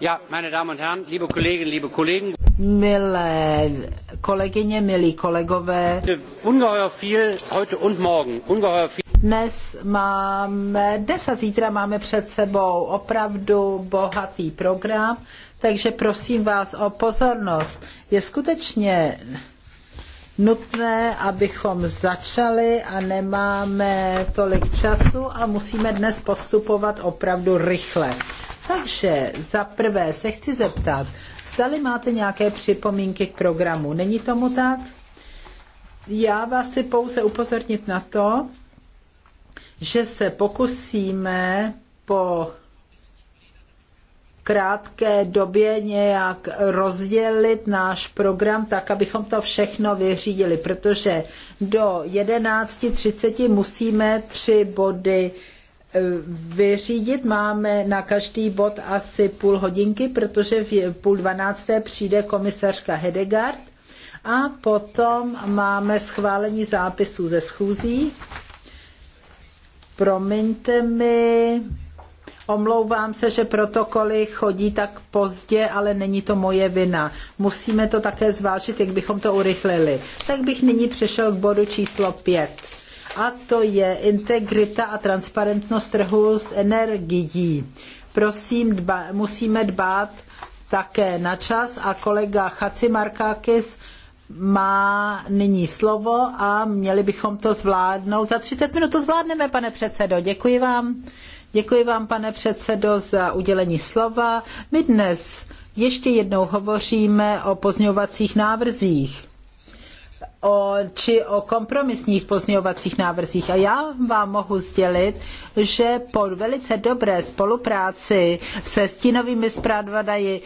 Ja, Milé kolegyně, milí kolegové. Ungeheuer viel Dnes a zítra máme před sebou opravdu bohatý program, takže prosím vás o pozornost. Je skutečně nutné, abychom začali a nemáme tolik času a musíme dnes postupovat opravdu rychle. Takže za prvé se chci zeptat, zdali máte nějaké připomínky k programu. Není tomu tak? Já vás chci pouze upozornit na to, že se pokusíme po krátké době nějak rozdělit náš program tak, abychom to všechno vyřídili, protože do 11.30 musíme tři body vyřídit. Máme na každý bod asi půl hodinky, protože v půl dvanácté přijde komisařka Hedegard a potom máme schválení zápisů ze schůzí. Promiňte mi, omlouvám se, že protokoly chodí tak pozdě, ale není to moje vina. Musíme to také zvážit, jak bychom to urychlili. Tak bych nyní přešel k bodu číslo pět a to je integrita a transparentnost trhu s energií. Prosím, dba, musíme dbát také na čas a kolega Markákis má nyní slovo a měli bychom to zvládnout. Za 30 minut to zvládneme, pane předsedo. Děkuji vám. Děkuji vám, pane předsedo, za udělení slova. My dnes ještě jednou hovoříme o pozňovacích návrzích o, či o kompromisních pozměňovacích návrzích. A já vám mohu sdělit, že po velice dobré spolupráci se stínovými zpravodaji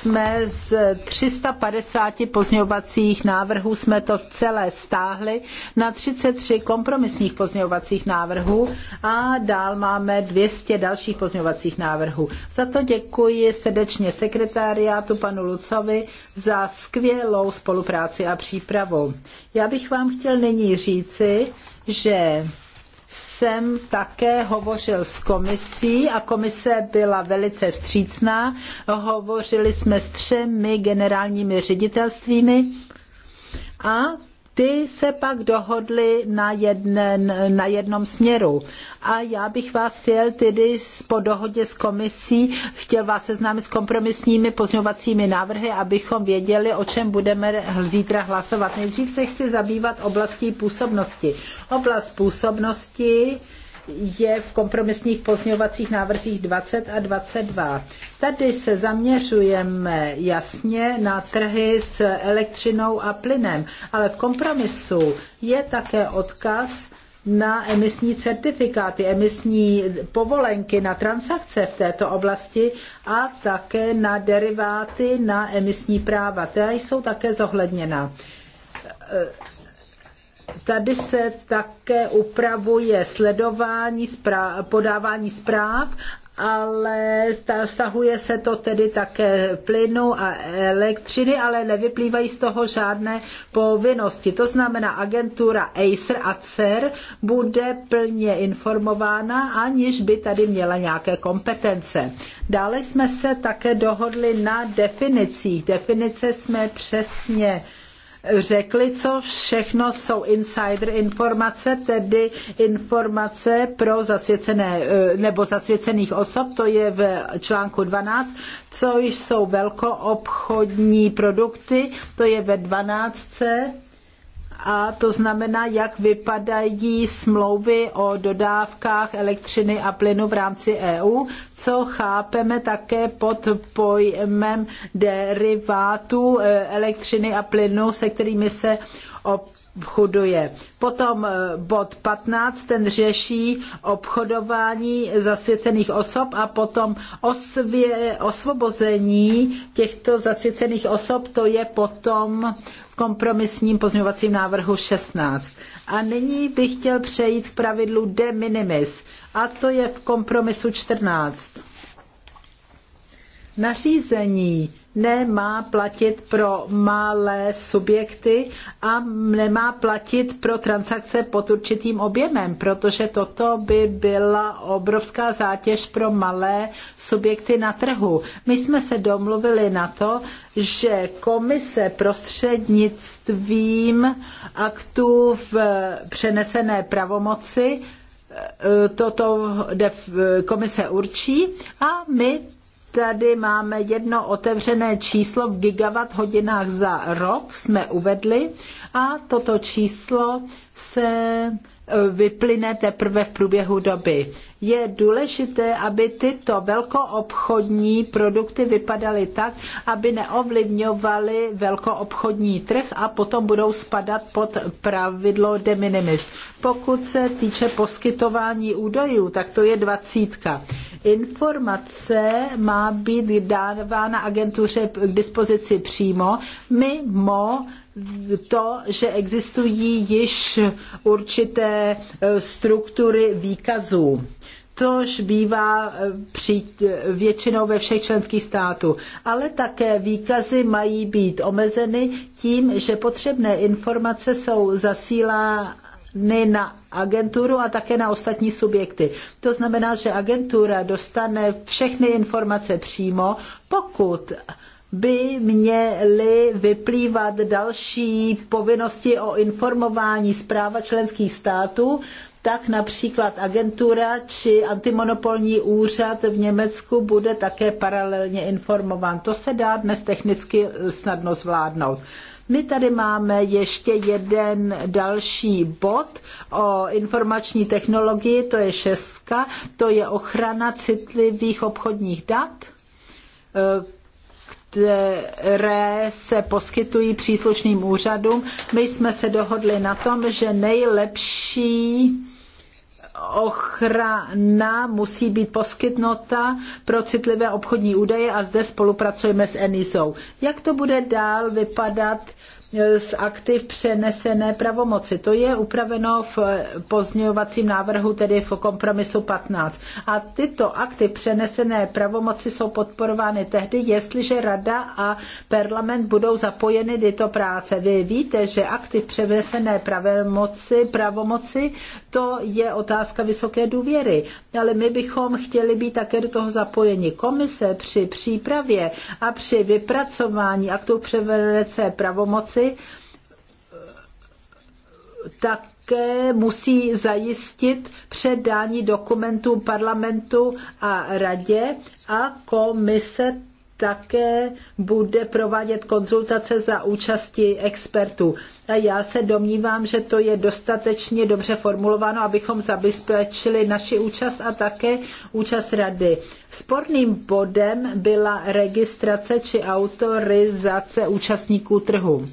jsme z 350 pozměňovacích návrhů jsme to celé stáhli na 33 kompromisních pozměňovacích návrhů a dál máme 200 dalších pozměňovacích návrhů. Za to děkuji srdečně sekretariátu panu Lucovi za skvělou spolupráci a přípravu. Já bych vám chtěl nyní říci, že jsem také hovořil s komisí a komise byla velice vstřícná. Hovořili jsme s třemi generálními ředitelstvími a ty se pak dohodly na, jeden, na jednom směru. A já bych vás chtěl tedy po dohodě s komisí, chtěl vás seznámit s kompromisními pozňovacími návrhy, abychom věděli, o čem budeme zítra hlasovat. Nejdřív se chci zabývat oblastí působnosti. Oblast působnosti je v kompromisních pozňovacích návrzích 20 a 22. Tady se zaměřujeme jasně na trhy s elektřinou a plynem, ale v kompromisu je také odkaz na emisní certifikáty, emisní povolenky na transakce v této oblasti a také na deriváty na emisní práva. Ty jsou také zohledněna Tady se také upravuje sledování, zpráv, podávání zpráv, ale stahuje se to tedy také plynu a elektřiny, ale nevyplývají z toho žádné povinnosti. To znamená, agentura Acer a CER bude plně informována, aniž by tady měla nějaké kompetence. Dále jsme se také dohodli na definicích. Definice jsme přesně řekli, co všechno jsou insider informace, tedy informace pro zasvěcené eh, nebo zasvěcených osob, to je v článku 12, co jsou velkoobchodní produkty, to je ve 12 a to znamená, jak vypadají smlouvy o dodávkách elektřiny a plynu v rámci EU, co chápeme také pod pojmem derivátů e, elektřiny a plynu, se kterými se obchoduje. Potom e, bod 15, ten řeší obchodování zasvěcených osob a potom osvě, osvobození těchto zasvěcených osob, to je potom kompromisním pozměňovacím návrhu 16. A nyní bych chtěl přejít k pravidlu de minimis, a to je v kompromisu 14. Nařízení nemá platit pro malé subjekty a nemá platit pro transakce pod určitým objemem, protože toto by byla obrovská zátěž pro malé subjekty na trhu. My jsme se domluvili na to, že komise prostřednictvím aktů v přenesené pravomoci e, toto e, komise určí a my tady máme jedno otevřené číslo v gigawatt hodinách za rok, jsme uvedli, a toto číslo se e, vyplyne teprve v průběhu doby. Je důležité, aby tyto velkoobchodní produkty vypadaly tak, aby neovlivňovaly velkoobchodní trh a potom budou spadat pod pravidlo de minimis. Pokud se týče poskytování údajů, tak to je dvacítka. Informace má být dávána agentuře k dispozici přímo, mimo to, že existují již určité e, struktury výkazů což bývá e, při, e, většinou ve všech členských států. Ale také výkazy mají být omezeny tím, že potřebné informace jsou zasílány ne na agenturu a také na ostatní subjekty. To znamená, že agentura dostane všechny informace přímo, pokud by měly vyplývat další povinnosti o informování zpráva členských států, tak například agentura či antimonopolní úřad v Německu bude také paralelně informován. To se dá dnes technicky snadno zvládnout. My tady máme ještě jeden další bod o informační technologii, to je šestka, to je ochrana citlivých obchodních dat, které se poskytují příslušným úřadům. My jsme se dohodli na tom, že nejlepší ochrana musí být poskytnuta pro citlivé obchodní údaje a zde spolupracujeme s ENISou. Jak to bude dál vypadat z aktiv přenesené pravomoci. To je upraveno v pozměňovacím návrhu, tedy v kompromisu 15. A tyto akty přenesené pravomoci jsou podporovány tehdy, jestliže Rada a parlament budou zapojeny tyto práce. Vy víte, že akty přenesené pravomoci, pravomoci, to je otázka vysoké důvěry. Ale my bychom chtěli být také do toho zapojeni. Komise při přípravě a při vypracování aktů přenesené pravomoci práci, také musí zajistit předání dokumentů parlamentu a radě a komise také bude provádět konzultace za účasti expertů. A já se domnívám, že to je dostatečně dobře formulováno, abychom zabezpečili naši účast a také účast rady. Sporným bodem byla registrace či autorizace účastníků trhu.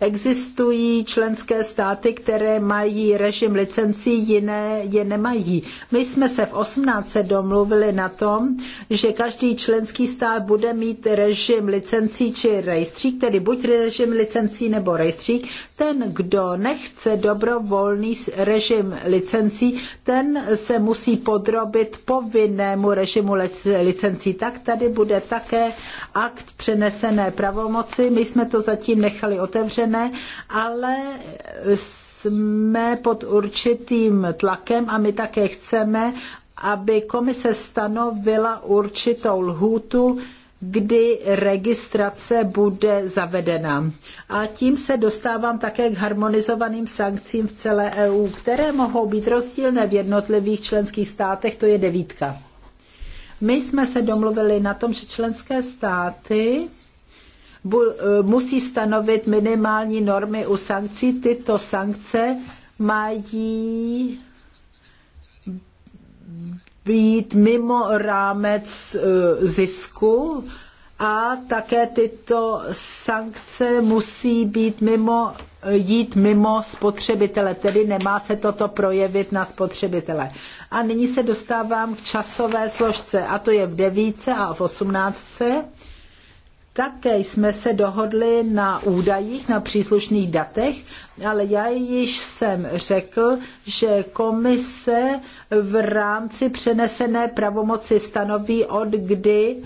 Existují členské státy, které mají režim licencí, jiné je nemají. My jsme se v 18. domluvili na tom, že každý členský stát bude mít režim licencí či rejstřík, tedy buď režim licencí nebo rejstřík. Ten, kdo nechce dobrovolný režim licencí, ten se musí podrobit povinnému režimu licencí. Tak tady bude také akt přenesené pravomoci. My jsme to zatím nechali otevřené ne, ale jsme pod určitým tlakem a my také chceme, aby komise stanovila určitou lhůtu, kdy registrace bude zavedena. A tím se dostávám také k harmonizovaným sankcím v celé EU, které mohou být rozdílné v jednotlivých členských státech, to je devítka. My jsme se domluvili na tom, že členské státy Eh, musí stanovit minimální normy u sankcí. Tyto sankce mají být mimo rámec eh, zisku a také tyto sankce musí být mimo, eh, jít mimo spotřebitele, tedy nemá se toto projevit na spotřebitele. A nyní se dostávám k časové složce, a to je v devíce a v osmnáctce. Také jsme se dohodli na údajích, na příslušných datech, ale já již jsem řekl, že komise v rámci přenesené pravomoci stanoví, od kdy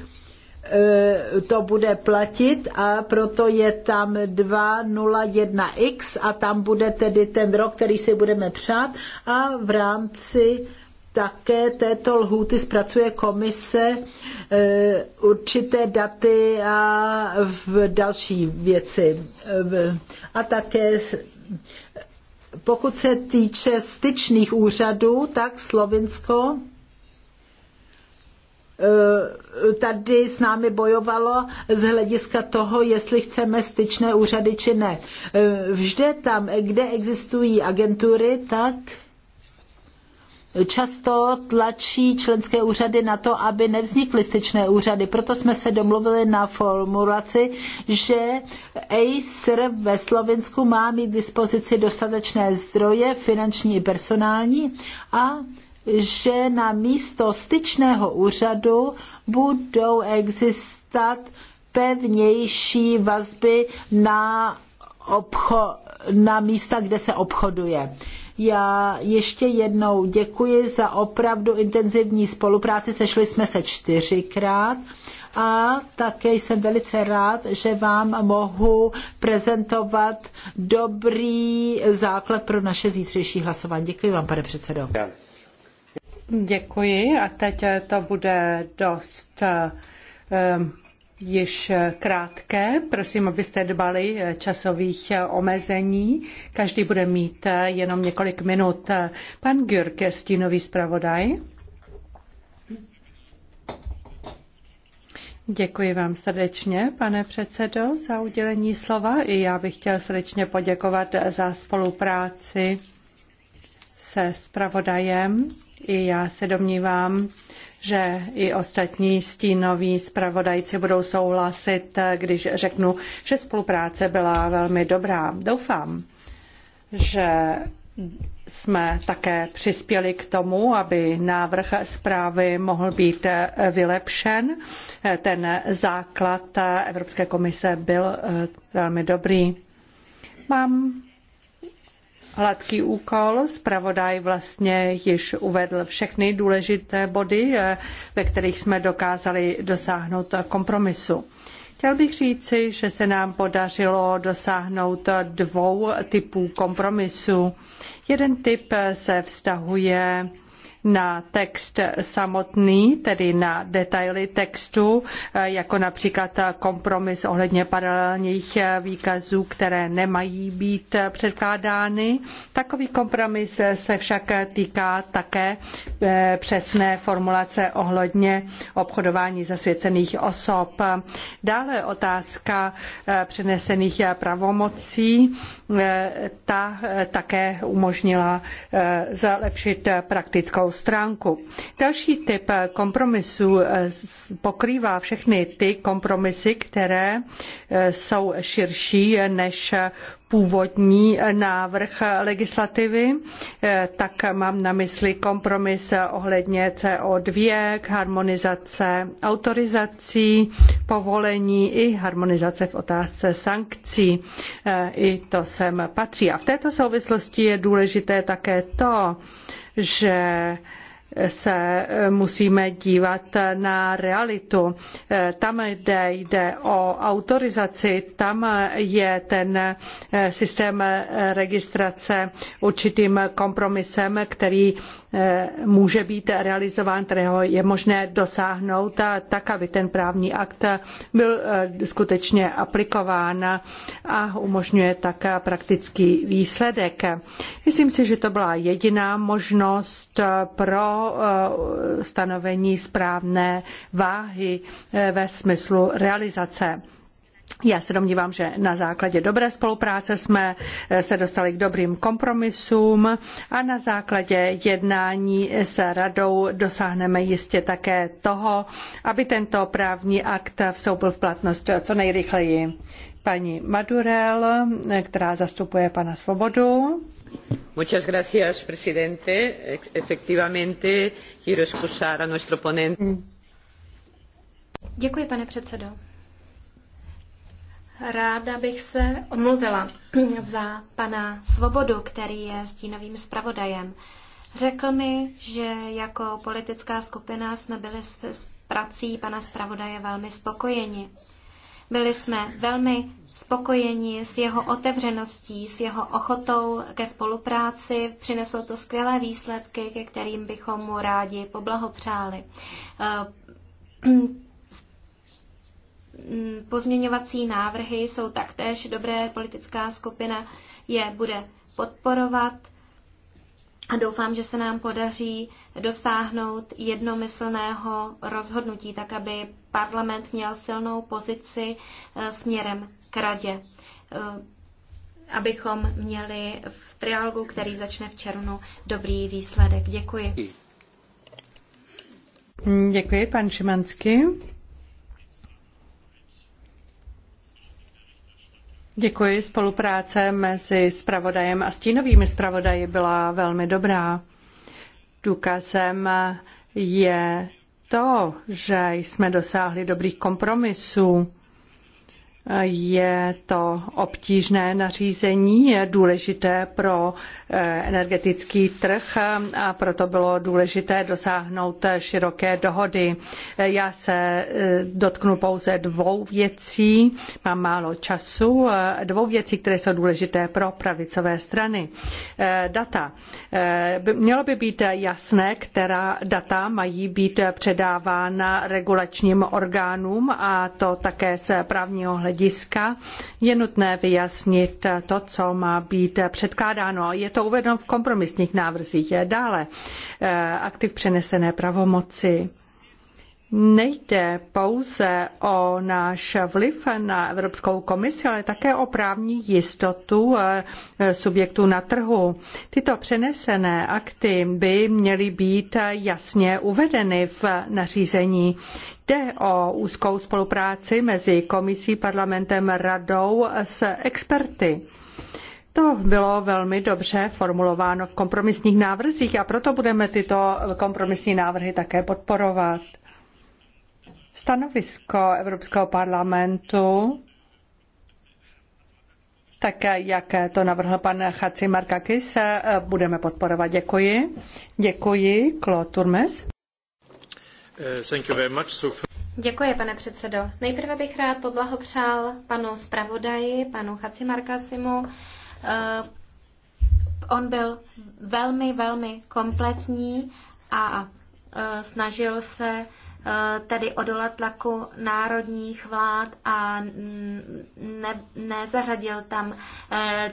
eh, to bude platit a proto je tam 201x a tam bude tedy ten rok, který si budeme přát a v rámci také této lhůty zpracuje komise eh, určité daty a v další věci. Eh, a také pokud se týče styčných úřadů, tak Slovinsko eh, tady s námi bojovalo z hlediska toho, jestli chceme styčné úřady či ne. Vždy tam, kde existují agentury, tak často tlačí členské úřady na to, aby nevznikly styčné úřady. Proto jsme se domluvili na formulaci, že ACER ve Slovensku má mít k dispozici dostatečné zdroje, finanční i personální, a že na místo styčného úřadu budou existovat pevnější vazby na, obcho- na místa, kde se obchoduje. Já ještě jednou děkuji za opravdu intenzivní spolupráci. Sešli jsme se čtyřikrát a také jsem velice rád, že vám mohu prezentovat dobrý základ pro naše zítřejší hlasování. Děkuji vám, pane předsedo. Děkuji a teď to bude dost um, již eh, krátké. Prosím, abyste dbali eh, časových eh, omezení. Každý bude mít jenom několik minut. Pan Gürke, stínový zpravodaj. Děkuji vám srdečně, pane předsedo, za udělení slova. I já bych chtěl srdečně poděkovat za spolupráci se spravodajem. I já se domnívám, že i ostatní stínoví zpravodajci budou souhlasit, když řeknu, že spolupráce byla velmi dobrá. Doufám, že jsme také přispěli k tomu, aby návrh zprávy mohl být vylepšen. Ten základ Evropské komise byl velmi dobrý. Mám hladký úkol. Spravodaj vlastně již uvedl všechny důležité body, eh, ve kterých jsme dokázali dosáhnout kompromisu. Chtěl bych říci, že se nám podařilo dosáhnout dvou typů kompromisu. Jeden typ se vztahuje na text samotný, tedy na detaily textu, eh, jako například kompromis ohledně paralelních eh, výkazů, které nemají být eh, předkládány. Takový kompromis se však týká také přesné formulace ohledně obchodování zasvěcených osob. Dále otázka přenesených pravomocí. Ta také umožnila zlepšit praktickou stránku. Další typ kompromisů eh, pokrývá všechny ty kompromisy, které eh, jsou širší než původní návrh legislativy, eh, tak mám na mysli kompromis ohledně CO2, harmonizace autorizací, povolení i harmonizace v otázce sankcí. Eh, I to sem patří. A v této souvislosti je důležité také to, že se musíme dívat na realitu. Tam, kde jde o autorizaci, tam je ten systém registrace určitým kompromisem, který Eh, může být realizován, kterého je možné dosáhnout, tak aby ten právní akt byl eh, skutečně aplikován a umožňuje tak praktický výsledek. Myslím si, že to byla jediná možnost eh, pro stanovení správné váhy ve smyslu realizace. Já se domnívám, že na základě dobré spolupráce jsme eh, se dostali k dobrým kompromisům a na základě jednání s radou dosáhneme jistě také toho, aby tento právní akt vstoupil v platnost co nejrychleji. Paní Madurel, eh, která zastupuje pana Svobodu. Muchas gracias, presidente. Efectivamente, quiero excusar a nuestro ponente. Děkuji, pane předsedo. Ráda bych se omluvila za pana Svobodu, který je stínovým zpravodajem. Řekl mi, že jako politická skupina jsme byli s prací pana zpravodaje velmi spokojeni. Byli jsme velmi spokojeni s jeho otevřeností, s jeho ochotou ke spolupráci. Přineslo to skvělé výsledky, ke kterým bychom mu rádi poblahopřáli eh, Mm, pozměňovací návrhy jsou taktéž dobré. Politická skupina je bude podporovat a doufám, že se nám podaří dosáhnout jednomyslného rozhodnutí, tak aby parlament měl silnou pozici eh, směrem k radě, eh, abychom měli v triálgu, který začne v červnu, dobrý výsledek. Děkuji. Děkuji, pan Šimanský. Děkuji. Spolupráce mezi spravodajem a stínovými zpravodaji byla velmi dobrá. Důkazem je to, že jsme dosáhli dobrých kompromisů je to obtížné nařízení, je důležité pro eh, energetický trh a proto bylo důležité dosáhnout široké dohody. Eh, já se eh, dotknu pouze dvou věcí, mám málo času, dvou věcí, které jsou důležité pro pravicové strany. Data. Mělo by být jasné, která data mají být předávána regulačním orgánům a to také z právního hlediska hlediska je nutné vyjasnit to, co má být předkládáno. Je to uvedeno v kompromisních návrzích. Dále eh, aktiv přenesené pravomoci. Nejde pouze o náš vliv na Evropskou komisi, ale také o právní jistotu eh, subjektů na trhu. Tyto přenesené akty by měly být jasně uvedeny v nařízení. Jde o úzkou spolupráci mezi komisí, parlamentem, radou s experty. To bylo velmi dobře formulováno v kompromisních návrzích a proto budeme tyto kompromisní návrhy také podporovat. Stanovisko Evropského parlamentu tak jak to navrhl pan Chaci Markakis, budeme podporovat. Děkuji. Děkuji, Klo Turmes. Děkuji, pane předsedo. Nejprve bych rád poblahopřál panu zpravodaji, panu Markasimu. Eh, on byl velmi, velmi kompletní a eh, snažil se eh, tedy odolat tlaku národních vlád a ne, nezařadil tam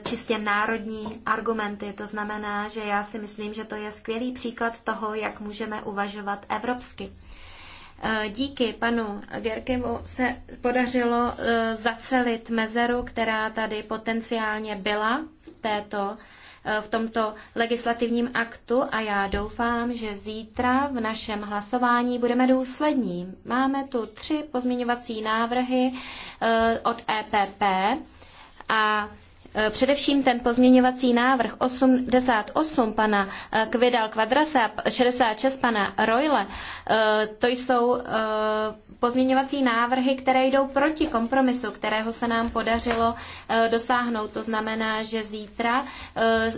čistě národní argumenty. To znamená, že já si myslím, že to je skvělý příklad toho, jak můžeme uvažovat evropsky. Eh, díky panu Gerkemu se podařilo eh, zacelit mezeru, která tady potenciálně byla v, této, eh, v tomto legislativním aktu a já doufám, že zítra v našem hlasování budeme důslední. Máme tu tři pozměňovací návrhy od EPP a Eh, především ten pozměňovací návrh 88 pana eh, Kvidal Kvadrasa a 66 pana Royle, eh, to jsou pozměňovací návrhy, které jdou proti kompromisu, kterého se nám podařilo dosáhnout. To znamená, že zítra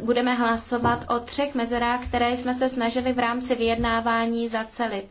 budeme hlasovat o třech mezerách, které jsme se snažili v rámci vyjednávání zacelit.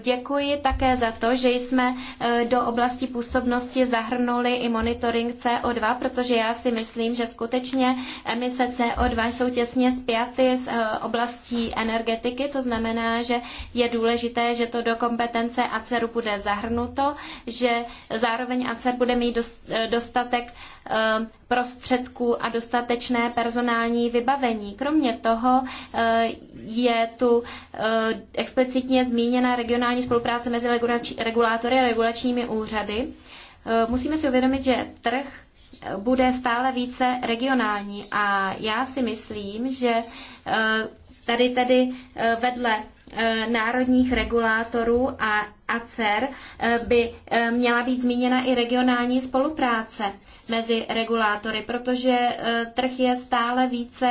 Děkuji také za to, že jsme e, do oblasti působnosti zahrnuli i monitoring CO2, protože já si myslím, že skutečně emise CO2 jsou těsně spjaty s e, oblastí energetiky, to znamená, že je důležité, že to do kompetence ACERu bude zahrnuto, že zároveň ACER bude mít e, dostatek Eh, prostředků a dostatečné personální vybavení. Kromě toho eh, je tu eh, explicitně zmíněna regionální spolupráce mezi regulátory a regulačními úřady. Musíme si uvědomit, že trh bude stále více regionální a já si myslím, že tady tedy vedle Eh, národních regulátorů a ACER eh, by eh, měla být zmíněna i regionální spolupráce mezi regulátory, protože trh je stále více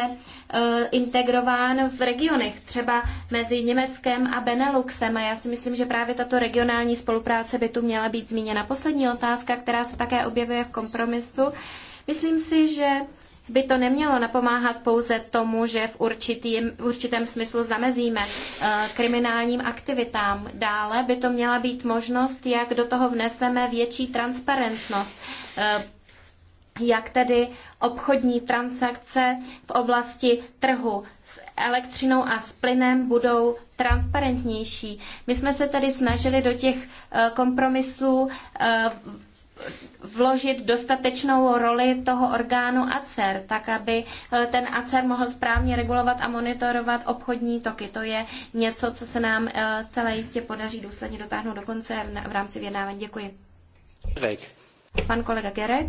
integrován v regionech, třeba mezi Německem a Beneluxem. A já si myslím, že právě tato regionální spolupráce by tu měla být zmíněna. Poslední otázka, která se také objevuje v kompromisu. Myslím si, že by to nemělo napomáhat pouze tomu, že v, určitým, v určitém smyslu zamezíme eh, kriminálním aktivitám. Dále by to měla být možnost, jak do toho vneseme větší transparentnost, eh, jak tedy obchodní transakce v oblasti trhu s elektřinou a s plynem budou transparentnější. My jsme se tedy snažili do těch eh, kompromisů vložit dostatečnou roli toho orgánu ACER, tak aby eh, ten ACER mohl správně regulovat a monitorovat obchodní toky. To je něco, co se nám eh, celé jistě podaří důsledně dotáhnout do konce v rámci vyjednávání. Děkuji. Gerek. Pan kolega Gerek.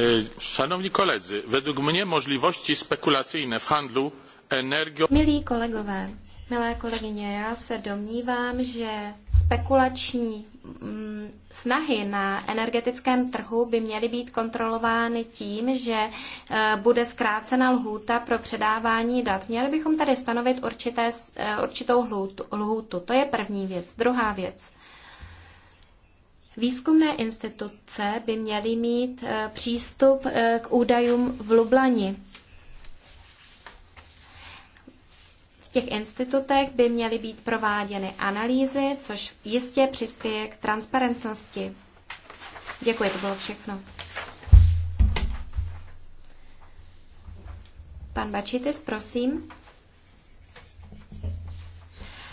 E, Szanowni koledzy, według mnie możliwości spekulacyjne w handlu energią... Milí kolegové, Milé kolegyně, já se domnívám, že spekulační mm, snahy na energetickém trhu by měly být kontrolovány tím, že eh, bude zkrácena lhůta pro předávání dat. Měli bychom tady stanovit určité, eh, určitou lhůtu, lhůtu. To je první věc. Druhá věc. Výzkumné instituce by měly mít eh, přístup k údajům v Lublani V těch institutech by měly být prováděny analýzy, což jistě přispěje k transparentnosti. Děkuji, to bylo všechno. Pan Bačitis, prosím.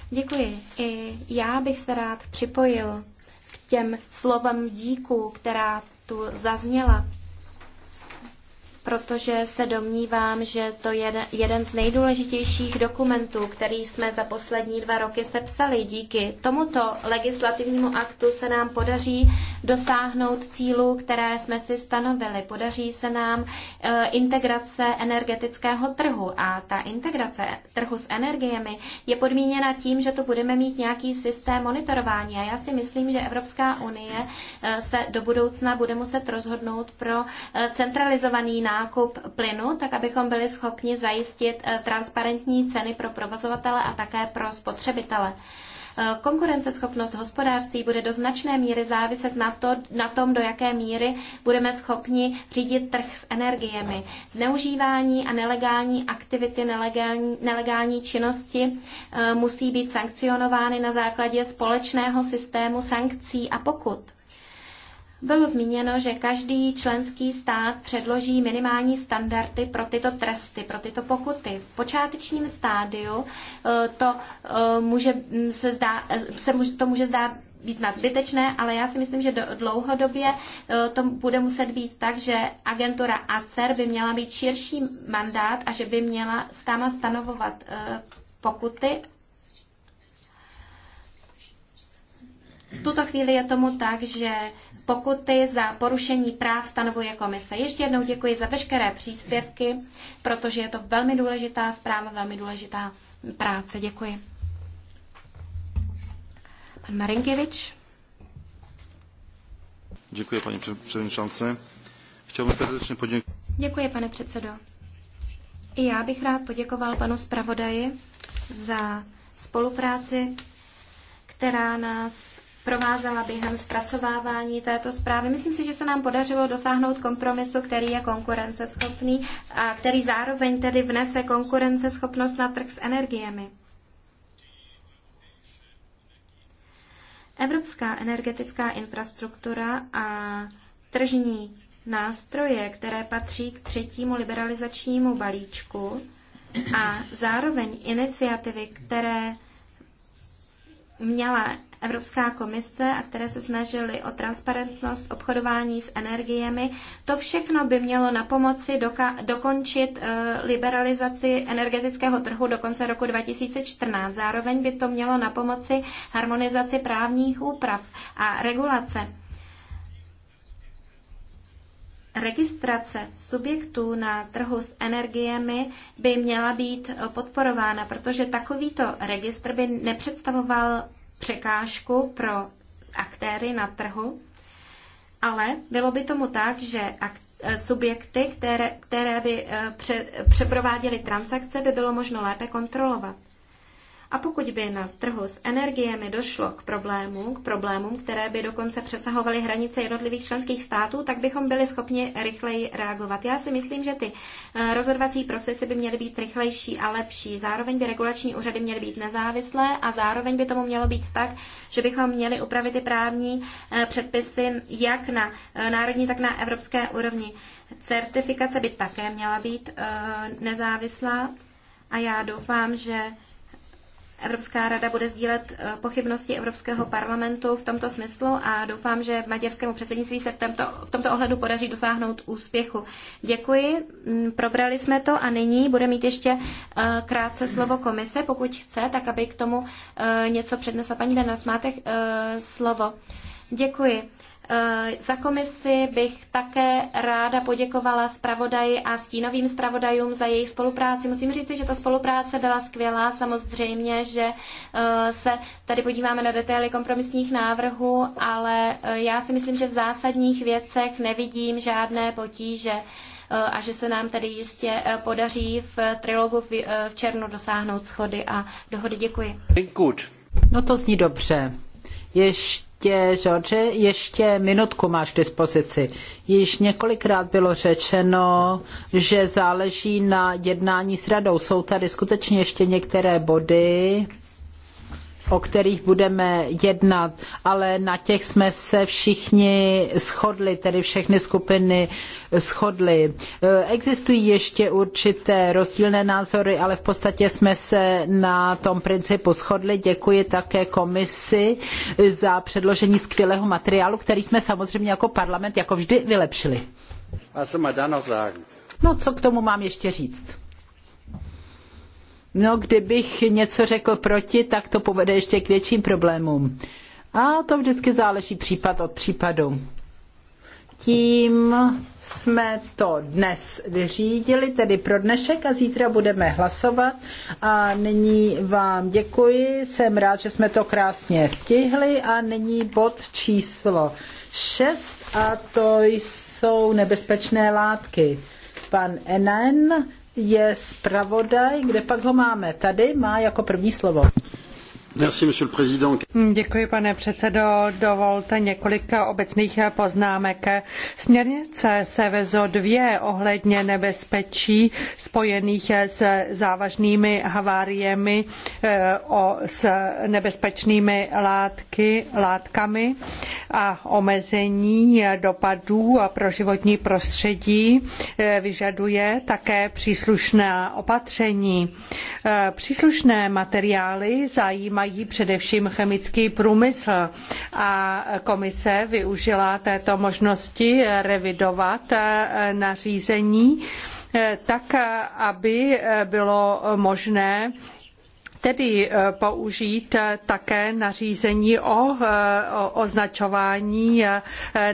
Děkuji. I já bych se rád připojil k těm slovem díku, která tu zazněla protože se domnívám, že to je jeden z nejdůležitějších dokumentů, který jsme za poslední dva roky sepsali. Díky tomuto legislativnímu aktu se nám podaří dosáhnout cílů, které jsme si stanovili. Podaří se nám e, integrace energetického trhu a ta integrace trhu s energiemi je podmíněna tím, že tu budeme mít nějaký systém monitorování a já si myslím, že Evropská unie e, se do budoucna bude muset rozhodnout pro e, centralizovaný nástroj nákup plynu, tak abychom byli schopni zajistit eh, transparentní ceny pro provozovatele a také pro spotřebitele. Eh, konkurenceschopnost hospodářství bude do značné míry záviset na, to, na tom, do jaké míry budeme schopni řídit trh s energiemi. Zneužívání a nelegální aktivity, nelegální, nelegální činnosti eh, musí být sankcionovány na základě společného systému sankcí a pokut bylo zmíněno, že každý členský stát předloží minimální standardy pro tyto tresty, pro tyto pokuty. V počátečním stádiu e, to, e, může se, zdá, e, se to může zdát být nadbytečné, ale já si myslím, že do, dlouhodobě to bude muset být tak, že agentura ACER by měla být širší mandát a že by měla stáma stanovovat pokuty v tuto chvíli je tomu tak, že pokuty za porušení práv stanovuje komise. Ještě jednou děkuji za veškeré příspěvky, protože je to velmi důležitá zpráva, velmi důležitá práce. Děkuji. Pan Marinkiewicz. Děkuji, paní předsedající. Chtěl bych srdečně poděkovat. Děkuji, pane předsedo. I já bych rád poděkoval panu zpravodaji za spolupráci, která nás provázela během zpracovávání této zprávy. Myslím si, že se nám podařilo dosáhnout kompromisu, který je konkurenceschopný a který zároveň tedy vnese konkurenceschopnost na trh s energiemi. Evropská energetická infrastruktura a tržní nástroje, které patří k třetímu liberalizačnímu balíčku a zároveň iniciativy, které měla Evropská komise a které se snažily o transparentnost obchodování s energiemi. To všechno by mělo na pomoci dokončit eh, liberalizaci energetického trhu do konce roku 2014. Zároveň by to mělo na pomoci harmonizaci právních úprav a regulace. Registrace subjektů na trhu s energiemi by měla být podporována, protože takovýto registr by nepředstavoval překážku pro aktéry na trhu, ale bylo by tomu tak, že eh, subjekty, které, které by eh, pře, přeprováděly transakce, by bylo možno lépe kontrolovat. A pokud by na trhu s energiemi došlo k problémům, k problémům, které by dokonce přesahovaly hranice jednotlivých členských států, tak bychom byli schopni rychleji reagovat. Já si myslím, že ty eh, rozhodovací procesy by měly být rychlejší a lepší. Zároveň by regulační úřady měly být nezávislé a zároveň by tomu mělo být tak, že bychom měli upravit ty právní eh, předpisy jak na eh, národní, tak na evropské úrovni. Certifikace by také měla být nezávislá a já doufám, že Evropská rada bude sdílet eh, pochybnosti Evropského parlamentu v tomto smyslu a doufám, že maďarskému předsednictví se v tomto, v tomto ohledu podaří dosáhnout úspěchu. Děkuji, mm, probrali jsme to a nyní bude mít ještě eh, krátce slovo komise, pokud chce, tak aby k tomu eh, něco přednesla paní Venac. Máte slovo. Děkuji. Eh, za komisi bych také ráda poděkovala zpravodaji a stínovým zpravodajům za jejich spolupráci. Musím říci, že ta spolupráce byla skvělá. Samozřejmě, že eh, se tady podíváme na detaily kompromisních návrhů, ale eh, já si myslím, že v zásadních věcech nevidím žádné potíže a že se nám tedy jistě podaří v trilogu v červnu dosáhnout schody a dohody. Děkuji. No to zní dobře. Ještě, George, ještě minutku máš k dispozici. Již několikrát bylo řečeno, že záleží na jednání s radou. Jsou tady skutečně ještě některé body, o kterých budeme jednat, ale na těch jsme se všichni shodli, tedy všechny skupiny shodly. E, existují ještě určité rozdílné názory, ale v podstatě jsme se na tom principu shodli. Děkuji také komisi za předložení skvělého materiálu, který jsme samozřejmě jako parlament jako vždy vylepšili. No co k tomu mám ještě říct? No, kdybych něco řekl proti, tak to povede ještě k větším problémům. A to vždycky záleží případ od případu. Tím jsme to dnes vyřídili, tedy pro dnešek a zítra budeme hlasovat. A nyní vám děkuji, jsem rád, že jsme to krásně stihli a nyní bod číslo 6 a to jsou nebezpečné látky. Pan Enen je zpravodaj, kde pak ho máme. Tady má jako první slovo. Děkuji, pane předsedo. Dovolte několik obecných poznámek. Směrnice SEVEZO dvě ohledně nebezpečí spojených s závažnými haváriemi eh, o, s nebezpečnými látky, látkami a omezení dopadů pro životní prostředí eh, vyžaduje také příslušná opatření. Eh, příslušné materiály zajímají používají především chemický průmysl. A komise využila této možnosti revidovat eh, nařízení eh, tak, eh, aby bylo možné tedy eh, použít eh, také nařízení o eh, označování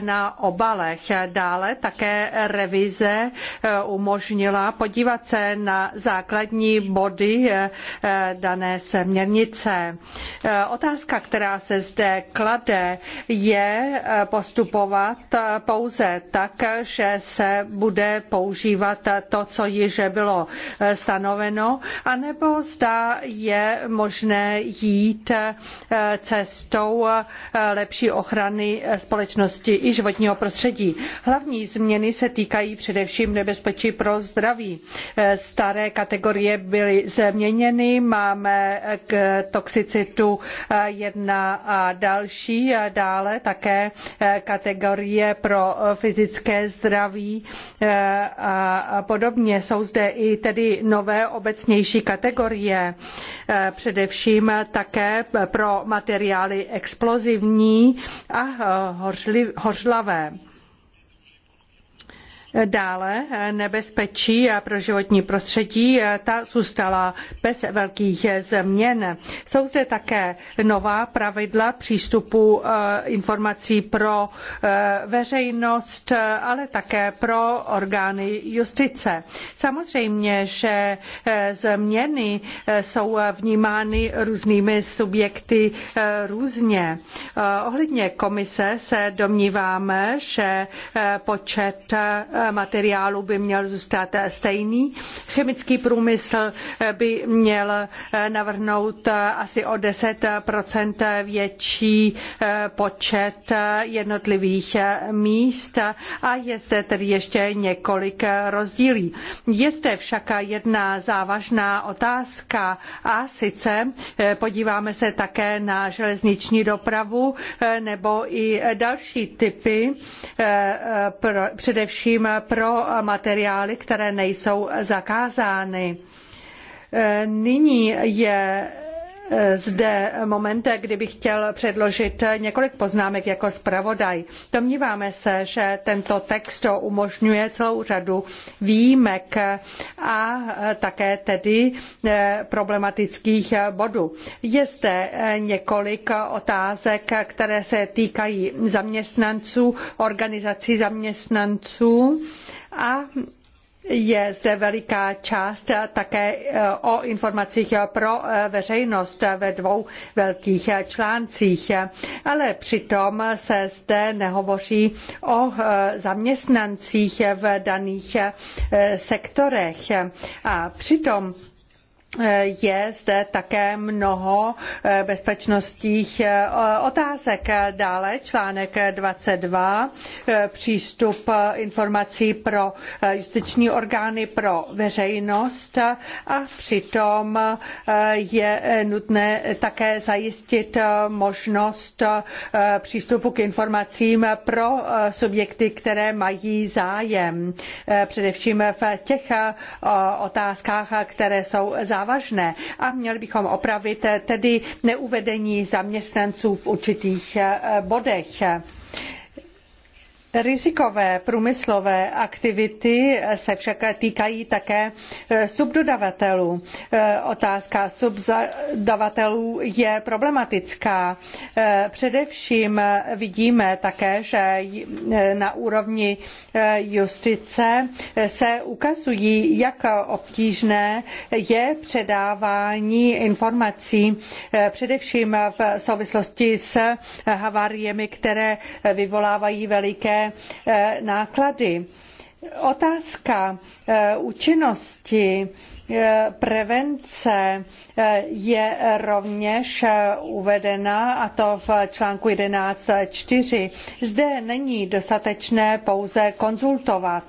na obalech. Dále také revize umožnila podívat se na základní body dané směrnice. Otázka, která se zde klade, je postupovat pouze tak, že se bude používat to, co již bylo stanoveno, anebo zda je možné jít eh, cestou eh, lepší ochrany eh, společnosti i životního prostředí. Hlavní změny se týkají především nebezpečí pro zdraví. Staré kategorie byly změněny, máme k toxicitu jedna a další, a dále také kategorie pro fyzické zdraví a podobně. Jsou zde i tedy nové obecnější kategorie. E, především také pro materiály explozivní a e, hořlavé Dále eh, nebezpečí eh, pro životní prostředí, eh, ta zůstala bez velkých změn. Jsou zde také nová pravidla přístupu informací pro veřejnost, ale také pro orgány justice. Samozřejmě, že změny jsou vnímány různými subjekty různě. Ohledně komise se domníváme, že počet materiálu by měl zůstat stejný. Chemický průmysl by měl navrhnout asi o 10 větší počet jednotlivých míst a je zde tedy ještě několik rozdílí. Je zde však jedna závažná otázka a sice eh, podíváme se také na železniční dopravu eh, nebo i další typy, eh, především pro materiály, které nejsou zakázány. E, nyní je zde moment, kdy bych chtěl předložit několik poznámek jako zpravodaj. Domníváme se, že tento text umožňuje celou řadu výjimek a také tedy eh, problematických bodů. Je zde eh, několik otázek, které se týkají zaměstnanců, organizací zaměstnanců a je zde veliká část také e, o informacích pro e, veřejnost ve dvou velkých článcích, ale přitom se zde nehovoří o e, zaměstnancích v daných sektorech. A přitom je zde také mnoho eh, bezpečnostních eh, otázek. Dále článek 22, eh, přístup informací pro justiční orgány pro veřejnost a přitom je nutné také zajistit možnost přístupu k informacím pro subjekty, které mají zájem. Především v těch otázkách, které jsou závažné závažné a měli bychom opravit eh, tedy neuvedení zaměstnanců v určitých eh, bodech. Rizikové průmyslové aktivity se však týkají také e, subdodavatelů. E, otázka subdodavatelů je problematická. E, především vidíme také, že na úrovni justice se ukazují, jak obtížné je předávání informací, především v souvislosti s haváriemi, které vyvolávají veliké E, náklady. Otázka e, účinnosti e, prevence je rovněž uvedena, a to v článku 11.4. Zde není dostatečné pouze konzultovat.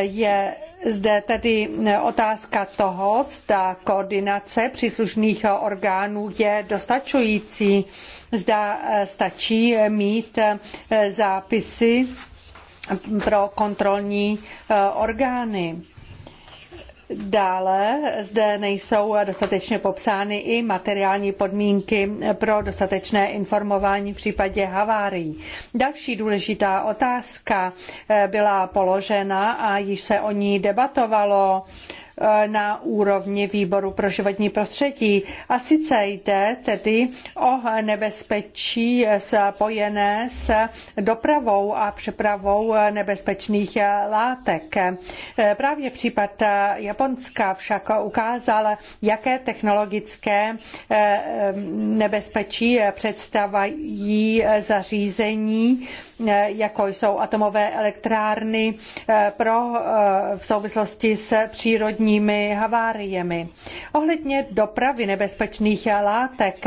Je zde tedy otázka toho, zda koordinace příslušných orgánů je dostačující, zda stačí mít zápisy pro kontrolní orgány. Dále zde nejsou dostatečně popsány i materiální podmínky pro dostatečné informování v případě havárií. Další důležitá otázka eh, byla položena a již se o ní debatovalo E, na úrovni výboru pro životní prostředí. A sice jde tedy o nebezpečí spojené s dopravou a přepravou nebezpečných látek. E, právě případ Japonska však ukázal, jaké technologické e, nebezpečí představují zařízení, jako jsou atomové elektrárny pro v souvislosti s přírodní dopravními haváriemi. Ohledně dopravy nebezpečných látek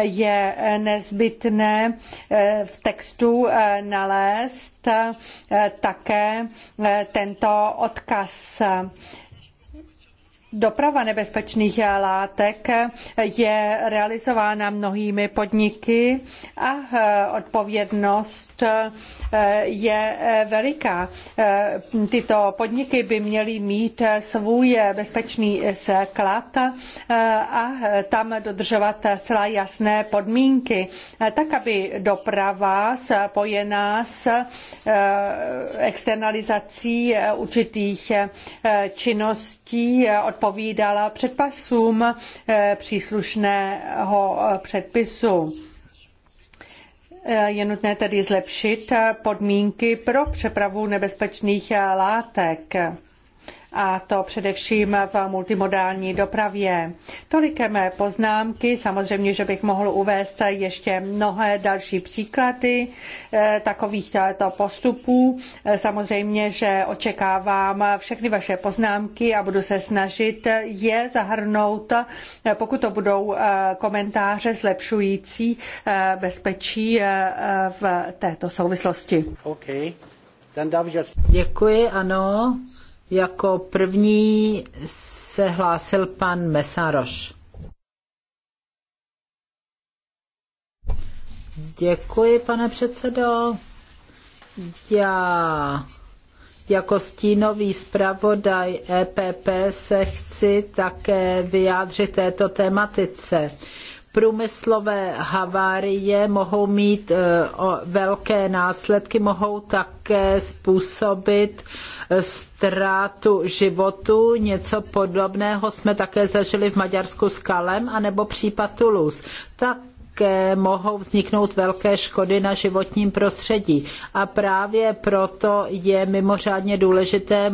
je nezbytné eh, v textu eh, nalézt eh, také tento odkaz. Doprava nebezpečných látek je realizována mnohými podniky a odpovědnost je veliká. Tyto podniky by měly mít svůj bezpečný sklad a tam dodržovat celá jasné podmínky, tak aby doprava spojená s eh, externalizací určitých eh, činností eh, odpovídala předpasům eh, příslušného eh, předpisu. Eh, je nutné tedy zlepšit podmínky pro přepravu nebezpečných látek a to především v multimodální dopravě. Tolik mé poznámky, samozřejmě, že bych mohl uvést ještě mnohé další příklady eh, takovýchto postupů. Eh, samozřejmě, že očekávám všechny vaše poznámky a budu se snažit je zahrnout, eh, pokud to budou komentáře zlepšující bezpečí v této souvislosti. Okay. Děkuji, ano. Jako první se hlásil pan Mesároš. Děkuji, pane předsedo. Já jako stínový zpravodaj EPP se chci také vyjádřit této tematice. Průmyslové havárie mohou mít e, velké následky, mohou také způsobit ztrátu životu. Něco podobného jsme také zažili v Maďarsku s Kalem, anebo případ Toulouse. Tak také mohou vzniknout velké škody na životním prostředí. A právě proto je mimořádně důležité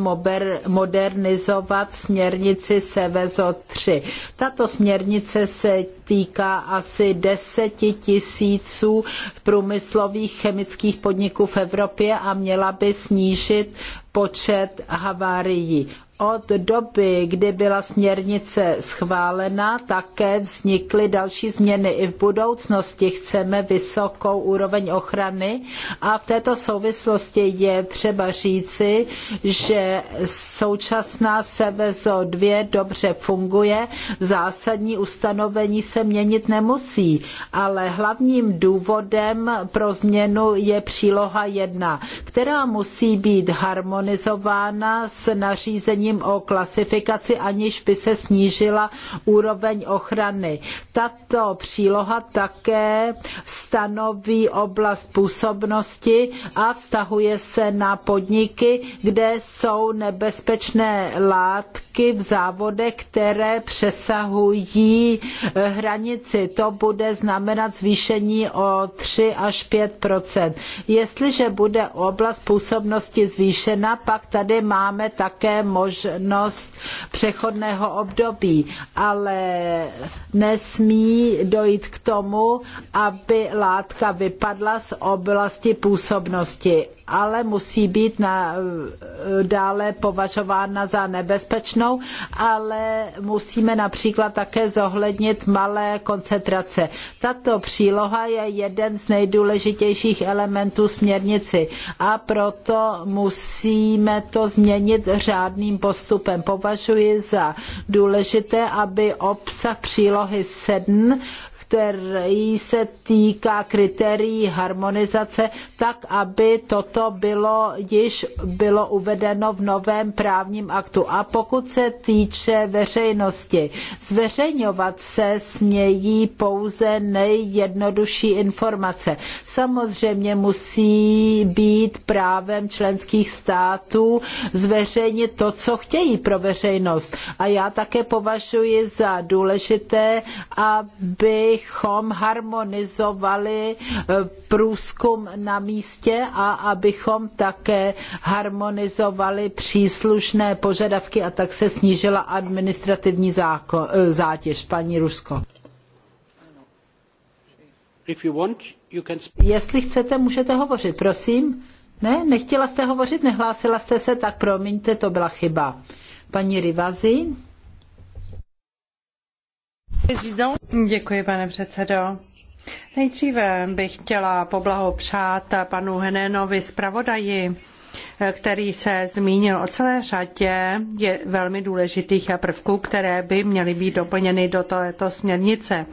modernizovat směrnici Sevezo 3. Tato směrnice se týká asi deseti tisíců průmyslových chemických podniků v Evropě a měla by snížit počet havárií. Od doby, kdy byla směrnice schválena, také vznikly další změny. I v budoucnosti chceme vysokou úroveň ochrany a v této souvislosti je třeba říci, že současná Sevezo 2 dobře funguje, zásadní ustanovení se měnit nemusí, ale hlavním důvodem pro změnu je příloha 1, která musí být harmonizována s nařízením nařízením o klasifikaci, aniž by se snížila úroveň ochrany. Tato příloha také stanoví oblast působnosti a vztahuje se na podniky, kde jsou nebezpečné látky v závodech, které přesahují eh, hranici. To bude znamenat zvýšení o 3 až 5 Jestliže bude oblast působnosti zvýšena, pak tady máme také možnost možnost přechodného období, ale nesmí dojít k tomu, aby látka vypadla z oblasti působnosti ale musí být na, dále považována za nebezpečnou, ale musíme například také zohlednit malé koncentrace. Tato příloha je jeden z nejdůležitějších elementů směrnici a proto musíme to změnit řádným postupem. Považuji za důležité, aby obsah přílohy 7 který se týká kritérií harmonizace, tak aby toto bylo již bylo uvedeno v novém právním aktu. A pokud se týče veřejnosti, zveřejňovat se smějí pouze nejjednodušší informace. Samozřejmě musí být právem členských států zveřejnit to, co chtějí pro veřejnost. A já také považuji za důležité, aby abychom harmonizovali eh, průzkum na místě a abychom také harmonizovali příslušné požadavky a tak se snížila administrativní eh, zátěž. Paní Rusko. Want, can... Jestli chcete, můžete hovořit, prosím. Ne, nechtěla jste hovořit, nehlásila jste se, tak promiňte, to byla chyba. Paní Rivazi. Děkuji, pane předsedající Nejdříve bych chtěla poblahopřát panu Henénovi zpravodaji který se zmínil o celé řadě je velmi důležitých prvků, které by měly být doplněny do této směrnice.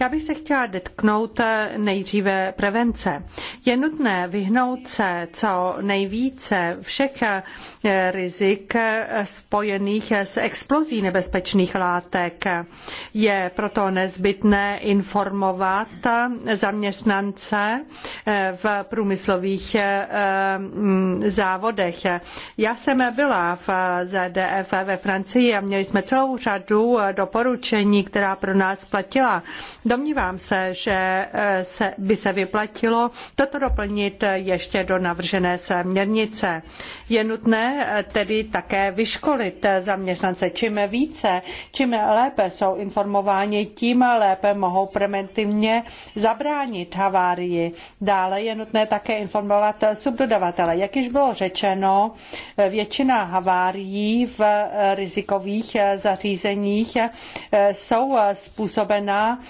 Já bych se chtěla dotknout nejdříve prevence. Je nutné vyhnout se co nejvíce všech rizik spojených s explozí nebezpečných látek. Je proto nezbytné informovat zaměstnance eh, v průmyslových eh, mm, závodech. Já jsem byla v eh, ZDF ve Francii a měli jsme celou řadu doporučení, která pro nás platila. Domnívám se, že by se vyplatilo toto doplnit ještě do navržené směrnice. Je nutné tedy také vyškolit zaměstnance. Čím více, čím lépe jsou informováni, tím lépe mohou preventivně zabránit havárii. Dále je nutné také informovat subdodavatele. Jak již bylo řečeno, většina havárií v rizikových zařízeních jsou způsobena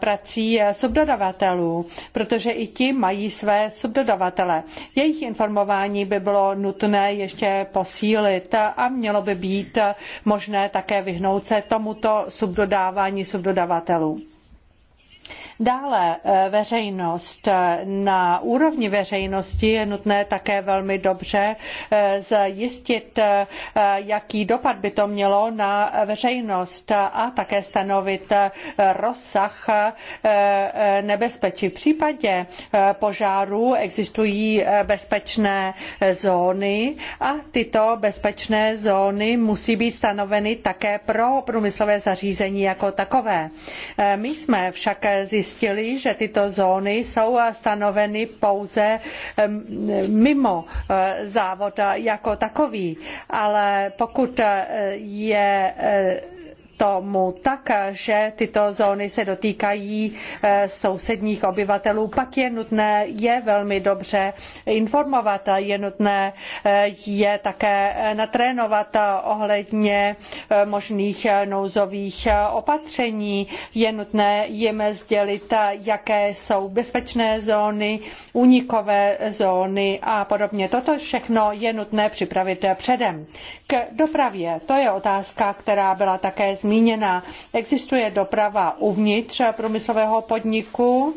prací subdodavatelů, protože i ti mají své subdodavatele. Jejich informování by bylo nutné ještě posílit a mělo by být možné také vyhnout se tomuto subdodávání subdodavatelů. Dále eh, veřejnost. Na úrovni veřejnosti je nutné také velmi dobře eh, zjistit, eh, jaký dopad by to mělo na veřejnost a také stanovit rozsah nebezpečí. V případě požáru existují bezpečné zóny a tyto bezpečné zóny musí být stanoveny také pro průmyslové zařízení jako takové. My jsme však zjistili, zjistili, že tyto zóny jsou stanoveny pouze mimo eh, závod jako takový, ale pokud eh, je eh, tomu tak, že tyto zóny se dotýkají eh, sousedních obyvatelů, pak je nutné je velmi dobře informovat a je nutné eh, je také eh, natrénovat ohledně možných nouzových opatření. Je nutné jim sdělit, jaké jsou bezpečné zóny, únikové zóny a podobně. Toto všechno je nutné připravit předem. K dopravě. To je otázka, která byla také zmíněna. Existuje doprava uvnitř průmyslového podniku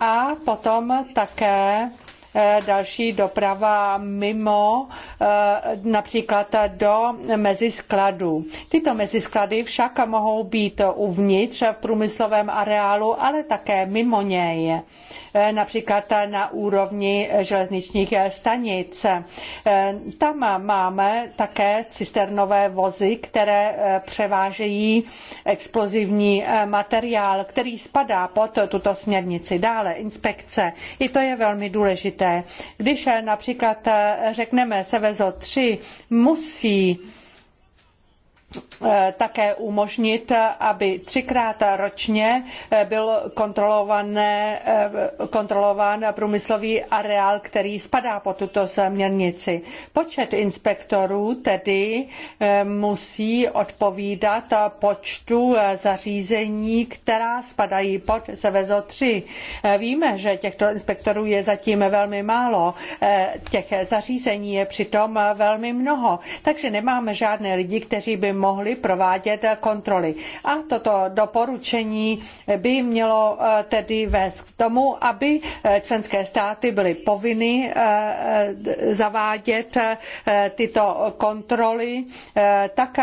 a potom také Eh, další doprava mimo eh, například do meziskladů. Tyto mezisklady však mohou být uvnitř v průmyslovém areálu, ale také mimo něj, eh, například na úrovni železničních stanic. Tam máme také cisternové vozy, které převážejí explozivní materiál, který spadá pod tuto směrnici. Dále inspekce. I to je velmi důležité když eh, například eh, řekneme Sevezo 3 musí Eh, také umožnit, aby třikrát ročně eh, byl eh, kontrolován průmyslový areál, který spadá pod tuto směrnici. Počet inspektorů tedy musí odpovídat počtu zařízení, která spadají pod SEVEZO 3. Víme, že těchto inspektorů je zatím velmi málo. Těch zařízení je přitom velmi mnoho, takže nemáme žádné lidi, kteří by mohly provádět kontroly. A toto doporučení by mělo eh, tedy vést k tomu, aby eh, členské státy byly povinny eh, zavádět tyto kontroly tak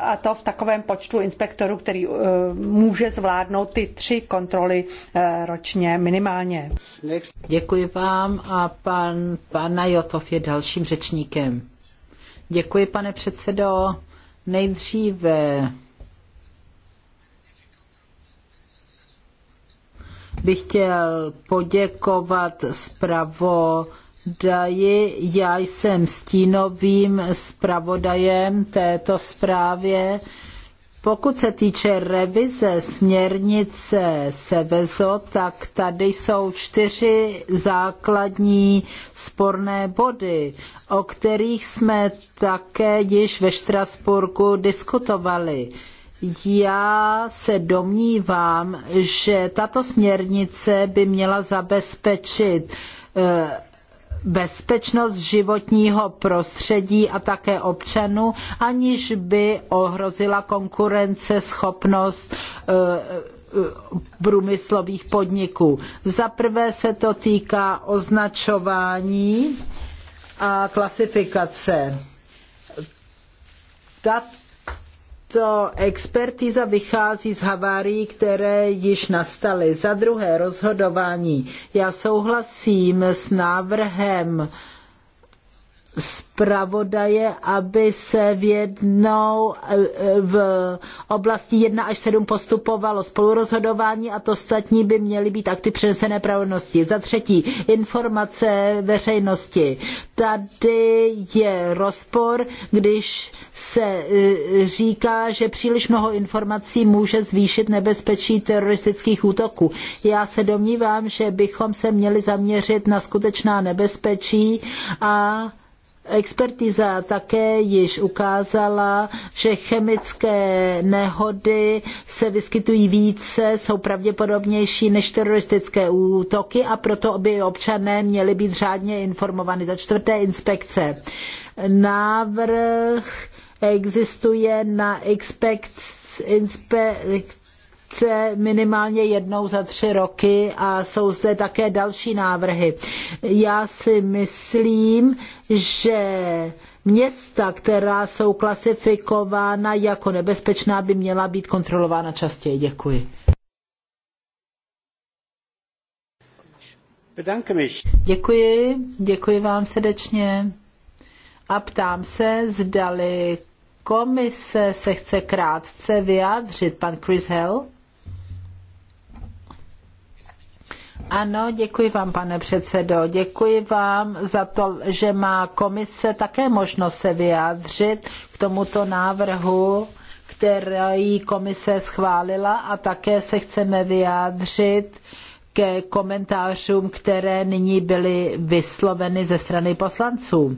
a to v takovém počtu inspektorů, který může zvládnout ty tři kontroly ročně minimálně. Děkuji vám a pan, pan Jotov je dalším řečníkem. Děkuji, pane předsedo. Nejdříve bych chtěl poděkovat zpravo Daji, já jsem stínovým zpravodajem této zprávě pokud se týče revize směrnice Sevezo, tak tady jsou čtyři základní sporné body, o kterých jsme také již ve Štrasburku diskutovali. Já se domnívám, že tato směrnice by měla zabezpečit eh, bezpečnost životního prostředí a také občanů, aniž by ohrozila konkurenceschopnost eh, průmyslových podniků. Za prvé se to týká označování a klasifikace. Tato tato expertíza vychází z havárií, které již nastaly. Za druhé rozhodování. Já souhlasím s návrhem zpravodaje, aby se v jednou eh, v oblasti 1 až 7 postupovalo spolurozhodování a to ostatní by měly být akty přenesené pravnosti. Za třetí, informace veřejnosti. Tady je rozpor, když se eh, říká, že příliš mnoho informací může zvýšit nebezpečí teroristických útoků. Já se domnívám, že bychom se měli zaměřit na skutečná nebezpečí a Expertiza také již ukázala, že chemické nehody se vyskytují více, jsou pravděpodobnější než teroristické útoky a proto by občané měli být řádně informovány. Za čtvrté inspekce. Návrh existuje na inspekci akce minimálně jednou za tři roky a jsou zde také další návrhy. Já si myslím, že města, která jsou klasifikována jako nebezpečná, by měla být kontrolována častěji. Děkuji. Děkuji, děkuji vám srdečně a ptám se, zdali komise se chce krátce vyjádřit. Pan Chris Hell? Ano, děkuji vám, pane předsedo. Děkuji vám za to, že má komise také možnost se vyjádřit k tomuto návrhu, který komise schválila a také se chceme vyjádřit ke komentářům, které nyní byly vysloveny ze strany poslanců.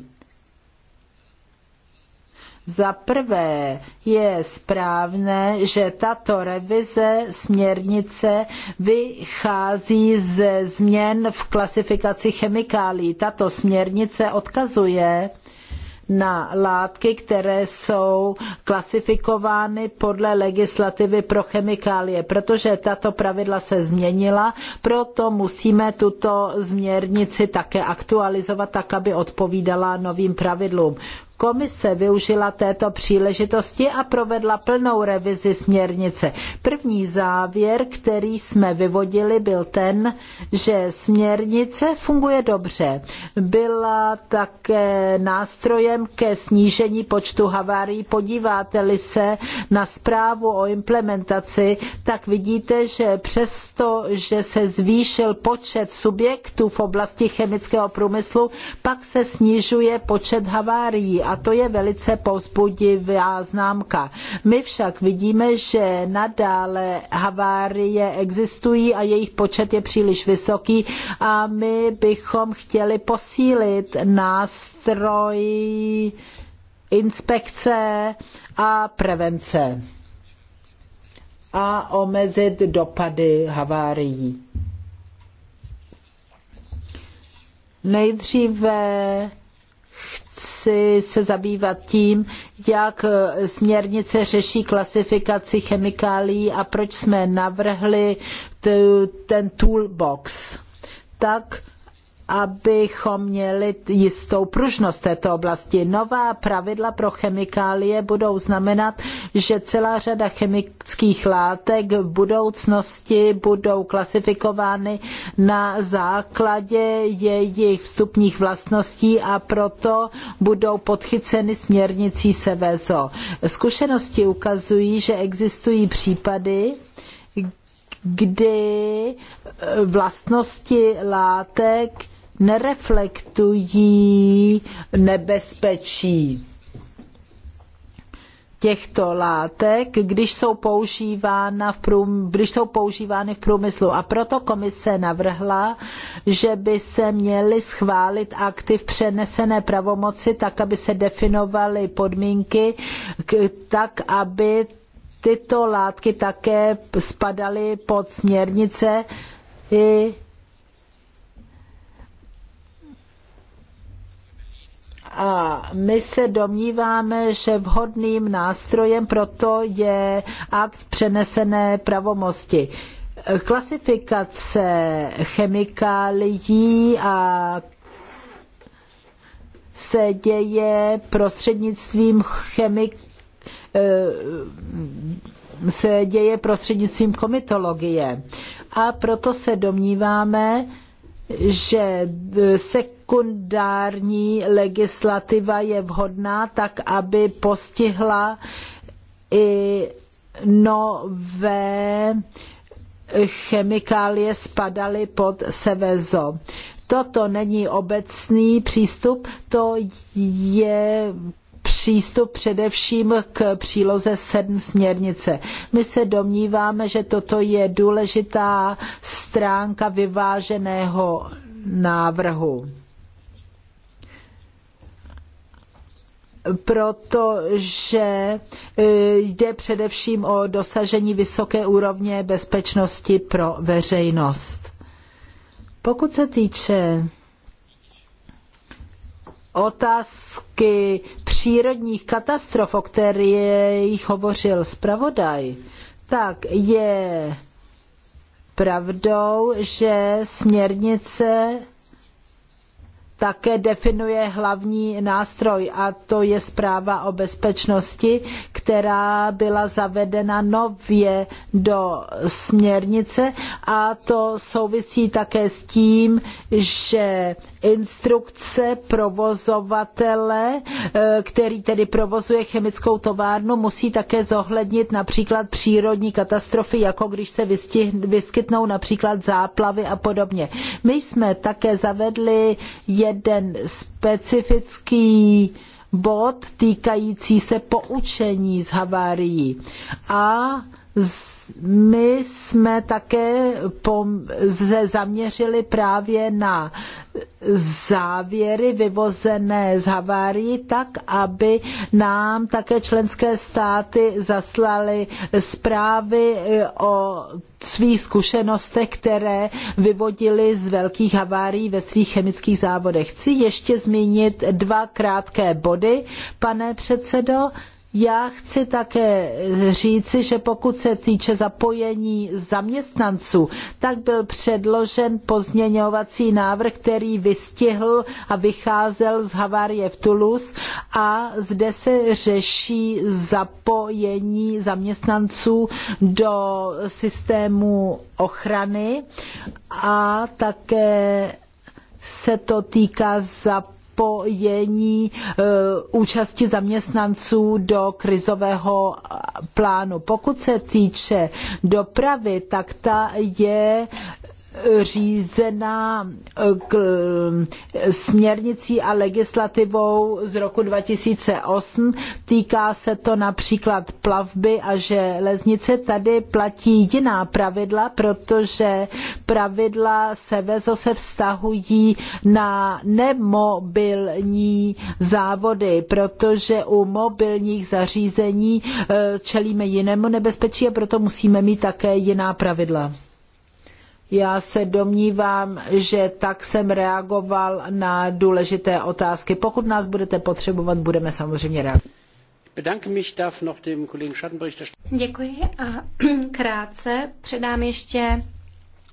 Za prvé je správné, že tato revize směrnice vychází ze změn v klasifikaci chemikálií. Tato směrnice odkazuje na látky, které jsou klasifikovány podle legislativy pro chemikálie. Protože tato pravidla se změnila, proto musíme tuto změrnici také aktualizovat tak, aby odpovídala novým pravidlům. Komise využila této příležitosti a provedla plnou revizi směrnice. První závěr, který jsme vyvodili, byl ten, že směrnice funguje dobře. Byla také nástrojem ke snížení počtu havárií. Podíváte-li se na zprávu o implementaci, tak vidíte, že přesto, že se zvýšil počet subjektů v oblasti chemického průmyslu, pak se snižuje počet havárií a to je velice povzbudivá známka. My však vidíme, že nadále havárie existují a jejich počet je příliš vysoký a my bychom chtěli posílit nástroj inspekce a prevence a omezit dopady havárií. Nejdříve moci se zabývat tím, jak e, směrnice řeší klasifikaci chemikálií a proč jsme navrhli ten toolbox. Tak, abychom měli jistou pružnost této oblasti. Nová pravidla pro chemikálie budou znamenat, že celá řada chemických látek v budoucnosti budou klasifikovány na základě jejich vstupních vlastností a proto budou podchyceny směrnicí SEVEZO. Zkušenosti ukazují, že existují případy, kdy vlastnosti látek nereflektují nebezpečí těchto látek, když jsou, používána v prům, když jsou používány v průmyslu. A proto komise navrhla, že by se měly schválit akty v přenesené pravomoci, tak aby se definovaly podmínky, tak aby tyto látky také spadaly pod směrnice i A my se domníváme, že vhodným nástrojem proto je akt přenesené pravomosti. Klasifikace chemikálií a se děje prostřednictvím chemik eh, se děje prostřednictvím komitologie. A proto se domníváme, že sekundární legislativa je vhodná tak, aby postihla i nové chemikálie spadaly pod Sevezo. Toto není obecný přístup, to je přístup především k příloze 7 směrnice. My se domníváme, že toto je důležitá stránka vyváženého návrhu. protože e, jde především o dosažení vysoké úrovně bezpečnosti pro veřejnost. Pokud se týče otázky přírodních katastrof, o kterých hovořil zpravodaj, tak je pravdou, že směrnice také definuje hlavní nástroj a to je zpráva o bezpečnosti, která byla zavedena nově do směrnice a to souvisí také s tím, že instrukce provozovatele, eh, který tedy provozuje chemickou továrnu, musí také zohlednit například přírodní katastrofy, jako když se vyskytnou například záplavy a podobně. My jsme také zavedli jeden specifický bod týkající se poučení z havárií. A my jsme také se zaměřili právě na závěry vyvozené z havárií, tak aby nám také členské státy zaslaly zprávy eh, o svých zkušenostech, které vyvodili z velkých havárií ve svých chemických závodech. Chci ještě zmínit dva krátké body, pane předsedo. Já chci také říci, že pokud se týče zapojení zaměstnanců, tak byl předložen pozměňovací návrh, který vystihl a vycházel z havárie v Toulouse a zde se řeší zapojení zaměstnanců do systému ochrany a také se to týká zapojení zapojení eh, účasti zaměstnanců do krizového plánu. Pokud se týče dopravy, tak ta je řízená eh, k eh, směrnicí a legislativou z roku 2008. Týká se to například plavby a železnice. Tady platí jiná pravidla, protože pravidla Sevezo se vztahují na nemobilní závody, protože u mobilních zařízení eh, čelíme jinému nebezpečí a proto musíme mít také jiná pravidla. Já se domnívám, že tak jsem reagoval na důležité otázky. Pokud nás budete potřebovat, budeme samozřejmě reagovat. Děkuji a krátce předám ještě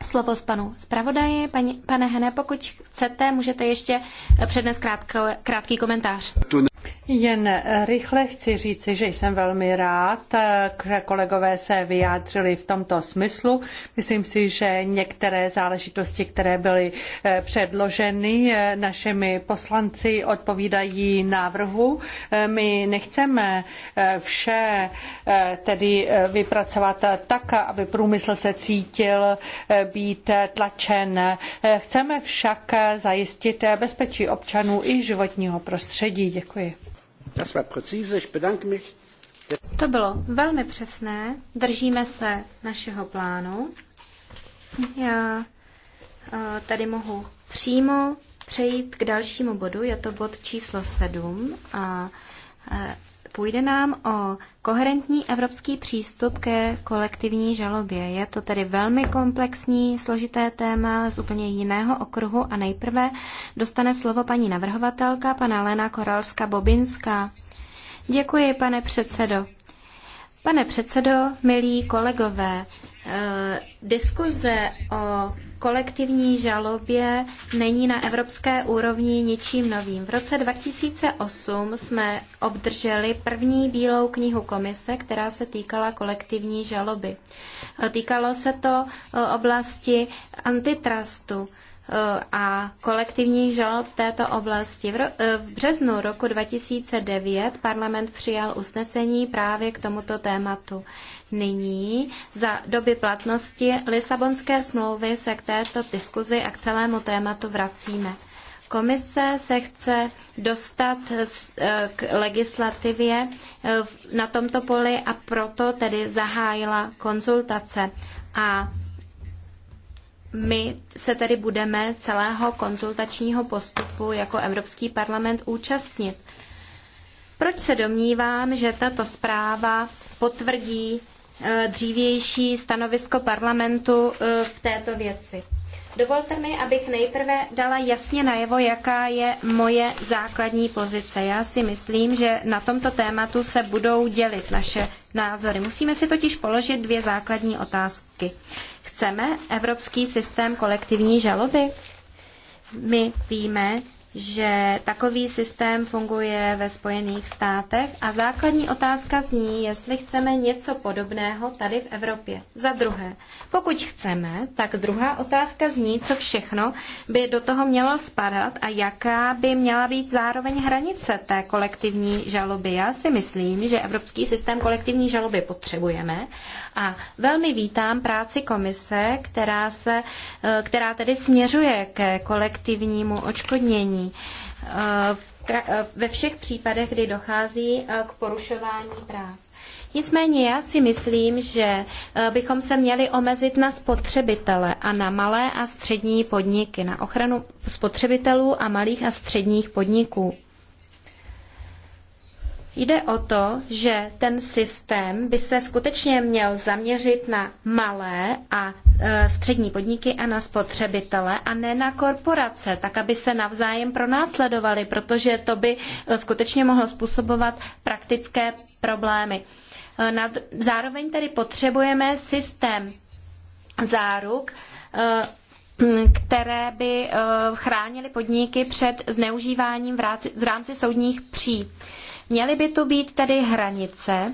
slovo z panu zpravodaji. pane Hene, pokud chcete, můžete ještě přednes krátký komentář. Jen eh, rychle chci říci, že jsem velmi rád, eh, že kolegové se vyjádřili v tomto smyslu. Myslím si, že některé záležitosti, které byly eh, předloženy našimi poslanci, odpovídají návrhu. My nechceme vše tedy vypracovat tak, aby průmysl se cítil být tlačen. Chceme však zajistit bezpečí občanů i životního prostředí. Děkuji. To bylo velmi přesné. Držíme se našeho plánu. Já eh, tady mohu přímo přejít k dalšímu bodu. Je to bod číslo 7. A eh, Půjde nám o koherentní evropský přístup ke kolektivní žalobě. Je to tedy velmi komplexní, složité téma z úplně jiného okruhu a nejprve dostane slovo paní navrhovatelka, pana Lena Koralska-Bobinská. Děkuji, pane předsedo. Pane předsedo, milí kolegové, Eh, diskuze o kolektivní žalobě není na evropské úrovni ničím novým. V roce 2008 jsme obdrželi první bílou knihu komise, která se týkala kolektivní žaloby. Eh, týkalo se to eh, oblasti antitrustu a kolektivních žalob v této oblasti. V eh, březnu roku 2009 parlament přijal usnesení právě k tomuto tématu. Nyní za doby platnosti Lisabonské smlouvy se k této diskuzi a k celému tématu vracíme. Komise se chce dostat eh, k legislativě eh, na tomto poli a proto tedy zahájila konzultace. A my se tedy budeme celého konzultačního postupu jako Evropský parlament účastnit. Proč se domnívám, že tato zpráva potvrdí e, dřívější stanovisko parlamentu e, v této věci? Dovolte mi, abych nejprve dala jasně najevo, jaká je moje základní pozice. Já si myslím, že na tomto tématu se budou dělit naše názory. Musíme si totiž položit dvě základní otázky. Chceme evropský systém kolektivní žaloby? My víme, že takový systém funguje ve Spojených státech a základní otázka zní, jestli chceme něco podobného tady v Evropě. Za druhé, pokud chceme, tak druhá otázka zní, co všechno by do toho mělo spadat a jaká by měla být zároveň hranice té kolektivní žaloby. Já si myslím, že evropský systém kolektivní žaloby potřebujeme a velmi vítám práci komise, která, se, eh, která tedy směřuje ke kolektivnímu očkodnění Eh, eh, ve všech případech, kdy dochází eh, k porušování práv. Nicméně já si myslím, že bychom se měli omezit na spotřebitele a na malé a střední podniky, na ochranu spotřebitelů a malých a středních podniků. Jde o to, že ten systém by se skutečně měl zaměřit na malé a e, střední podniky a na spotřebitele a ne na korporace, tak aby se navzájem pronásledovali, protože to by e, skutečně mohlo způsobovat praktické problémy. E, zároveň tedy potřebujeme systém záruk, které by chránily podniky před zneužíváním v rámci soudních pří Měly by tu být tedy hranice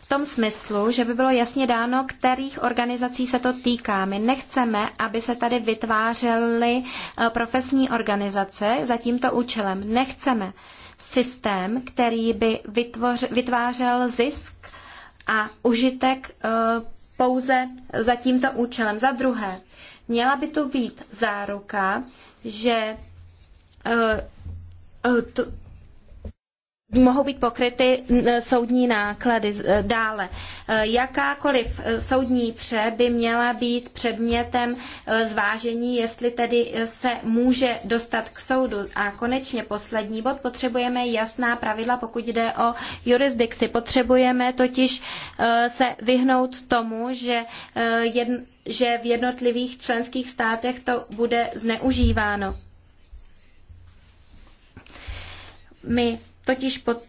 v tom smyslu, že by bylo jasně dáno, kterých organizací se to týká. My nechceme, aby se tady vytvářely eh, profesní organizace za tímto účelem. Nechceme systém, který by vytvoř, vytvářel zisk a užitek eh, pouze za tímto účelem. Za druhé, měla by tu být záruka, že eh, mohou být pokryty soudní náklady e, dále. E, jakákoliv e, soudní pře by měla být předmětem zvážení, jestli tedy se může dostat k soudu. A konečně poslední bod, potřebujeme jasná pravidla, pokud jde o jurisdikci. Potřebujeme totiž se vyhnout tomu, že, jedn, že v jednotlivých členských státech to bude zneužíváno. My totiž pod,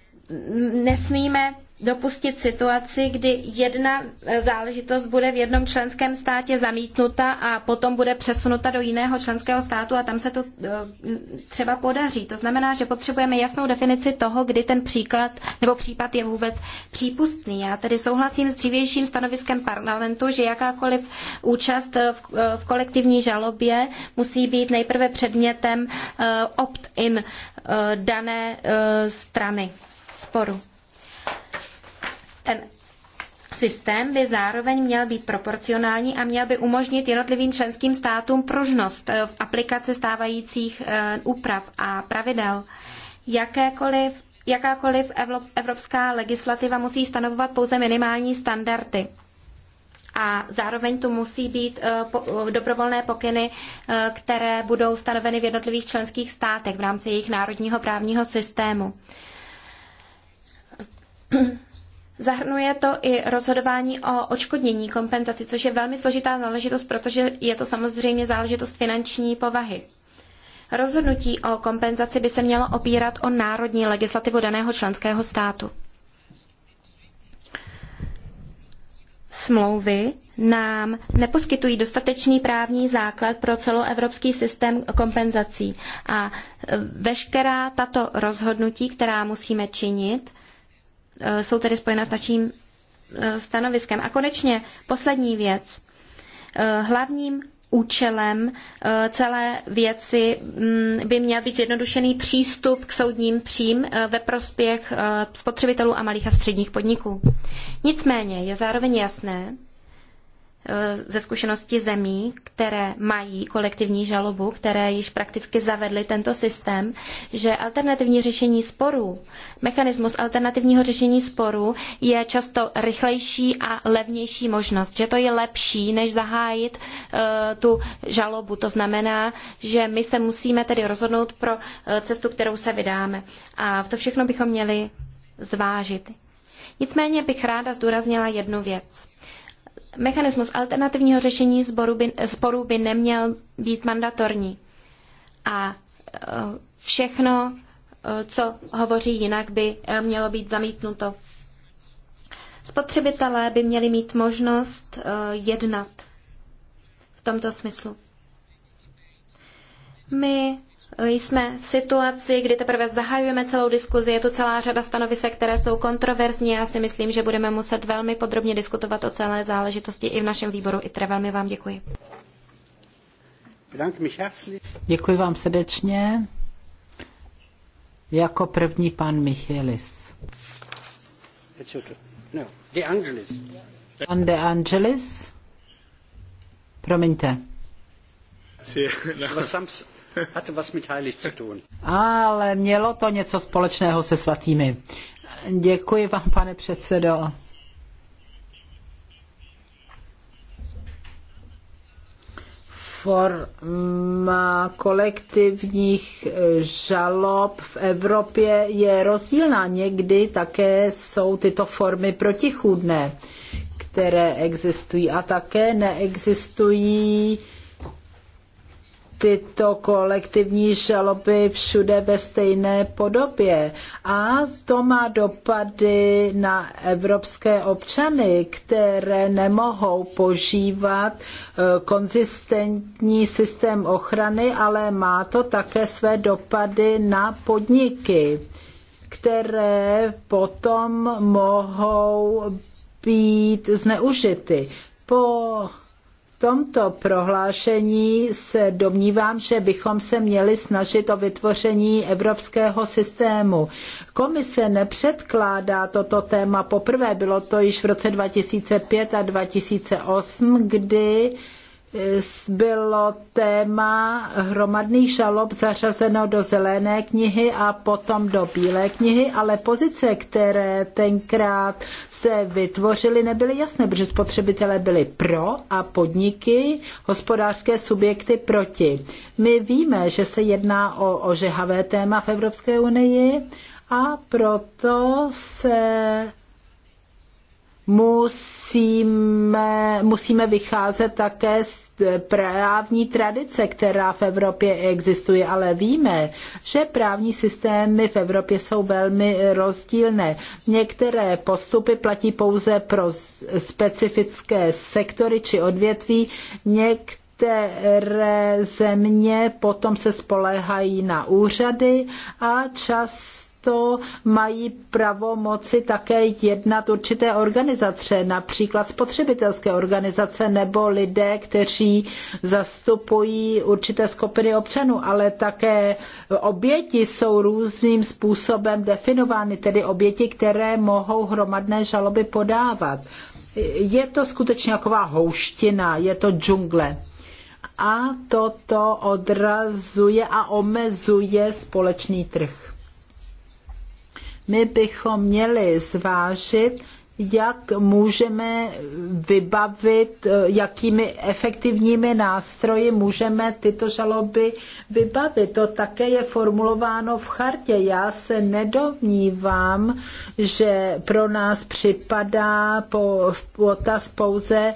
nesmíme dopustit situaci, kdy jedna eh, záležitost bude v jednom členském státě zamítnuta a potom bude přesunuta do jiného členského státu a tam se to eh, třeba podaří. To znamená, že potřebujeme jasnou definici toho, kdy ten příklad nebo případ je vůbec přípustný. Já tedy souhlasím s dřívějším stanoviskem parlamentu, že jakákoliv účast eh, v, kolektivní žalobě musí být nejprve předmětem opt-in dané strany sporu ten systém by zároveň měl být proporcionální a měl by umožnit jednotlivým členským státům pružnost eh, v aplikaci stávajících eh, úprav a pravidel. Jakékoliv, jakákoliv evropská legislativa musí stanovovat pouze minimální standardy. A zároveň tu musí být eh, dobrovolné pokyny, které budou stanoveny v jednotlivých členských státech v rámci jejich národního právního systému Zahrnuje to i rozhodování o očkodnění kompenzaci, což je velmi složitá záležitost, protože je to samozřejmě záležitost finanční povahy. Rozhodnutí o kompenzaci by se mělo opírat o národní legislativu daného členského státu. Smlouvy nám neposkytují dostatečný právní základ pro celoevropský systém kompenzací a veškerá tato rozhodnutí, která musíme činit, Eh, jsou tedy spojena s naším eh, stanoviskem. A konečně poslední věc. Eh, hlavním účelem celé věci mm, by měl být zjednodušený přístup k soudním přím ve prospěch spotřebitelů a malých a středních podniků. Nicméně je zároveň jasné, Eh, ze zkušenosti zemí, které mají kolektivní žalobu, které již prakticky zavedly tento systém, že alternativní řešení sporů, mechanismus alternativního řešení sporů je často rychlejší a levnější možnost, že to je lepší, než zahájit uh, tu žalobu. To znamená, že my se musíme tedy rozhodnout pro uh, cestu, kterou se vydáme. A to všechno bychom měli zvážit. Nicméně bych ráda zdůraznila jednu věc mechanismus alternativního řešení sporů by, sporu by neměl být mandatorní. A e, všechno, e, co hovoří jinak, by e, mělo být zamítnuto. Spotřebitelé by měli mít možnost jednat v tomto smyslu. My jsme v situaci, kdy teprve zahajujeme celou diskuzi, je tu celá řada stanovisek, které jsou kontroverzní. Já si myslím, že budeme muset velmi podrobně diskutovat o celé záležitosti i v našem výboru ITRE. Velmi vám děkuji. Děkuji vám srdečně. Jako první pan Michelis. No, De Angelis. Pan De Angelis? Promiňte. Ale mělo to něco společného se svatými. Děkuji vám, pane předsedo. forma kolektivních eh, žalob v Evropě je rozdílná. Někdy také jsou tyto formy protichůdné, které existují. A také neexistují tyto kolektivní žaloby všude ve stejné podobě. A to má dopady na evropské občany, které nemohou požívat eh, konzistentní systém ochrany, ale má to také své dopady na podniky, které potom mohou být zneužity. Po tomto prohlášení se domnívám, že bychom se měli snažit o vytvoření evropského systému. Komise nepředkládá toto téma poprvé, bylo to již v roce 2005 a 2008, kdy bylo téma hromadných žalob zařazeno do zelené knihy a potom do bílé knihy, ale pozice, které tenkrát se vytvořily, nebyly jasné, protože spotřebitelé byli pro a podniky, hospodářské subjekty proti. My víme, že se jedná o ožehavé téma v Evropské unii a proto se musíme, musíme vycházet také z právní tradice, která v Evropě existuje, ale víme, že právní systémy v Evropě jsou velmi rozdílné. Některé postupy platí pouze pro specifické sektory či odvětví, některé země potom se spolehají na úřady a čas to mají moci také jednat určité organizace, například spotřebitelské organizace nebo lidé, kteří zastupují určité skupiny občanů, ale také oběti jsou různým způsobem definovány, tedy oběti, které mohou hromadné žaloby podávat. Je to skutečně taková houština, je to džungle a toto odrazuje a omezuje společný trh my bychom měli zvážit, jak můžeme vybavit, eh, jakými efektivními nástroji můžeme tyto žaloby vybavit. To také je formulováno v chartě. Já se nedomnívám, že pro nás připadá po, potaz pouze e,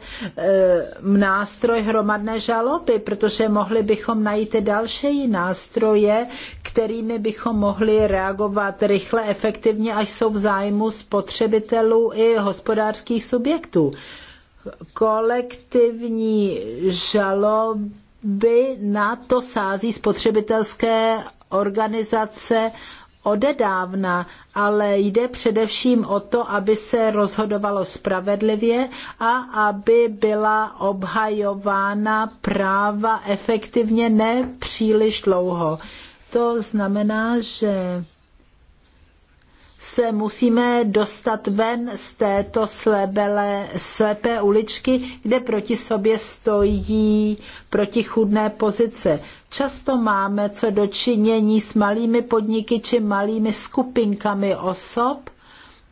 nástroj hromadné žaloby, protože mohli bychom najít další nástroje, kterými bychom mohli reagovat rychle, efektivně, až jsou v zájmu spotřebitelů i hospodářských subjektů. Kolektivní žaloby na to sází spotřebitelské organizace odedávna, ale jde především o to, aby se rozhodovalo spravedlivě a aby byla obhajována práva efektivně ne příliš dlouho. To znamená, že se musíme dostat ven z této slebele, slepé uličky, kde proti sobě stojí protichudné pozice. Často máme co dočinění s malými podniky či malými skupinkami osob.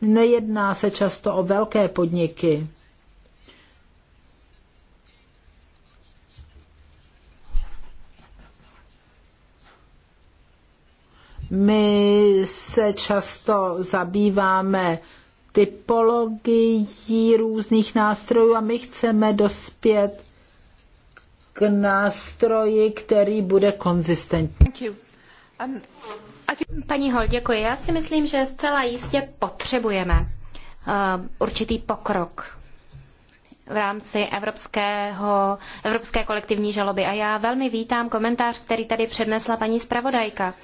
Nejedná se často o velké podniky. My se často zabýváme typologií různých nástrojů a my chceme dospět k nástroji, který bude konzistentní. Um, Paní Hol, děkuji. Já si myslím, že zcela jistě potřebujeme uh, určitý pokrok v rámci evropského, evropské kolektivní žaloby. A já velmi vítám komentář, který tady přednesla paní zpravodajka.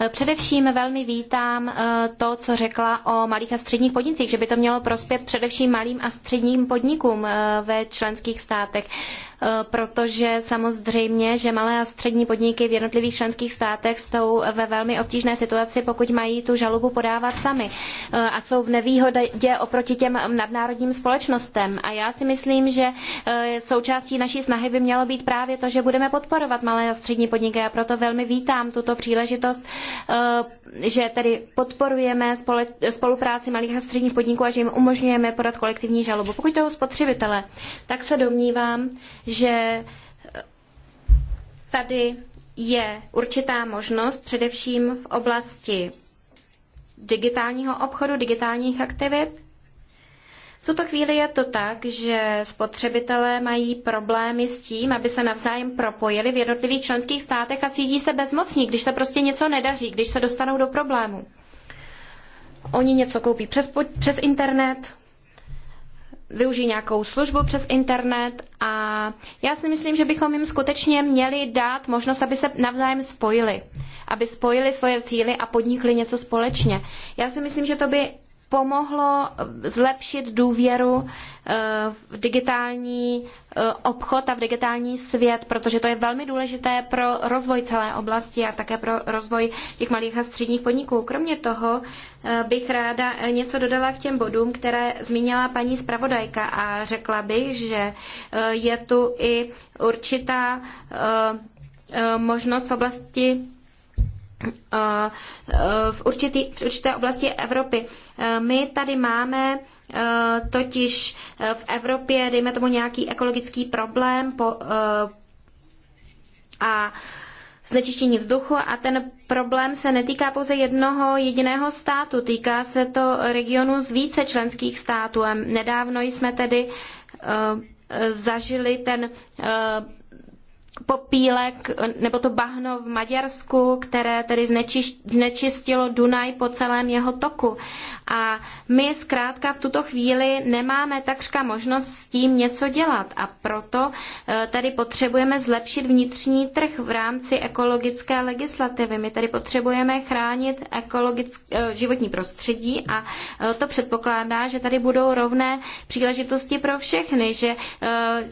Eh, především velmi vítám eh, to, co řekla o malých a středních podnicích, že by to mělo prospět především malým a středním podnikům eh, ve členských státech. Eh, protože samozřejmě, že malé a střední podniky v jednotlivých členských státech jsou ve velmi obtížné situaci, pokud mají tu žalobu podávat sami eh, a jsou v nevýhodě oproti těm nadnárodním společnostem. A já si myslím, že eh, součástí naší snahy by mělo být právě to, že budeme podporovat malé a střední podniky a proto velmi vítám tuto příležitost, že tedy podporujeme spolupráci malých a středních podniků a že jim umožňujeme podat kolektivní žalobu. Pokud jde o spotřebitele, tak se domnívám, že že tady je určitá možnost, především v oblasti digitálního obchodu, digitálních aktivit. V tuto chvíli je to tak, že spotřebitelé mají problémy s tím, aby se navzájem propojili v jednotlivých členských státech a cítí se bezmocní, když se prostě něco nedaří, když se dostanou do problému. Oni něco koupí přes, přes internet, využijí nějakou službu přes internet a já si myslím, že bychom jim skutečně měli dát možnost, aby se navzájem spojili, aby spojili svoje cíly a podnikli něco společně. Já si myslím, že to by pomohlo zlepšit důvěru eh, v digitální eh, obchod a v digitální svět, protože to je velmi důležité pro rozvoj celé oblasti a také pro rozvoj těch malých a středních podniků. Kromě toho eh, bych ráda něco dodala k těm bodům, které zmínila paní zpravodajka a řekla bych, že je tu i určitá možnost v oblasti v, určitý, v určité oblasti Evropy. My tady máme totiž v Evropě, dejme tomu, nějaký ekologický problém po, a znečištění vzduchu a ten problém se netýká pouze jednoho jediného státu, týká se to regionu z více členských států. A nedávno jsme tedy zažili ten popílek nebo to bahno v Maďarsku, které tedy znečistilo Dunaj po celém jeho toku. A my zkrátka v tuto chvíli nemáme takřka možnost s tím něco dělat a proto eh, tady potřebujeme zlepšit vnitřní trh v rámci ekologické legislativy. My tady potřebujeme chránit ekologické, eh, životní prostředí a eh, to předpokládá, že tady budou rovné příležitosti pro všechny, že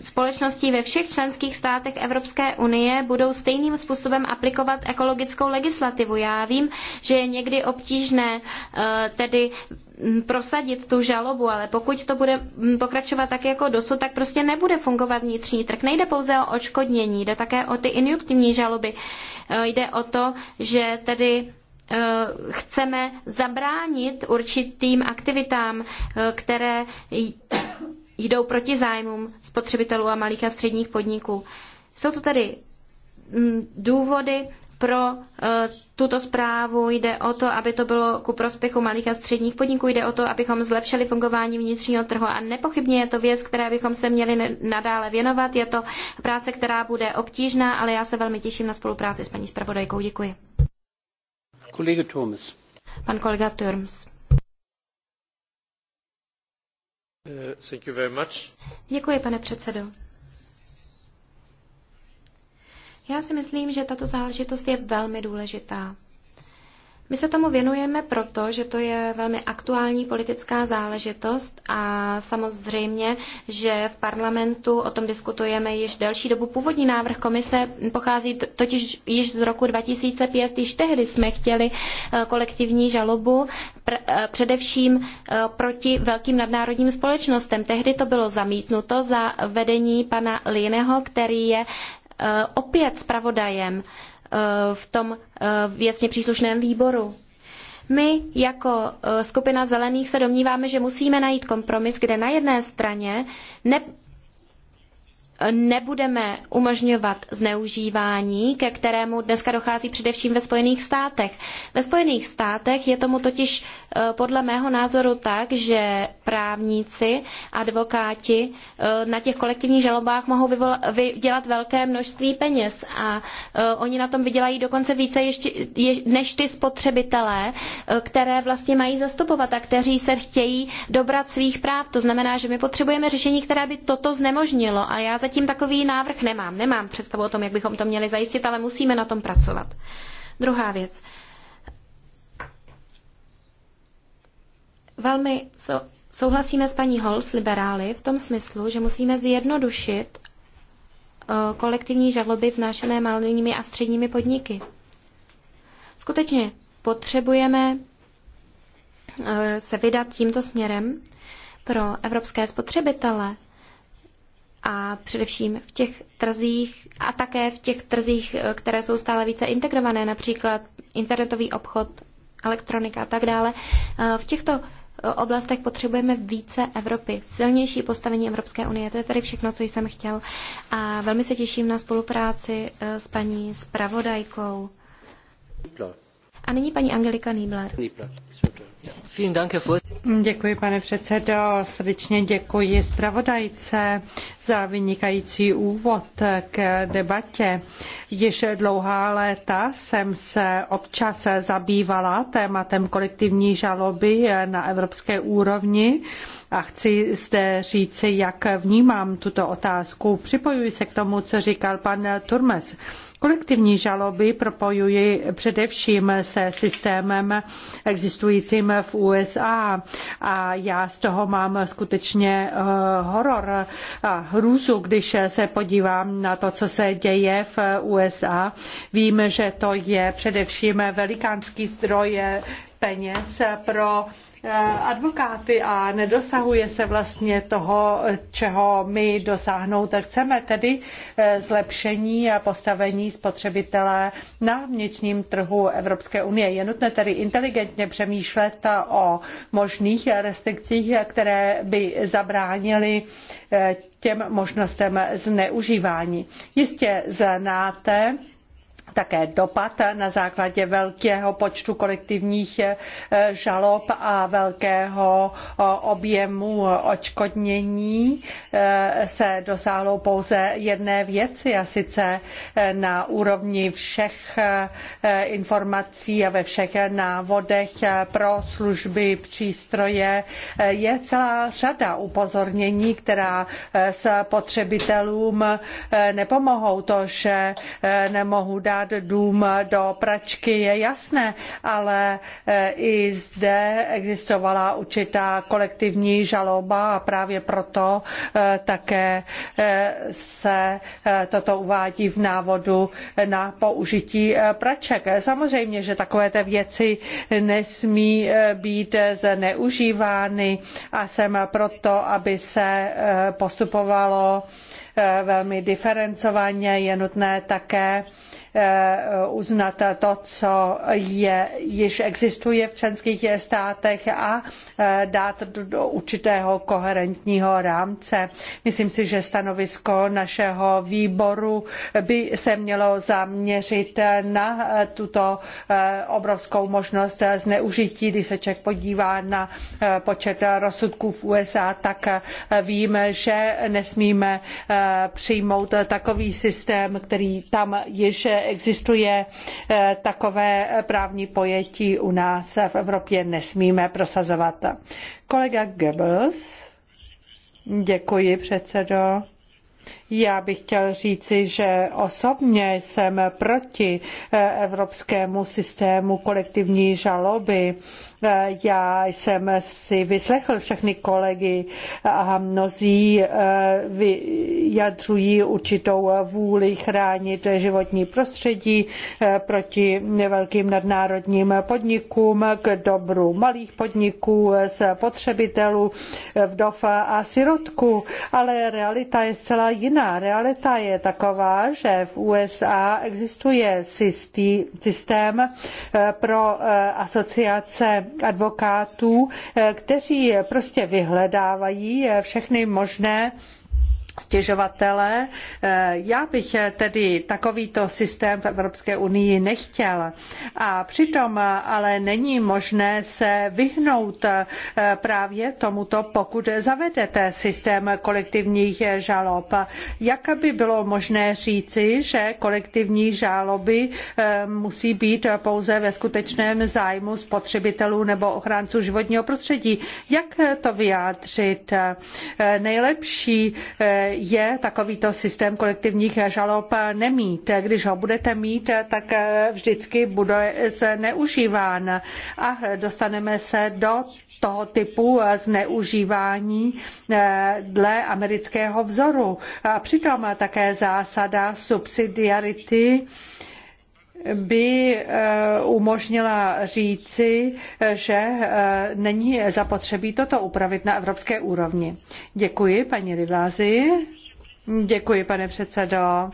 společnosti ve všech členských státech Evropské Evropské unie budou stejným způsobem aplikovat ekologickou legislativu. Já vím, že je někdy obtížné eh, tedy mm, prosadit tu žalobu, ale pokud to bude mm, pokračovat tak jako dosud, tak prostě nebude fungovat vnitřní trh. Nejde pouze o odškodnění, jde také o ty injuktivní žaloby. Eh, jde o to, že tedy eh, chceme zabránit určitým aktivitám, které jdou proti zájmům spotřebitelů a malých a středních podniků. Jsou to tedy mm, důvody pro e, tuto zprávu. Jde o to, aby to bylo ku prospěchu malých a středních podniků, jde o to, abychom zlepšili fungování vnitřního trhu a nepochybně je to věc, které bychom se měli nadále věnovat. Je to práce, která bude obtížná, ale já se velmi těším na spolupráci s paní zpravodajkou. Děkuji. Kolega Thomas. Pan kolega uh, much. Děkuji, pane předsedo. Já si myslím, že tato záležitost je velmi důležitá. My se tomu věnujeme proto, že to je velmi aktuální politická záležitost a samozřejmě, že v parlamentu o tom diskutujeme již delší dobu. Původní návrh komise pochází totiž již z roku 2005. Již tehdy jsme chtěli eh, kolektivní žalobu eh, především eh, proti velkým nadnárodním společnostem. Tehdy to bylo zamítnuto za vedení pana Lineho, který je Eh, opět zpravodajem eh, v tom eh, věcně příslušném výboru. My jako skupina zelených se domníváme, že musíme najít kompromis, kde na jedné straně nebudeme umožňovat zneužívání, ke kterému dneska dochází především ve Spojených státech. Ve Spojených státech je tomu totiž eh, podle mého názoru tak, že právníci, advokáti eh, na těch kolektivních žalobách mohou vydělat velké množství peněz a eh, oni na tom vydělají dokonce více ještě, než ty spotřebitelé, které vlastně mají zastupovat a kteří se chtějí dobrat svých práv. To znamená, že my potřebujeme řešení, které by toto znemožnilo a já zatím zatím takový návrh nemám. Nemám představu o tom, jak bychom to měli zajistit, ale musíme na tom pracovat. Druhá věc. Velmi souhlasíme s paní Holz, liberály, v tom smyslu, že musíme zjednodušit eh, kolektivní žaloby vznášené malými a středními podniky. Skutečně potřebujeme eh, se vydat tímto směrem pro evropské spotřebitele, a především v těch trzích a také v těch trzích, eh, které jsou stále více integrované, například internetový obchod, elektronika a tak dále. Eh, v těchto eh, oblastech potřebujeme více Evropy, silnější postavení Evropské unie. To je tady všechno, co jsem chtěl. A velmi se těším na spolupráci s paní spravodajkou. A nyní paní Angelika Nýbler. Nýbler. Děkuji, pane předsedající Srdečně děkuji zpravodajce za vynikající úvod k debatě. Již dlouhá léta jsem se občas zabývala tématem kolektivní žaloby na evropské úrovni a chci zde říci, jak vnímám tuto otázku. Připojuji se k tomu, co říkal pan Turmes. Kolektivní žaloby propojuji především se systémem existujícím v USA a já z toho mám skutečně eh, horor a hrůzu, když se podívám na to, co se děje v USA. Vím, že to je především velikánský zdroj eh, peněz pro Eh, advokáty a nedosahuje se vlastně toho, čeho my dosáhnout chceme, tedy eh, zlepšení a postavení spotřebitele na vnitřním trhu Evropské unie. Je nutné tedy inteligentně přemýšlet o možných restrikcích, které by zabránily eh, těm možnostem zneužívání. Jistě znáte také dopad na základě velkého počtu kolektivních eh, žalob a velkého objemu odškodnění eh, se dosáhlo pouze jedné věci a sice eh, na úrovni všech informací a ve všech návodech pro služby přístroje je celá řada upozornění, která spotřebitelům nepomohou to, že nemohu dát dát dům do pračky, je jasné, ale e, i zde existovala určitá kolektivní žaloba a právě proto e, také e, se toto uvádí v návodu na použití praček. Samozřejmě, že takové takovéto věci nesmí být zneužívány a jsem proto, aby se postupovalo velmi diferencovaně. Je nutné také Eh, uznat to, co je, již existuje v členských státech a eh, dát do určitého koherentního rámce. Myslím si, že stanovisko našeho výboru by se mělo zaměřit na eh, tuto obrovskou možnost zneužití. Když se člověk podívá na počet rozsudků v USA, tak víme, že nesmíme přijmout takový systém, který tam již existuje eh, takové právní pojetí u nás v Evropě, nesmíme prosazovat. Kolega Goebbels, děkuji předsedo. Já bych chtěl říci, že osobně jsem proti eh, evropskému systému kolektivní žaloby. Eh, já jsem si vyslechl všechny kolegy a mnozí eh, vyjadřují určitou vůli chránit životní prostředí proti velkým nadnárodním podnikům, k dobru malých podniků, spotřebitelů, vdov a sirotků, ale realita je zcela jiná Jiná realita je taková, že v USA existuje systém eh, pro eh, asociace advokátů, eh, kteří prostě vyhledávají všechny možné stěžovatele. Eh, já bych eh, tedy takovýto systém v Evropské unii nechtěl. A přitom eh, ale není možné se vyhnout právě tomuto, pokud zavedete systém kolektivních žalob. Jak by bylo možné říci, že kolektivní žaloby musí být pouze ve skutečném zájmu spotřebitelů nebo ochránců životního prostředí? Jak to vyjádřit? Nejlepší je takovýto systém kolektivních žalob nemít. Když ho budete mít, tak vždycky bude zneužíván a dostaneme se do toho typu zneužívání eh, dle amerického vzoru. A přitom také zásada subsidiarity by eh, umožnila říci, eh, že eh, není zapotřebí toto upravit na evropské úrovni. Děkuji, paní Rivázi. Děkuji, pane předsedo.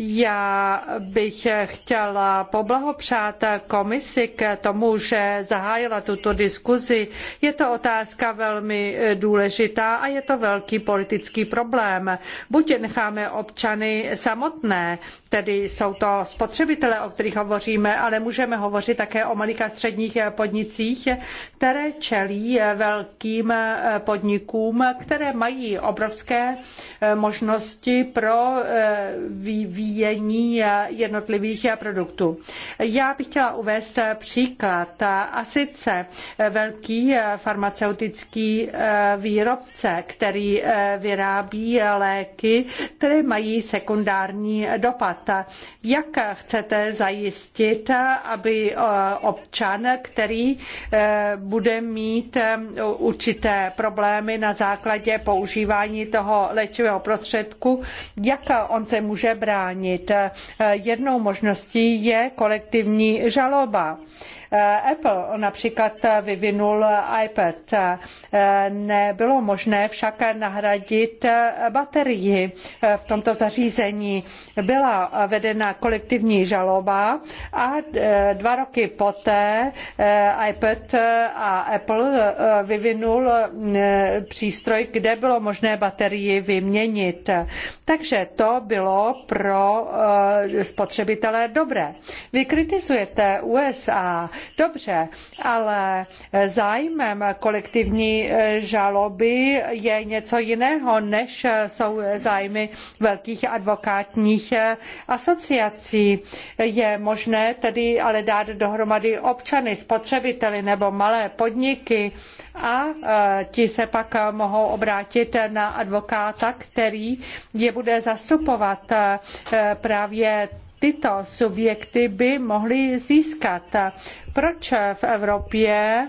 Já bych chtěla poblahopřát komisi k tomu, že zahájila tuto diskuzi. Je to otázka velmi důležitá a je to velký politický problém. Buď necháme občany samotné, tedy jsou to spotřebitelé, o kterých hovoříme, ale můžeme hovořit také o malých a středních podnicích, které čelí velkým podnikům, které mají obrovské možnosti pro vývoj vyvíjení jednotlivých produktů. Já bych chtěla uvést příklad a sice velký farmaceutický eh, výrobce, který eh, vyrábí léky, které mají sekundární dopad. Jak chcete zajistit, aby eh, občan, který bude mít určité problémy na základě používání toho léčivého prostředku, jak on se může bránit? zabránit. Jednou možností je kolektivní žaloba. Eh, Apple například vyvinul iPad. Eh, nebylo možné však nahradit baterii eh, v tomto zařízení. Byla vedena kolektivní žaloba a dva roky poté iPad a Apple vyvinul přístroj, kde bylo možné baterii vyměnit. Takže to bylo pro spotřebitele dobré. Vy kritizujete USA, Dobře, ale zájmem kolektivní žaloby je něco jiného, než jsou zájmy velkých advokátních asociací. Je možné tedy ale dát dohromady občany, spotřebiteli nebo malé podniky a e, ti se pak mohou obrátit na advokáta, který je bude zastupovat e, právě tyto subjekty by mohly získat. Proč v Evropě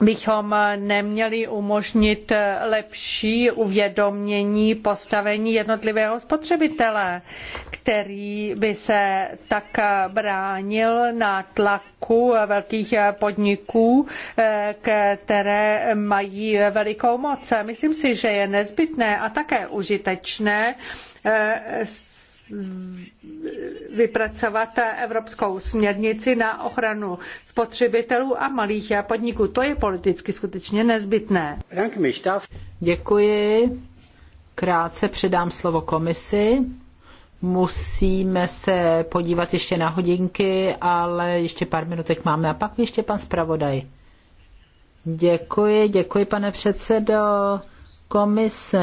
bychom neměli umožnit lepší uvědomění postavení jednotlivého spotřebitele, který by se tak bránil na tlaku velkých podniků, které mají velikou moc. Myslím si, že je nezbytné a také užitečné vypracovat evropskou směrnici na ochranu spotřebitelů a malých podniků. To je politicky skutečně nezbytné. Děkuji. Krátce předám slovo komisi. Musíme se podívat ještě na hodinky, ale ještě pár minutek máme a pak ještě pan zpravodaj. Děkuji, děkuji pane předsedo. Komise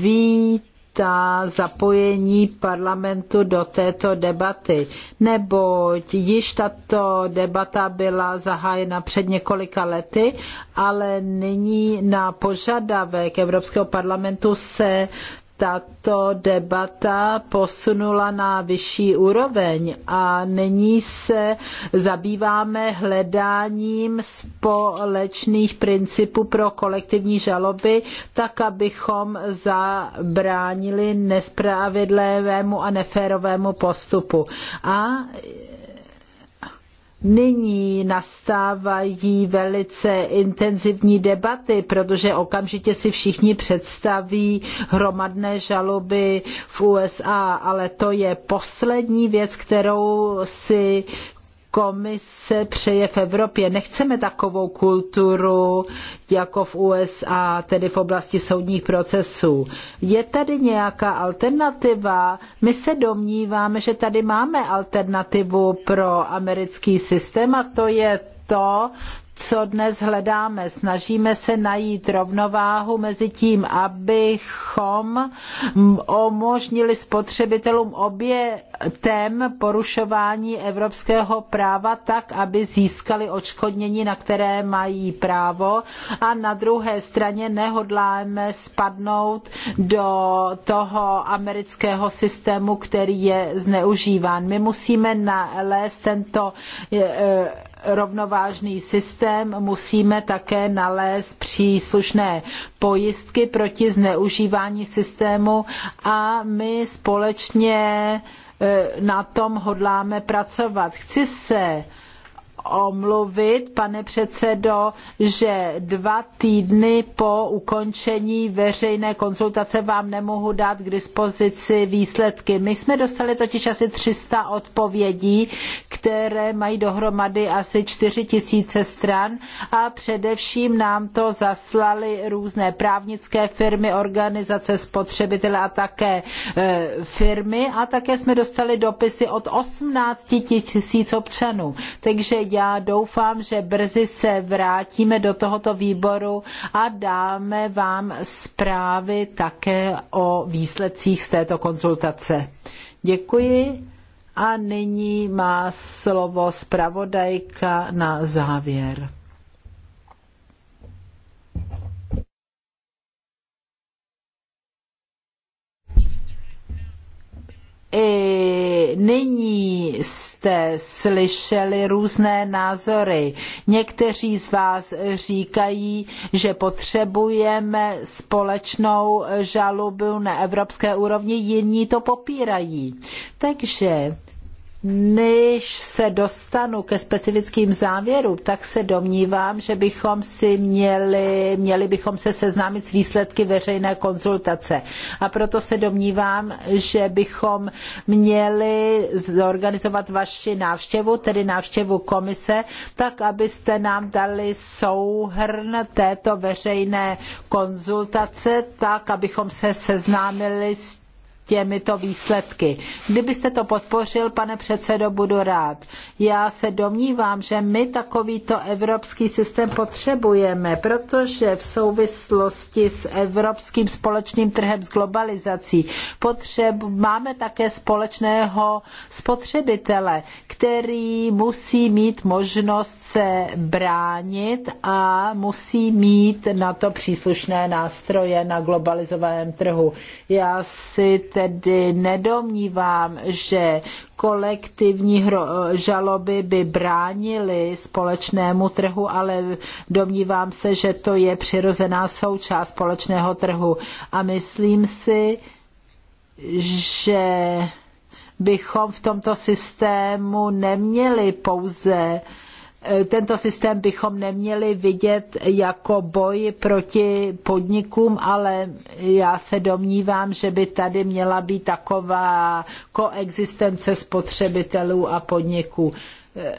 vít ta zapojení parlamentu do této debaty, neboť již tato debata byla zahájena před několika lety, ale nyní na požadavek Evropského parlamentu se tato debata posunula na vyšší úroveň a nyní se zabýváme hledáním společných principů pro kolektivní žaloby, tak abychom zabránili nespravedlivému a neférovému postupu. A Nyní nastávají velice intenzivní debaty, protože okamžitě si všichni představí hromadné žaloby v USA, ale to je poslední věc, kterou si komise přeje v Evropě. Nechceme takovou kulturu jako v USA, tedy v oblasti soudních procesů. Je tady nějaká alternativa? My se domníváme, že tady máme alternativu pro americký systém a to je to, co dnes hledáme. Snažíme se najít rovnováhu mezi tím, abychom umožnili spotřebitelům obětem porušování evropského práva tak, aby získali odškodnění, na které mají právo a na druhé straně nehodláme spadnout do toho amerického systému, který je zneužíván. My musíme nalézt tento eh, rovnovážný systém, musíme také nalézt příslušné pojistky proti zneužívání systému a my společně eh, na tom hodláme pracovat. Chci se omluvit, pane předsedo, že dva týdny po ukončení veřejné konzultace vám nemohu dát k dispozici výsledky. My jsme dostali totiž asi 300 odpovědí, které mají dohromady asi 4 tisíce stran a především nám to zaslali různé právnické firmy, organizace spotřebitele a také e, firmy a také jsme dostali dopisy od 18 tisíc občanů. Takže já doufám, že brzy se vrátíme do tohoto výboru a dáme vám zprávy také o výsledcích z této konzultace. Děkuji a nyní má slovo zpravodajka na závěr. i nyní jste slyšeli různé názory. Někteří z vás říkají, že potřebujeme společnou žalobu na evropské úrovni, jiní to popírají. Takže než se dostanu ke specifickým závěrům, tak se domnívám, že bychom si měli, měli bychom se seznámit s výsledky veřejné konzultace. A proto se domnívám, že bychom měli zorganizovat vaši návštěvu, tedy návštěvu komise, tak abyste nám dali souhrn této veřejné konzultace, tak abychom se seznámili s těmito výsledky. Kdybyste to podpořil, pane předsedo, budu rád. Já se domnívám, že my takovýto evropský systém potřebujeme, protože v souvislosti s evropským společným trhem s globalizací potřeb, máme také společného spotřebitele, který musí mít možnost se bránit a musí mít na to příslušné nástroje na globalizovaném trhu. Já si tedy nedomnívám, že kolektivní žaloby by bránily společnému trhu, ale domnívám se, že to je přirozená součást společného trhu. A myslím si, že bychom v tomto systému neměli pouze uh, Eh, tento systém bychom neměli vidět jako boj proti podnikům, ale já se domnívám, že by tady měla být taková koexistence spotřebitelů a podniků eh,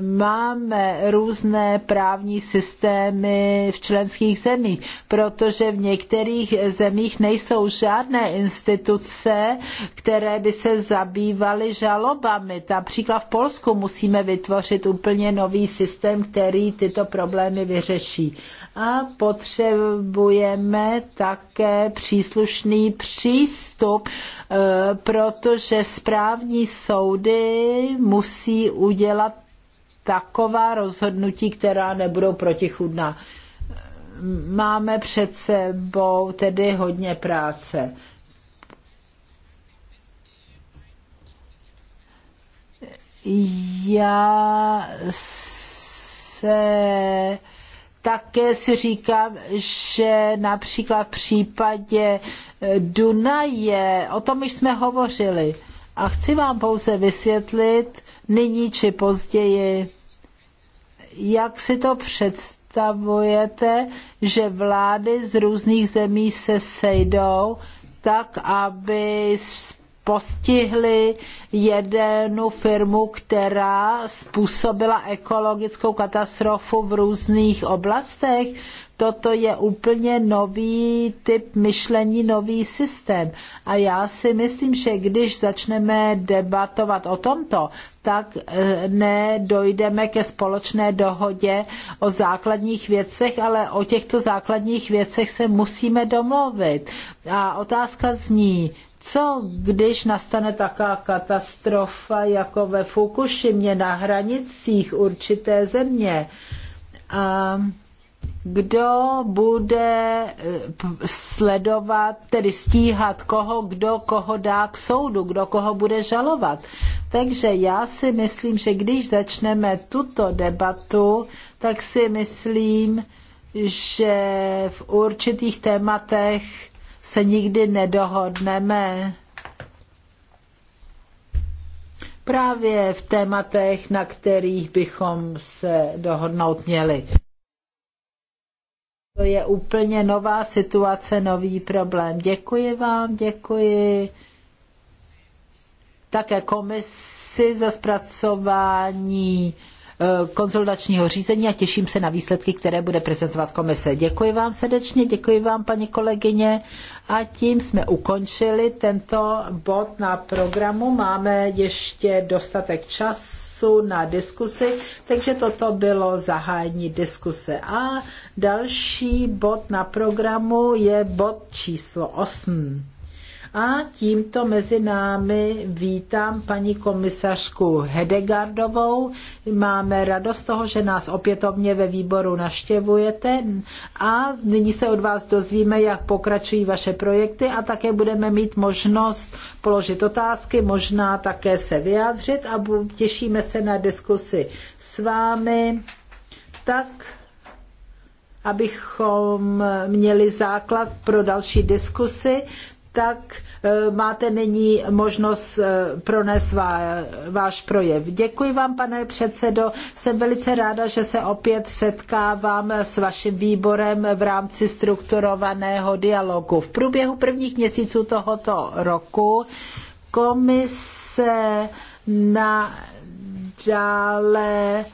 máme různé právní systémy v členských zemích, protože v některých zemích nejsou žádné instituce, které by se zabývaly žalobami. Například v Polsku musíme vytvořit úplně nový systém, který tyto problémy vyřeší. A potřebujeme také příslušný přístup, eh, protože správní soudy musí udělat taková rozhodnutí, která nebudou protichudná. Máme před sebou tedy hodně práce. Já se také si říkám, že například v případě Dunaje, o tom už jsme hovořili, a chci vám pouze vysvětlit nyní či později, jak si to představujete, že vlády z různých zemí se sejdou tak, aby postihli jednu firmu, která způsobila ekologickou katastrofu v různých oblastech. Toto je úplně nový typ myšlení, nový systém. A já si myslím, že když začneme debatovat o tomto, tak eh, nedojdeme ke společné dohodě o základních věcech, ale o těchto základních věcech se musíme domluvit. A otázka zní, co když nastane taká katastrofa jako ve Fukushimě na hranicích určité země? A kdo bude eh, sledovat, tedy stíhat koho, kdo koho dá k soudu, kdo koho bude žalovat. Takže já si myslím, že když začneme tuto debatu, tak si myslím, že v určitých tématech se nikdy nedohodneme. Právě v tématech, na kterých bychom se dohodnout měli. To je úplně nová situace, nový problém. Děkuji vám, děkuji také komisi za zpracování eh, konzultačního řízení a těším se na výsledky, které bude prezentovat komise. Děkuji vám srdečně, děkuji vám, paní kolegyně. A tím jsme ukončili tento bod na programu. Máme ještě dostatek času času na diskusi, takže toto bylo zahájení diskuse. A další bod na programu je bod číslo 8. A tímto mezi námi vítám paní komisařku Hedegardovou. Máme radost toho, že nás opětovně ve výboru naštěvujete a nyní se od vás dozvíme, jak pokračují vaše projekty a také budeme mít možnost položit otázky, možná také se vyjádřit a těšíme se na diskusi s vámi. Tak abychom měli základ pro další diskusy, tak eh, máte nyní možnost eh, pronést váš projev. Děkuji vám, pane předsedo. Jsem velice ráda, že se opět setkávám s vaším výborem v rámci strukturovaného dialogu. V průběhu prvních měsíců tohoto roku komise nadále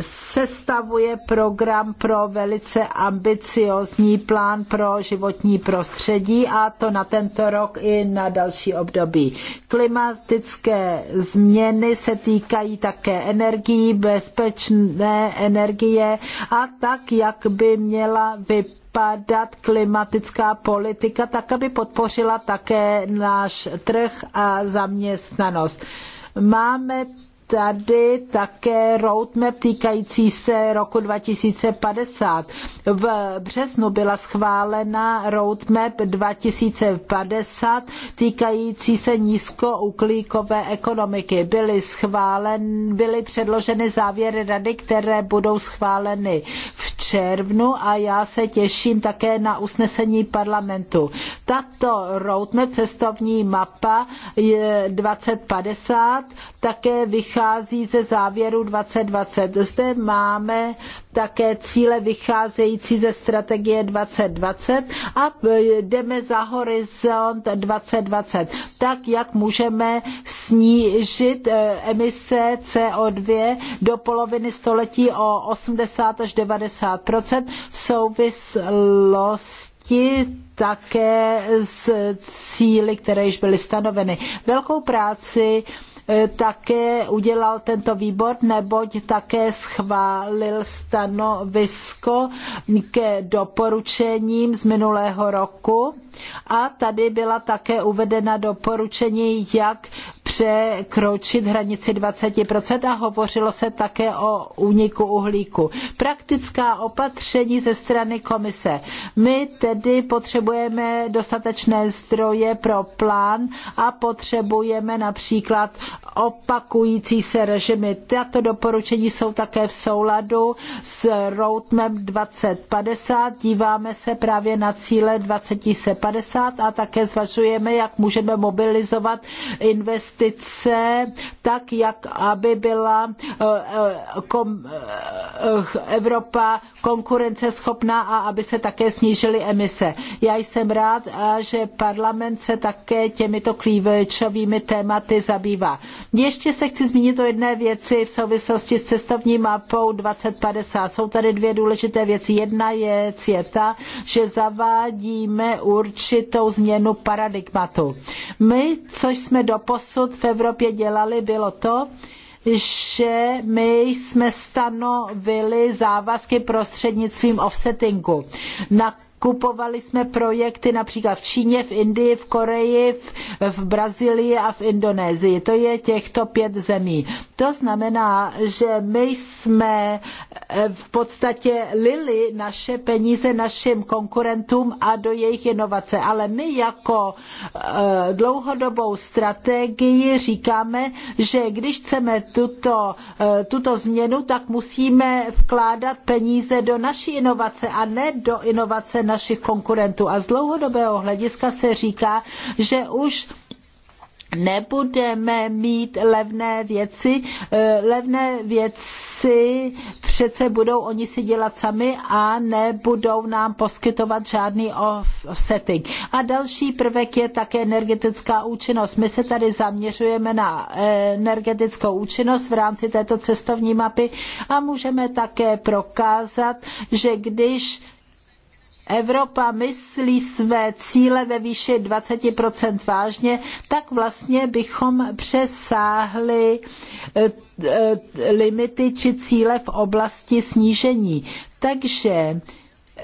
sestavuje program pro velice ambiciózní plán pro životní prostředí a to na tento rok i na další období. Klimatické změny se týkají také energií, bezpečné energie a tak, jak by měla vypadat vypadat klimatická politika, tak aby podpořila také náš trh a zaměstnanost. Máme tady také roadmap týkající se roku 2050. V březnu byla schválena roadmap 2050 týkající se nízkouhlíkové ekonomiky. Byly, schválen, byly předloženy závěry rady, které budou schváleny v červnu a já se těším také na usnesení parlamentu. Tato roadmap, cestovní mapa 2050, také vychází ze závěru 2020. Zde máme také cíle vycházející ze strategie 2020 a e, jdeme za horizont 2020, tak jak můžeme snížit e, emise CO2 do poloviny století o 80 až 90 v souvislosti také s cíly, které již byly stanoveny. Velkou práci E, také udělal tento výbor, neboť také schválil stanovisko ke doporučením z minulého roku a tady byla také uvedena doporučení, jak překročit hranici 20% a hovořilo se také o úniku uhlíku. Praktická opatření ze strany komise. My tedy potřebujeme dostatečné zdroje pro plán a potřebujeme například opakující se režimy. Tato doporučení jsou také v souladu s roadmap 2050. Díváme se právě na cíle 2050 a také zvažujeme, jak můžeme mobilizovat investice investice tak, jak aby byla eh, eh, eh, Evropa konkurenceschopná a aby se také snížily emise. Já jsem rád, že parlament se také těmito klíčovými tématy zabývá. Ještě se chci zmínit o jedné věci v souvislosti s cestovní mapou 2050. Jsou tady dvě důležité věci. Jedna věc je ta, že zavádíme určitou změnu paradigmatu. My, což jsme doposud dosud v Evropě dělali, bylo to, že my jsme stanovili závazky prostřednictvím offsettingu. Na Kupovali jsme projekty například v Číně, v Indii, v Koreji, v, v Brazílii a v Indonésii. To je těchto pět zemí. To znamená, že my jsme eh, v podstatě lili naše peníze našim konkurentům a do jejich inovace. Ale my jako eh, dlouhodobou strategii říkáme, že když chceme tuto, eh, tuto změnu, tak musíme vkládat peníze do naší inovace a ne do inovace našich konkurentů. A z dlouhodobého hlediska se říká, že už nebudeme mít levné věci. Eh, levné věci přece budou oni si dělat sami a nebudou nám poskytovat žádný offsetting. A další prvek je také energetická účinnost. My se tady zaměřujeme na eh, energetickou účinnost v rámci této cestovní mapy a můžeme také prokázat, že když Evropa myslí své cíle ve výši 20% vážně, tak vlastně bychom přesáhli eh, eh, limity či cíle v oblasti snížení. Takže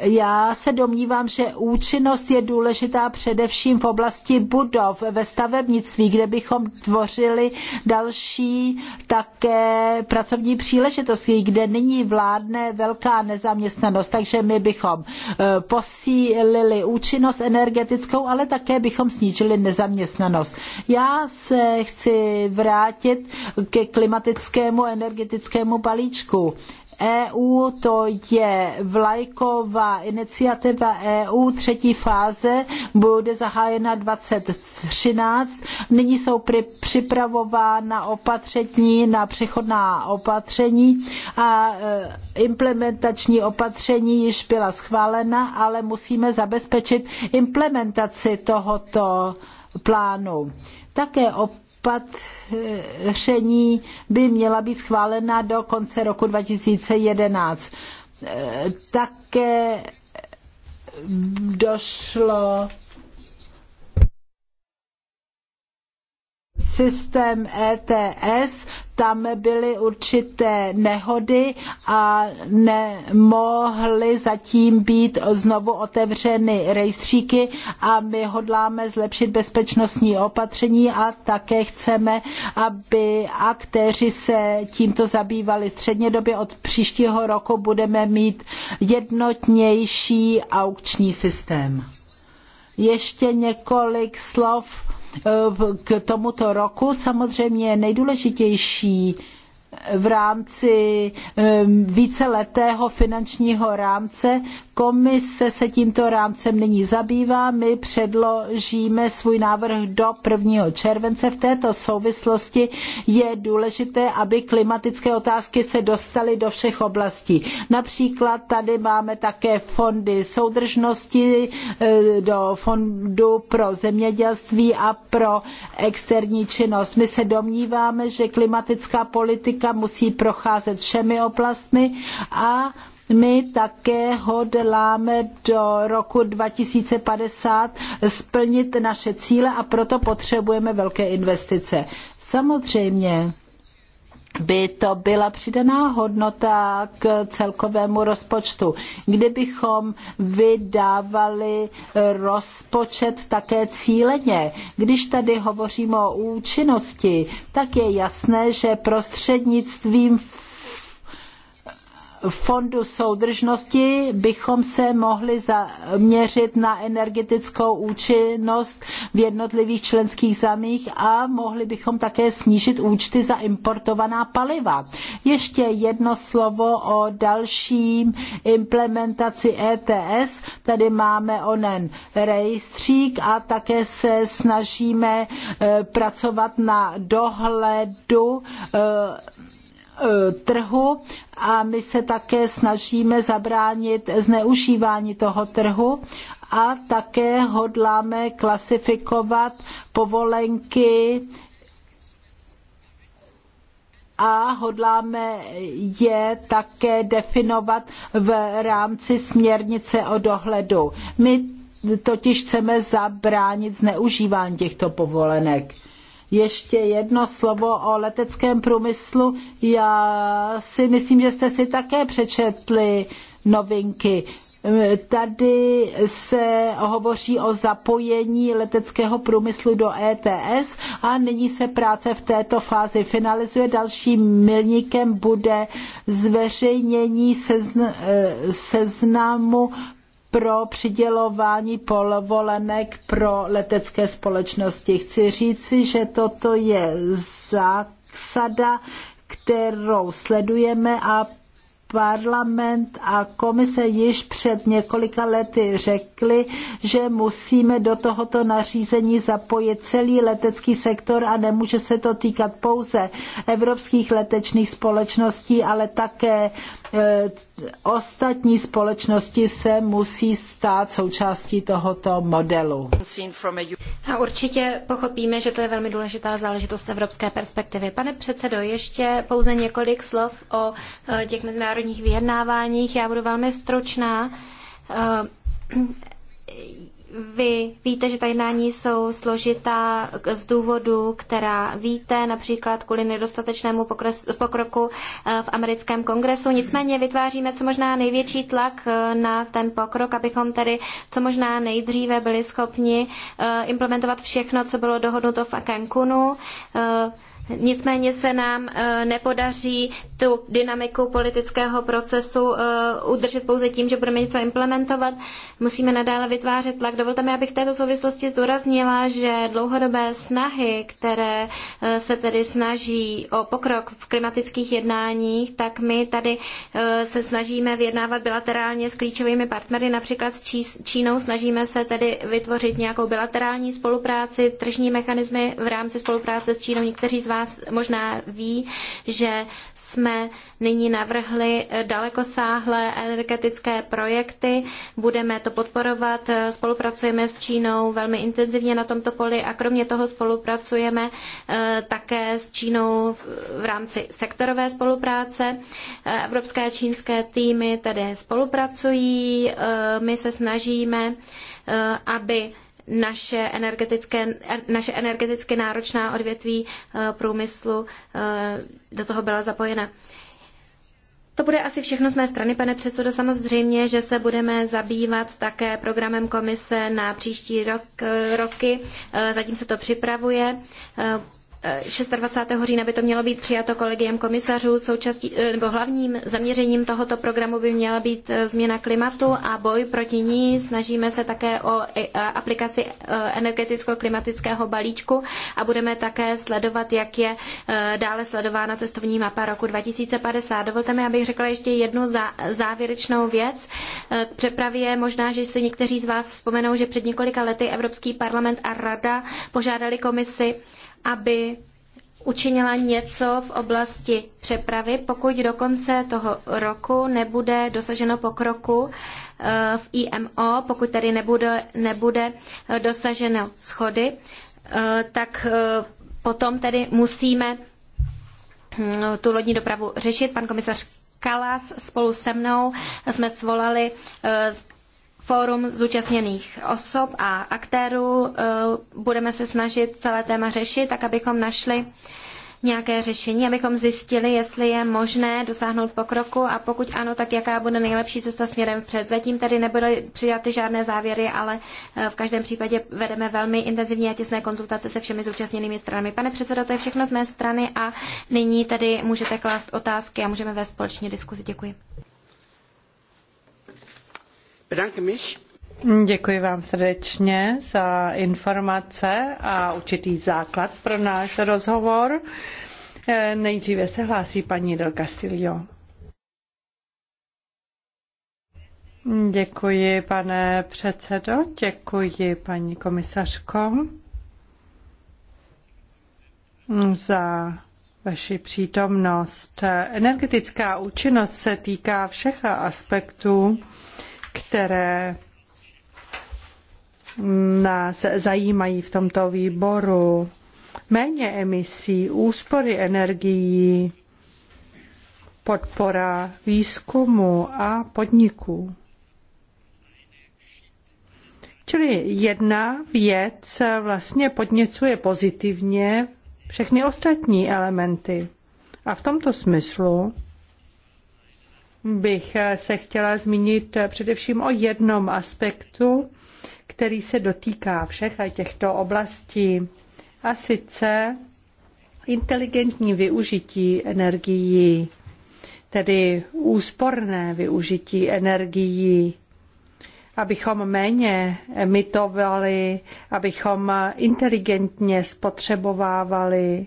já se domnívám, že účinnost je důležitá především v oblasti budov, ve stavebnictví, kde bychom tvořili další také pracovní příležitosti, kde nyní vládne velká nezaměstnanost. Takže my bychom eh, posílili účinnost energetickou, ale také bychom snížili nezaměstnanost. Já se chci vrátit ke klimatickému energetickému balíčku. EU, to je vlajková iniciativa EU, třetí fáze bude zahájena 2013. Nyní jsou připravována opatření na přechodná opatření a e, implementační opatření již byla schválena, ale musíme zabezpečit implementaci tohoto plánu. Také op- opatření eh, by měla být schválena do konce roku 2011. Eh, také došlo systém ETS, tam byly určité nehody a nemohly zatím být znovu otevřeny rejstříky a my hodláme zlepšit bezpečnostní opatření a také chceme, aby aktéři se tímto zabývali. Střednědobě od příštího roku budeme mít jednotnější aukční systém. Ještě několik slov Eh, k tomuto roku. Samozřejmě nejdůležitější v rámci eh, víceletého finančního rámce Komise se tímto rámcem nyní zabývá. My předložíme svůj návrh do 1. července. V této souvislosti je důležité, aby klimatické otázky se dostaly do všech oblastí. Například tady máme také fondy soudržnosti e, do fondu pro zemědělství a pro externí činnost. My se domníváme, že klimatická politika musí procházet všemi oblastmi a my také hodláme do roku 2050 splnit naše cíle a proto potřebujeme velké investice. Samozřejmě by to byla přidaná hodnota k celkovému rozpočtu. Kdybychom vydávali rozpočet také cíleně, když tady hovoříme o účinnosti, tak je jasné, že prostřednictvím fondu soudržnosti bychom se mohli zaměřit na energetickou účinnost v jednotlivých členských zemích a mohli bychom také snížit účty za importovaná paliva. Ještě jedno slovo o dalším implementaci ETS. Tady máme onen rejstřík a také se snažíme eh, pracovat na dohledu eh, E, trhu a my se také snažíme zabránit zneužívání toho trhu a také hodláme klasifikovat povolenky a hodláme je také definovat v rámci směrnice o dohledu. My totiž chceme zabránit zneužívání těchto povolenek. Ještě jedno slovo o leteckém průmyslu. Já si myslím, že jste si také přečetli novinky. Tady se hovoří o zapojení leteckého průmyslu do ETS a nyní se práce v této fázi finalizuje. Dalším milníkem bude zveřejnění eh, seznamu pro přidělování polovolenek pro letecké společnosti. Chci říci, že toto je zásada, kterou sledujeme a parlament a komise již před několika lety řekli, že musíme do tohoto nařízení zapojit celý letecký sektor a nemůže se to týkat pouze evropských letečných společností, ale také Eh, ostatní společnosti se musí stát součástí tohoto modelu. A určitě pochopíme, že to je velmi důležitá záležitost z evropské perspektivy. Pane předsedo, ještě pouze několik slov o eh, těch mezinárodních vyjednáváních. Já budu velmi stručná eh, vy víte, že ta jednání jsou složitá z důvodu, která víte, například kvůli nedostatečnému pokroku eh, v americkém kongresu. Nicméně vytváříme co možná největší tlak eh, na ten pokrok, abychom tedy co možná nejdříve byli schopni eh, implementovat všechno, co bylo dohodnuto v Cancunu. Nicméně se nám e, nepodaří tu dynamiku politického procesu e, udržet pouze tím, že budeme něco implementovat. Musíme nadále vytvářet tlak. Dovolte mi, abych v této souvislosti zdůraznila, že dlouhodobé snahy, které e, se tedy snaží o pokrok v klimatických jednáních, tak my tady se snažíme vyjednávat bilaterálně s klíčovými partnery, například s Čínou. Snažíme se tedy vytvořit nějakou bilaterální spolupráci, tržní mechanismy v rámci spolupráce s Čínou. Někteří z vás možná ví, že jsme nyní navrhli dalekosáhlé energetické projekty. Budeme to podporovat, spolupracujeme s Čínou velmi intenzivně na tomto poli a kromě toho spolupracujeme eh, také s Čínou v rámci sektorové spolupráce. Eh, evropské a čínské týmy tedy spolupracují, eh, my se snažíme, aby naše energetické, naše energeticky náročná odvětví eh, průmyslu eh, do toho byla zapojena. To bude asi všechno z mé strany, pane předsedo. Samozřejmě, že se budeme zabývat také programem komise na příští rok, eh, roky. Zatím se to připravuje. 26. října by to mělo být přijato kolegiem komisařů. Součastí, eh, nebo hlavním zaměřením tohoto programu by měla být eh, změna klimatu a boj proti ní. Snažíme se také o aplikaci eh, energeticko-klimatického balíčku a budeme také sledovat, jak je dále sledována cestovní mapa roku 2050. Dovolte mi, abych řekla ještě jednu závěrečnou věc. K přepravě možná, že si někteří z vás vzpomenou, že před několika lety Evropský parlament a Rada požádali komisi aby učinila něco v oblasti přepravy, pokud do konce toho roku nebude dosaženo pokroku eh, v IMO, pokud tedy nebude, nebude eh, dosaženo schody, eh, tak potom tedy musíme hm, tu lodní dopravu řešit. Pan komisař Kalas spolu se mnou jsme svolali fórum zúčastněných osob a aktérů. Eh, budeme se snažit celé téma řešit, tak abychom našli nějaké řešení, abychom zjistili, jestli je možné dosáhnout pokroku a pokud ano, tak jaká bude nejlepší cesta směrem vpřed. Zatím tady nebyly přijaty žádné závěry, ale eh, v každém případě vedeme velmi intenzivní a těsné konzultace se všemi zúčastněnými stranami. Pane předsedo, to je všechno z mé strany a nyní tady můžete klást otázky a můžeme vést společně diskuzi. Děkuji bedanke mich. Děkuji vám srdečně za informace a určitý základ pro náš rozhovor. Eh, nejdříve se hlásí paní Del Castillo. Děkuji, pane předsedo, děkuji, paní komisařko, za vaši přítomnost. Energetická účinnost se týká všech aspektů které nás zajímají v tomto výboru. Méně emisí, úspory energií, podpora výzkumu a podniků. Čili jedna věc vlastně podněcuje pozitivně všechny ostatní elementy. A v tomto smyslu bych eh, se chtěla zmínit eh, především o jednom aspektu, který se dotýká všech eh, těchto oblastí, a sice inteligentní využití energií, tedy úsporné využití energií, abychom méně emitovali, abychom inteligentně spotřebovávali.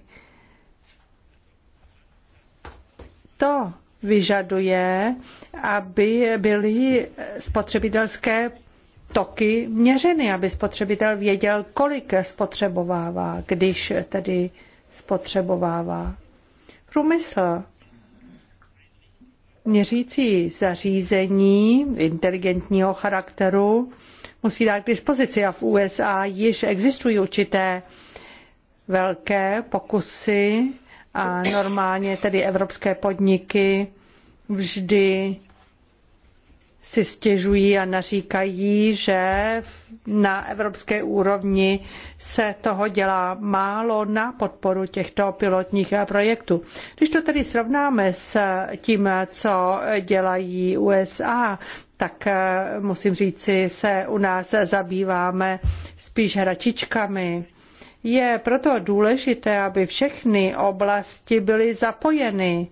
To vyžaduje, aby byly spotřebitelské toky měřeny, aby spotřebitel věděl, kolik spotřebovává, když tedy spotřebovává. Průmysl měřící zařízení inteligentního charakteru musí dát k dispozici a v USA již existují určité velké pokusy a normálně tedy evropské podniky vždy si stěžují a naříkají, že na evropské úrovni se toho dělá málo na podporu těchto pilotních projektů. Když to tedy srovnáme s tím, co dělají USA, tak eh, musím říci, se u nás zabýváme spíš hračičkami je proto důležité, aby všechny oblasti byly zapojeny.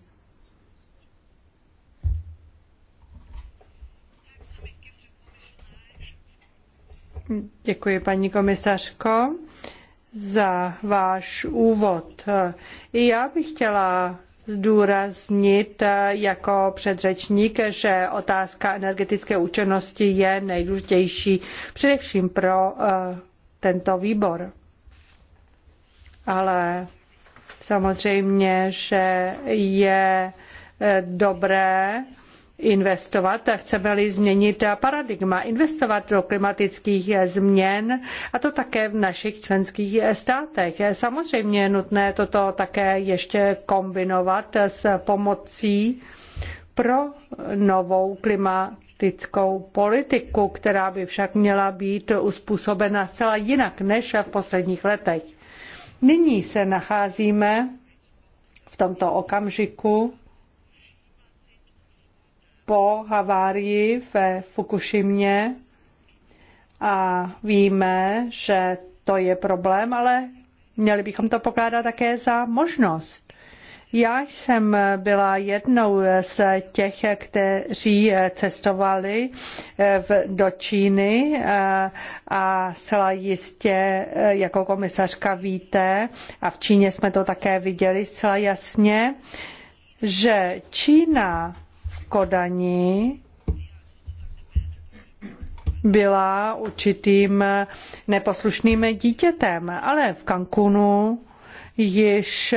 Děkuji, paní komisařko, za váš úvod. I já bych chtěla zdůraznit jako předřečník, že otázka energetické účinnosti je nejdůležitější především pro eh, tento výbor ale samozřejmě, že je eh, dobré investovat, chceme-li změnit paradigma, investovat do klimatických eh, změn a to také v našich členských eh, státech. Samozřejmě je nutné toto také ještě kombinovat s pomocí pro novou klimatickou politiku, která by však měla být uspůsobena zcela jinak než v posledních letech. Nyní se nacházíme v tomto okamžiku po havárii ve Fukušimě a víme, že to je problém, ale měli bychom to pokládat také za možnost. Já jsem byla jednou z těch, kteří cestovali eh, do Číny eh, a zcela jistě eh, jako komisařka víte, a v Číně jsme to také viděli zcela jasně, že Čína v Kodani byla určitým neposlušným dítětem, ale v Cancunu již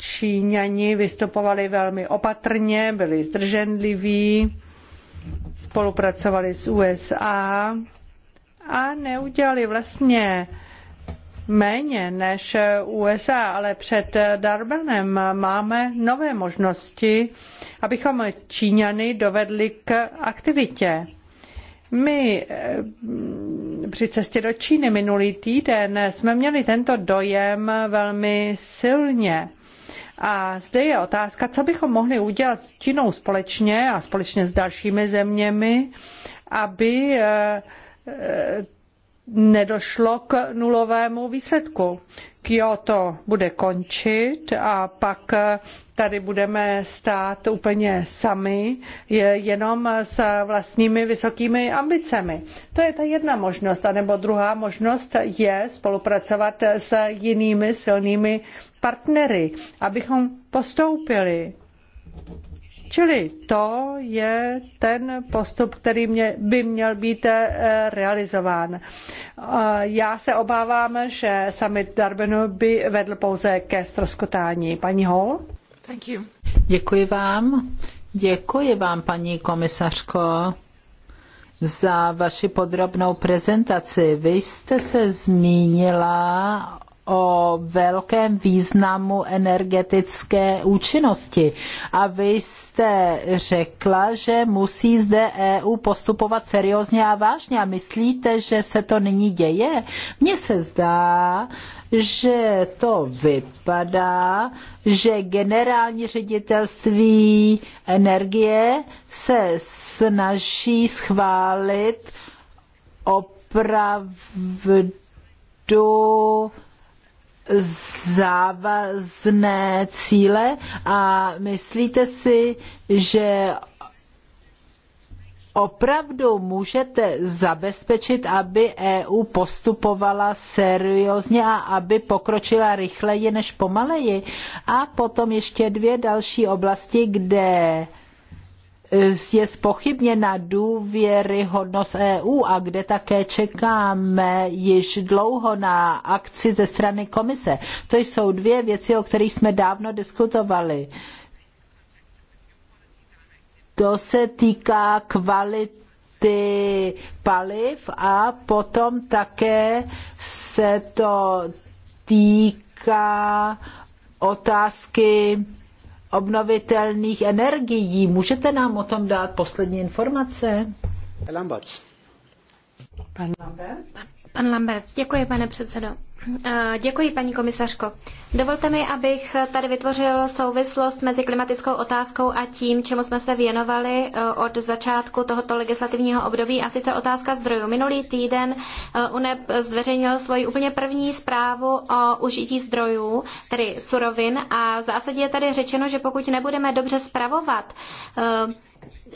Číňani vystupovali velmi opatrně, byli zdrženliví, spolupracovali s USA a neudělali vlastně méně než USA, ale před Darbanem máme nové možnosti, abychom Číňany dovedli k aktivitě. My eh, při cestě do Číny minulý týden jsme měli tento dojem velmi silně. A zde je otázka, co bychom mohli udělat s Čínou společně a společně s dalšími zeměmi, aby eh, eh, nedošlo k nulovému výsledku. Kyoto bude končit a pak tady budeme stát úplně sami, jenom s vlastními vysokými ambicemi. To je ta jedna možnost. A nebo druhá možnost je spolupracovat s jinými silnými partnery, abychom postoupili. Čili to je ten postup, který mě, by měl být eh, realizován. Já se obávám, že summit Darbenu by vedl pouze ke stroskotání. Paní Hall? Thank you. Děkuji vám. Děkuji vám, paní komisařko, za vaši podrobnou prezentaci. Vy jste se zmínila o velkém významu energetické účinnosti. A vy jste řekla, že musí zde EU postupovat seriózně a vážně. A myslíte, že se to nyní děje? Mně se zdá, že to vypadá, že generální ředitelství energie se snaží schválit opravdu závazné cíle a myslíte si, že opravdu můžete zabezpečit, aby EU postupovala seriózně a aby pokročila rychleji než pomaleji? A potom ještě dvě další oblasti, kde je spochybněna důvěryhodnost EU a kde také čekáme již dlouho na akci ze strany komise. To jsou dvě věci, o kterých jsme dávno diskutovali. To se týká kvality paliv a potom také se to týká otázky obnovitelných energií. Můžete nám o tom dát poslední informace? Pan Lambert. Pan Lambert, děkuji, pane předsedo. Eh, děkuji, paní komisařko. Dovolte mi, abych tady vytvořil souvislost mezi klimatickou otázkou a tím, čemu jsme se věnovali eh, od začátku tohoto legislativního období, a sice otázka zdrojů. Minulý týden eh, UNEP zveřejnil svoji úplně první zprávu o užití zdrojů, tedy surovin, a v zásadě je tady řečeno, že pokud nebudeme dobře spravovat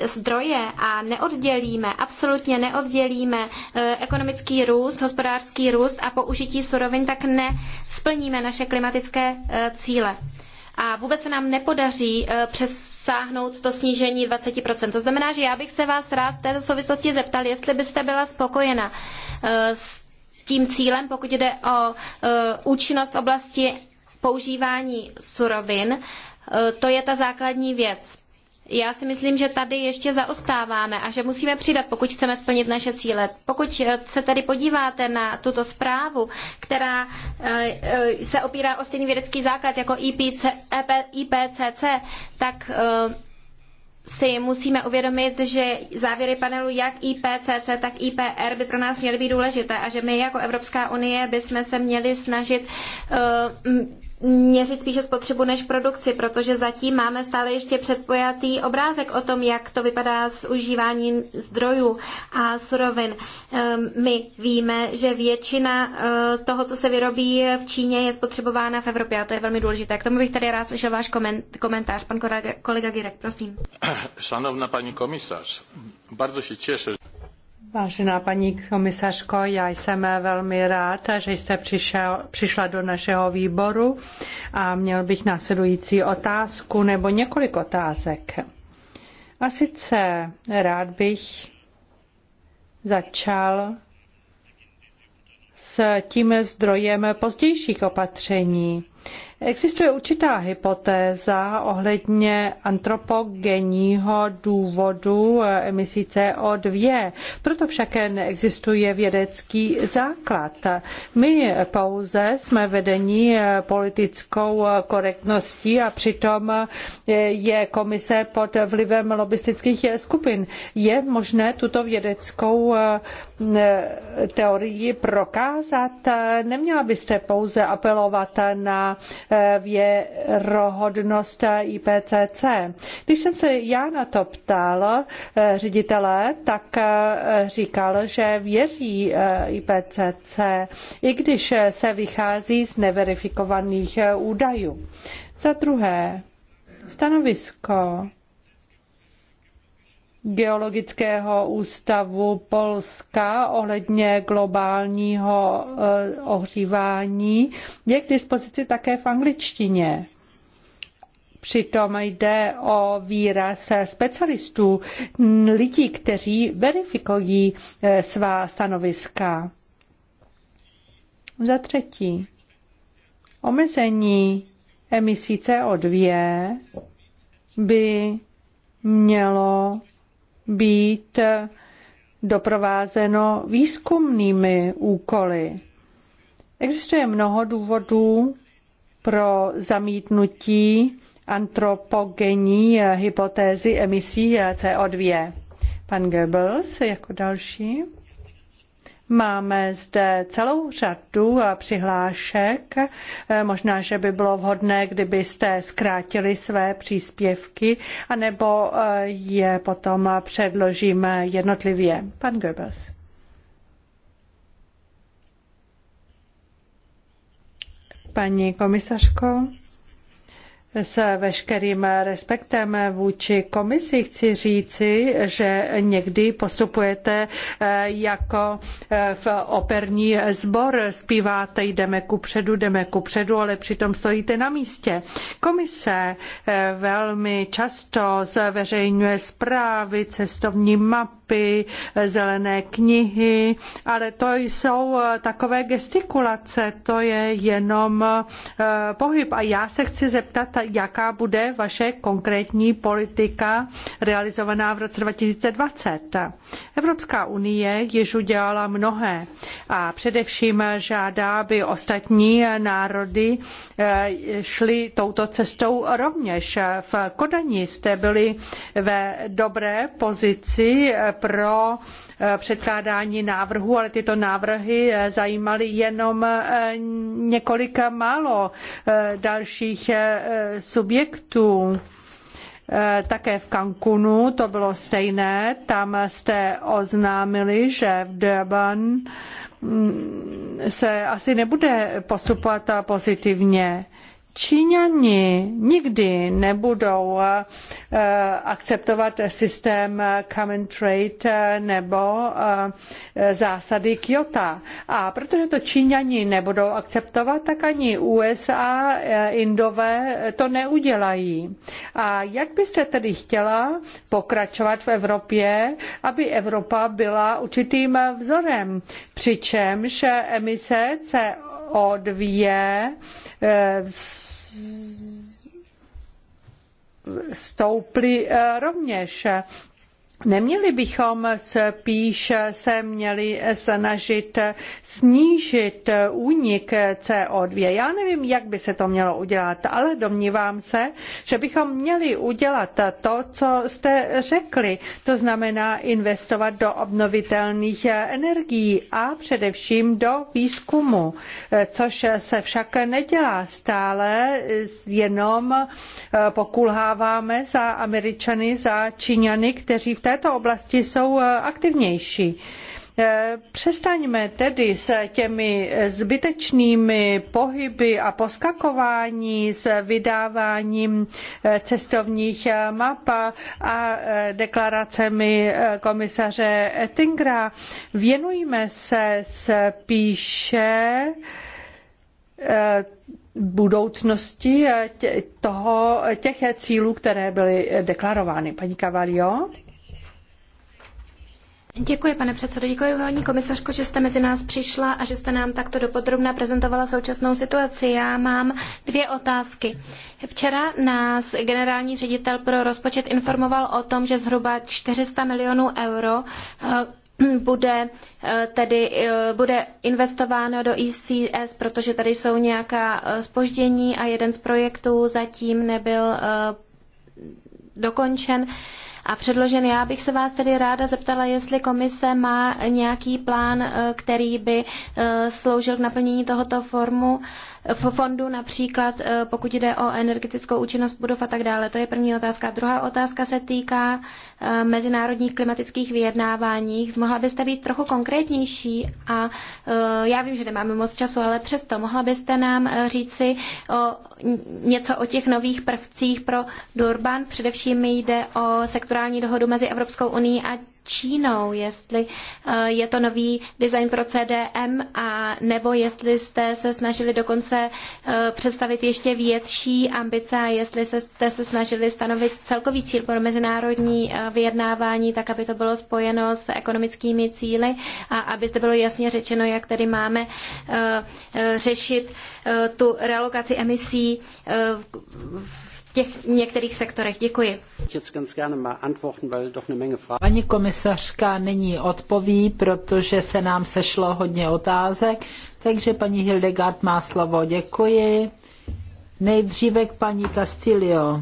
zdroje a neoddělíme, absolutně neoddělíme eh, ekonomický růst, hospodářský růst a použití surovin, tak nesplníme naše klimatické eh, cíle. A vůbec se nám nepodaří eh, přesáhnout to snížení 20%. To znamená, že já bych se vás rád v této souvislosti zeptal, jestli byste byla spokojena s tím cílem, pokud jde o účinnost v oblasti používání surovin. To je ta základní věc. Já si myslím, že tady ještě zaostáváme a že musíme přidat, pokud chceme splnit naše cíle. Pokud eh, se tedy podíváte na tuto zprávu, která eh, eh, se opírá o stejný vědecký základ jako IPC, e IPCC, e e tak si musíme uvědomit, že závěry panelu jak IPCC, tak IPR by pro nás měly být důležité a že my jako Evropská unie bychom se měli snažit uh, měřit spíše spotřebu než produkci, protože zatím máme stále ještě předpojatý obrázek o tom, jak to vypadá s užíváním zdrojů a surovin. Ehm, my víme, že většina eh, toho, co se vyrobí v Číně, je spotřebována v Evropě a to je velmi důležité. K tomu bych tady rád slyšel váš komentář. Pan kolega Girek, prosím. Szanowna pani komisarz, bardzo się cieszę. Vážená paní komisařko, já jsem velmi rád, že jste přišel, přišla do našeho výboru a měl bych následující otázku nebo několik otázek. A sice rád bych začal s tím zdrojem pozdějších opatření. Existuje určitá hypotéza ohledně antropogenního důvodu eh, emisí CO2, proto však neexistuje vědecký základ. My pouze jsme vedeni eh, politickou eh, korektností a přitom je komise pod vlivem lobistických skupin. Je možné tuto vědeckou teorii prokázat? Neměla byste pouze apelovat na Eh, věrohodnost IPCC. Když jsem se já na to ptal eh, ředitele, tak eh, říkal, že věří IPCC, i když se vychází z neverifikovaných údajů. Za druhé, stanovisko geologického ústavu Polska ohledně globálního eh, ohřívání je k dispozici také v angličtině. Přitom jde o výraz specialistů, lidí, kteří verifikují eh, svá stanoviska. Za třetí, omezení emisí CO2 by mělo být doprovázeno výzkumnými úkoly. Existuje mnoho důvodů pro zamítnutí antropogenní hypotézy emisí CO2. Pan Goebbels jako další. Máme zde celou řadu eh, přihlášek. Eh, možná, že by bylo vhodné, kdybyste zkrátili své příspěvky, anebo eh, je potom předložíme jednotlivě. Pan Goebbels. Paní komisařko. S veškerým respektem vůči komisi chci říci, že někdy postupujete eh, jako eh, v operní sbor. Zpíváte, jdeme ku předu, jdeme ku předu, ale přitom stojíte na místě. Komise eh, velmi často zveřejňuje zprávy, cestovní mapy, mapy, zelené knihy, ale to jsou eh, takové gestikulace, to je jenom eh, pohyb. A já se chci zeptat, jaká bude vaše konkrétní politika realizovaná v roce 2020. Evropská unie již udělala mnohé a především žádá, aby ostatní národy eh, šly touto cestou rovněž. V Kodani jste byli ve dobré pozici pro eh, předkládání návrhů, ale tyto návrhy eh, zajímaly jenom eh, několik málo dalších subjektů také v Cancunu to bylo stejné. Tam jste oznámili, že v Durban mm, se asi nebude postupovat pozitivně. Číňani nikdy nebudou eh, eh, akceptovat systém eh, common trade nebo zásady Kyoto. A protože to Číňani nebudou akceptovat, tak ani USA, Indové to neudělají. A jak byste tedy chtěla pokračovat v Evropě, aby Evropa byla určitým vzorem, přičemž emise CO o dvě eh, stouply eh, rovněž. Neměli bychom spíš se měli snažit snížit únik CO2. Já nevím, jak by se to mělo udělat, ale domnívám se, že bychom měli udělat to, co jste řekli. To znamená investovat do obnovitelných energií a především do výzkumu, což se však nedělá stále, jenom pokulháváme za Američany, za Číňany, kteří v té této oblasti jsou eh, aktivnější. Eh, přestaňme tedy s těmi zbytečnými pohyby a poskakování s vydáváním eh, cestovních map a deklaracemi komisaře Ettingera. Věnujme se spíše budoucnosti toho, těch cílů, které byly deklarovány. Paní Cavalio? Děkuji, pane předsedo. Děkuji, paní komisařko, že jste mezi nás přišla a že jste nám takto dopodrobna prezentovala současnou situaci. Já mám dvě otázky. Včera nás generální ředitel pro rozpočet informoval o tom, že zhruba 400 milionů euro eh, bude eh, tedy eh, bude investováno do ECS, protože tady jsou nějaká spoždění a jeden z projektů zatím nebyl dokončen a předložen. Já bych se vás tedy ráda zeptala, jestli komise má nějaký plán, eh, který by eh, sloužil k naplnění tohoto formu fondu, například eh, pokud jde o energetickou účinnost budov a tak dále. To je první otázka. Druhá otázka se týká eh, mezinárodních klimatických vyjednávání. Mohla byste být trochu konkrétnější a eh, já vím, že nemáme moc času, ale přesto mohla byste nám říci o, něco o těch nových prvcích pro Durban. Především jde o sektorální dohodu mezi Evropskou unii a Čínou, jestli eh, je to nový design pro CDM a nebo jestli jste se snažili dokonce eh, představit ještě větší ambice a jestli jste se snažili stanovit celkový cíl pro mezinárodní eh, vyjednávání, tak aby to bylo spojeno s ekonomickými cíli a aby zde bylo jasně řečeno, jak tedy máme řešit tu realokaci emisí v těch některých sektorech. Děkuji. Paní komisařka nyní odpoví, protože se nám sešlo hodně otázek, takže paní Hildegard má slovo. Děkuji. Nejdříve k paní Castillo.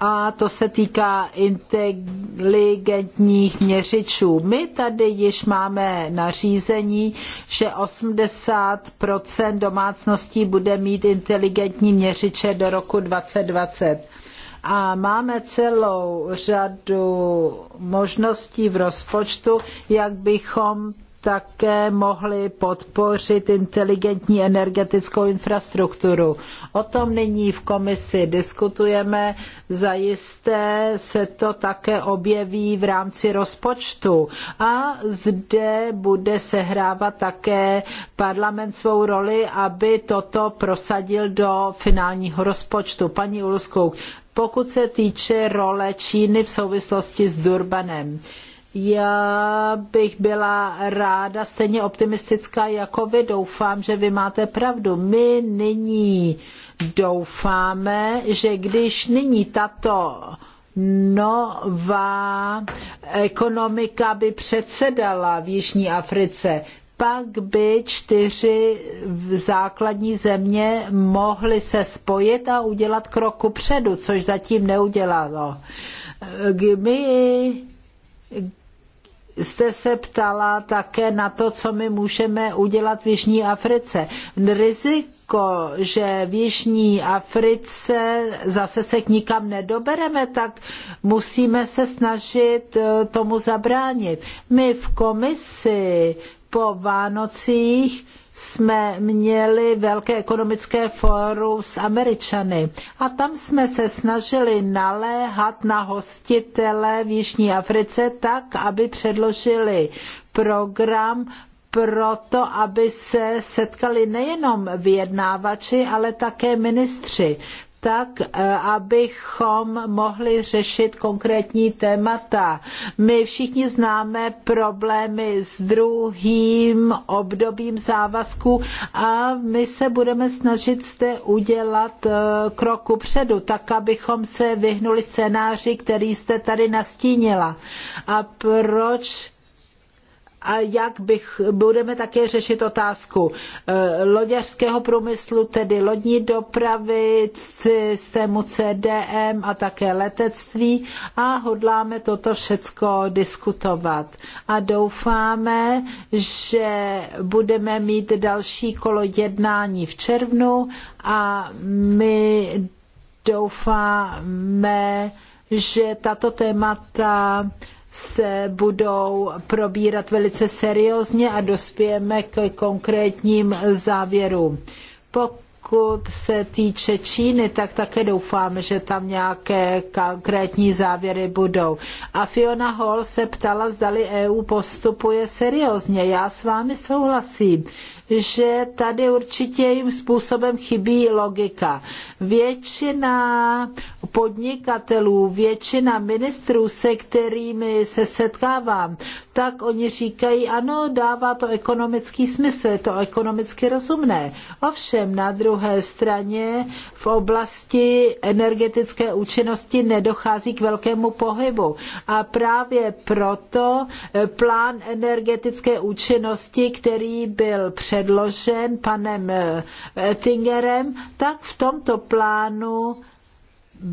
a to se týká inteligentních měřičů. My tady již máme nařízení, že 80% domácností bude mít inteligentní měřiče do roku 2020. A máme celou řadu možností v rozpočtu, jak bychom také mohli podpořit inteligentní energetickou infrastrukturu. O tom nyní v komisi diskutujeme. Zajisté se to také objeví v rámci rozpočtu. A zde bude sehrávat také parlament svou roli, aby toto prosadil do finálního rozpočtu. Paní Uluskou, pokud se týče role Číny v souvislosti s Durbanem. Já bych byla ráda stejně optimistická jako vy. Doufám, že vy máte pravdu. My nyní doufáme, že když nyní tato nová ekonomika by předsedala v Jižní Africe, pak by čtyři základní země mohly se spojit a udělat kroku předu, což zatím neudělalo. My jste se ptala také na to, co my můžeme udělat v Jižní Africe. Riziko, že v Jižní Africe zase se k nikam nedobereme, tak musíme se snažit eh, tomu zabránit. My v komisi po Vánocích jsme měli velké ekonomické fórum s Američany a tam jsme se snažili naléhat na hostitele v Jižní Africe tak, aby předložili program proto, aby se setkali nejenom vyjednávači, ale také ministři tak, eh, abychom mohli řešit konkrétní témata. My všichni známe problémy s druhým obdobím závazku a my se budeme snažit zde udělat eh, kroku předu, tak, abychom se vyhnuli scénáři, který jste tady nastínila. A proč a jak bych, budeme také řešit otázku eh, loďařského průmyslu, tedy lodní dopravy, systému CDM a také letectví a hodláme toto všecko diskutovat. A doufáme, že budeme mít další kolo jednání v červnu a my doufáme, že tato témata se budou probírat velice seriózně a dospějeme k konkrétním závěrům. Pokud se týče Číny, tak také doufám, že tam nějaké konkrétní závěry budou. A Fiona Hall se ptala, zdali EU postupuje seriózně. Já s vámi souhlasím že tady určitě jim způsobem chybí logika. Většina podnikatelů, většina ministrů, se kterými se setkávám, tak oni říkají, ano, dává to ekonomický smysl, je to ekonomicky rozumné. Ovšem na druhé straně v oblasti energetické účinnosti nedochází k velkému pohybu. A právě proto eh, plán energetické účinnosti, který byl před předložen panem eh, Tingerem, tak v tomto plánu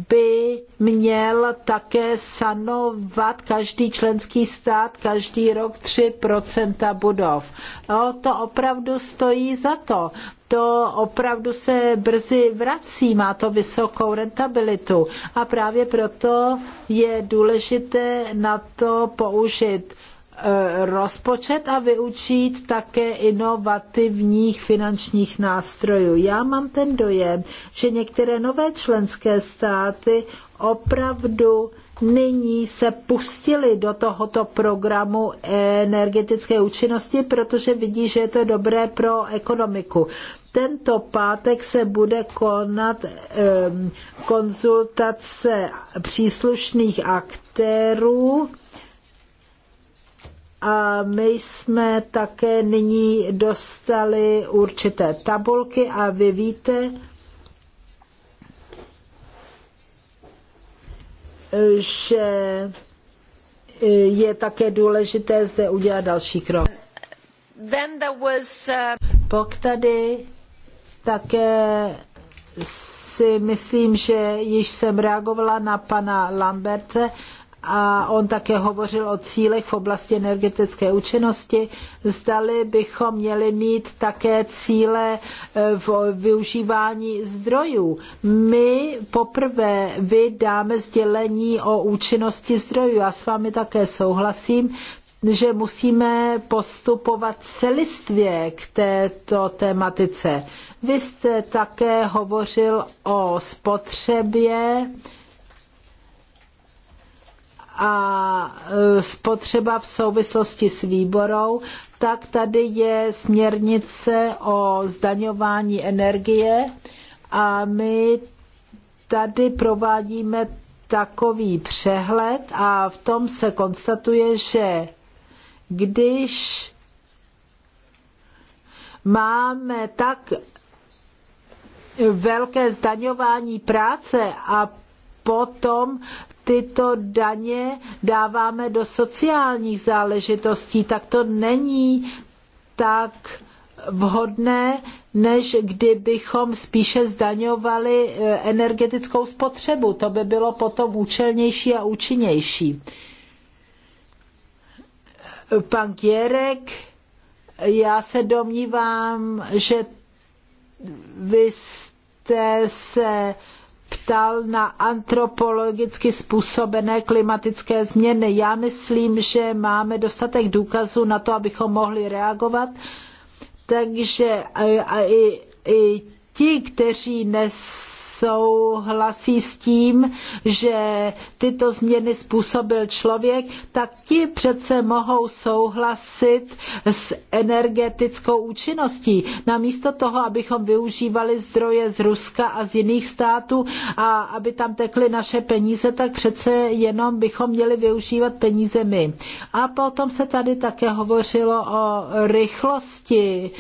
by měl také sanovat každý členský stát každý rok 3% budov. No, to opravdu stojí za to. To opravdu se brzy vrací, má to vysokou rentabilitu. A právě proto je důležité na to použít Eh, rozpočet a vyučit také inovativních finančních nástrojů. Já mám ten dojem, že některé nové členské státy opravdu nyní se pustili do tohoto programu energetické účinnosti, protože vidí, že je to dobré pro ekonomiku. Tento pátek se bude konat ehm, konzultace příslušných aktérů a my jsme také nyní dostali určité tabulky a vy víte, že je také důležité zde udělat další krok. Then there was, uh... Pok tady také si myslím, že již jsem reagovala na pana Lamberte a on také hovořil o cílech v oblasti energetické účinnosti. Zdali bychom měli mít také cíle e, v využívání zdrojů. My poprvé vydáme sdělení o účinnosti zdrojů. Já s vámi také souhlasím že musíme postupovat celistvě k této tématice. Vy jste také hovořil o spotřebě a e, spotřeba v souvislosti s výborou, tak tady je směrnice o zdaňování energie a my tady provádíme takový přehled a v tom se konstatuje, že když máme tak velké zdaňování práce a potom tyto daně dáváme do sociálních záležitostí, tak to není tak vhodné, než kdybychom spíše zdaňovali e, energetickou spotřebu. To by bylo potom účelnější a účinnější. Pan Kierek, já se domnívám, že vy jste se ptal na antropologicky způsobené klimatické změny. Já myslím, že máme dostatek důkazů na to, abychom mohli reagovat, takže i, i ti, kteří nes souhlasí s tím, že tyto změny způsobil člověk, tak ti přece mohou souhlasit s energetickou účinností. Namísto toho, abychom využívali zdroje z Ruska a z jiných států a aby tam tekly naše peníze, tak přece jenom bychom měli využívat peníze my. A potom se tady také hovořilo o rychlosti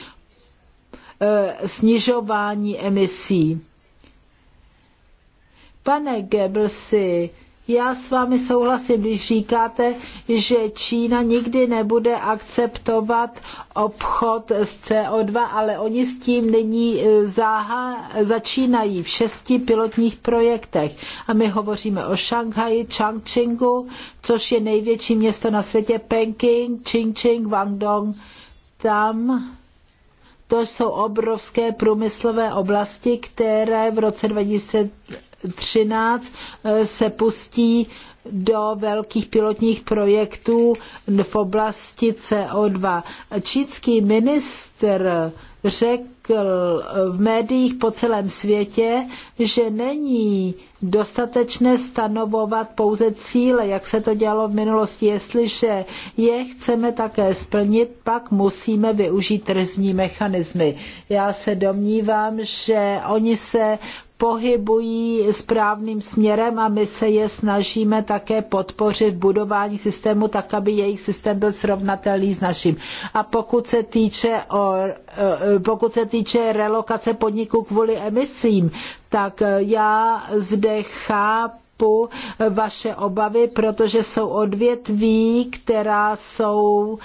e, snižování emisí. Pane Goebbelsi, já s vámi souhlasím, když říkáte, že Čína nikdy nebude akceptovat obchod s CO2, ale oni s tím nyní e, záha, začínají v šesti pilotních projektech. A my hovoříme o Šanghaji, Changchingu, což je největší město na světě, Peking, Chingching, Guangdong. Tam to jsou obrovské průmyslové oblasti, které v roce 2000 2013 eh, se pustí do velkých pilotních projektů v oblasti CO2. Čínský ministr řekl v médiích po celém světě, že není dostatečné stanovovat pouze cíle, jak se to dělalo v minulosti. Jestliže je chceme také splnit, pak musíme využít trzní mechanismy. Já se domnívám, že oni se pohybují správným směrem a my se je snažíme také podpořit v budování systému tak, aby jejich systém byl srovnatelný s naším. A pokud se týče, o, e, pokud se týče relokace podniků kvůli emisím, tak já zde chápu, chápu vaše obavy, protože jsou odvětví, která jsou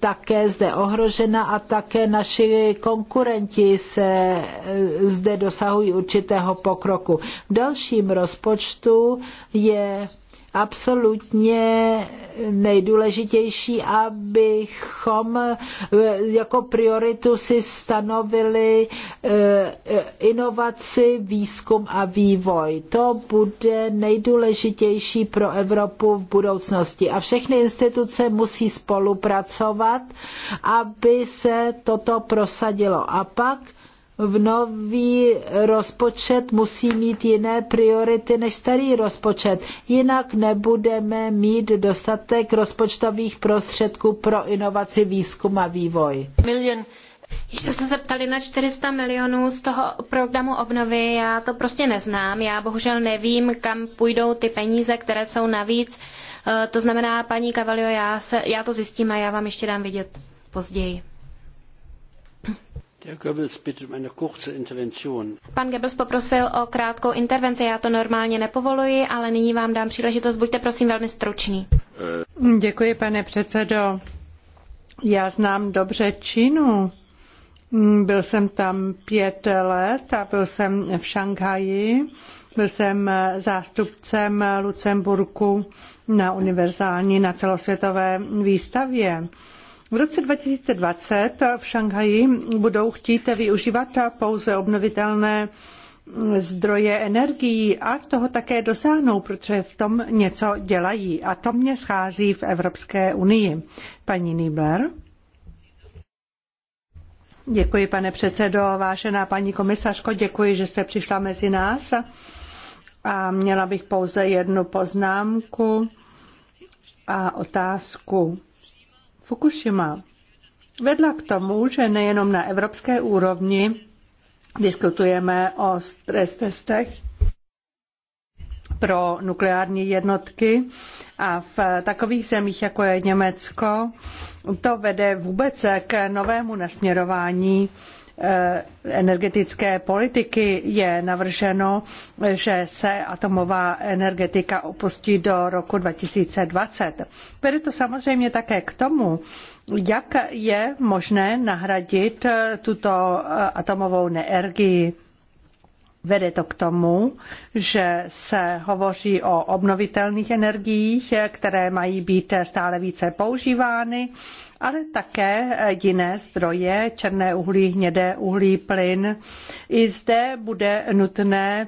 také zde ohrožena a také naši konkurenti se eh, zde dosahují určitého pokroku. V dalším rozpočtu je absolutně nejdůležitější, abychom eh, jako prioritu si stanovili eh, inovaci, výzkum a vývoj. To bude nejdůležitější pro Evropu v budoucnosti. A všechny instituce musí spolupracovat, aby se toto prosadilo. A pak v nový rozpočet musí mít jiné priority než starý rozpočet. Jinak nebudeme mít dostatek rozpočtových prostředků pro inovaci, výzkum a vývoj. Milion. Ještě jste se ptali na 400 milionů z toho programu obnovy, já to prostě neznám, já bohužel nevím, kam půjdou ty peníze, které jsou navíc. Eh, to znamená, paní Kavalio, já, se, já to zjistím a já vám ještě dám vidět později. Um Pan Goebbels poprosil o krátkou intervenci. Já to normálně nepovoluji, ale nyní vám dám příležitost. Buďte prosím velmi stručný. Děkuji, pane předsedo. Já znám dobře Čínu. Byl jsem tam pět let a byl jsem v Šanghaji. Byl jsem zástupcem Lucemburku na univerzální, na celosvětové výstavě. V roce 2020 v Šanghaji budou chtít využívat pouze obnovitelné zdroje energií a toho také dosáhnou, protože v tom něco dělají. A to mě schází v Evropské unii. Paní Nibler. Děkuji, pane předsedo. Vážená paní komisařko, děkuji, že jste přišla mezi nás. A měla bych pouze jednu poznámku a otázku. Fukushima vedla k tomu, že nejenom na evropské úrovni diskutujeme o stres testech pro nukleární jednotky a v takových zemích, jako je Německo, to vede vůbec k novému nasměrování Eh, energetické politiky je navrženo, že se atomová energetika opustí do roku 2020. Vede to samozřejmě také k tomu, jak je možné nahradit eh, tuto eh, atomovou energii. Vede to k tomu, že se hovoří o obnovitelných energiích, které mají být stále více používány, ale také jiné zdroje, černé uhlí, hnědé uhlí, plyn. I zde bude nutné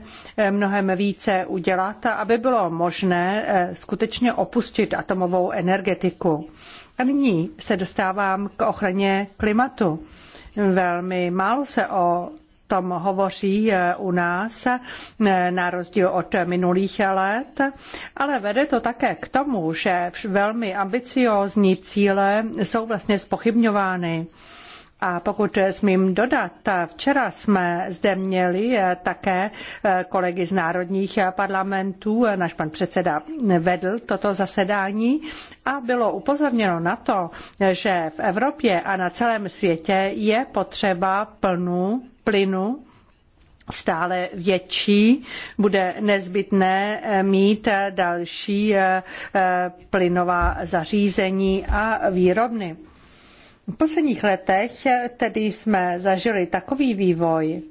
mnohem více udělat, aby bylo možné eh, skutečně opustit atomovou energetiku. A nyní se dostávám k ochraně klimatu. Velmi málo se o tom hovoří eh, u nás, eh, na rozdíl od minulých let, ale vede to také k tomu, že velmi ambiciózní cíle jsou vlastně spochybňovány. A pokud smím dodat, včera jsme zde měli eh, také kolegy z národních parlamentů, náš pan předseda vedl toto zasedání a bylo upozorněno na to, že v Evropě a na celém světě je potřeba plnou plynu stále větší, bude nezbytné eh, mít eh, další eh, plynová zařízení a výrobny. V posledních letech tedy jsme zažili takový vývoj,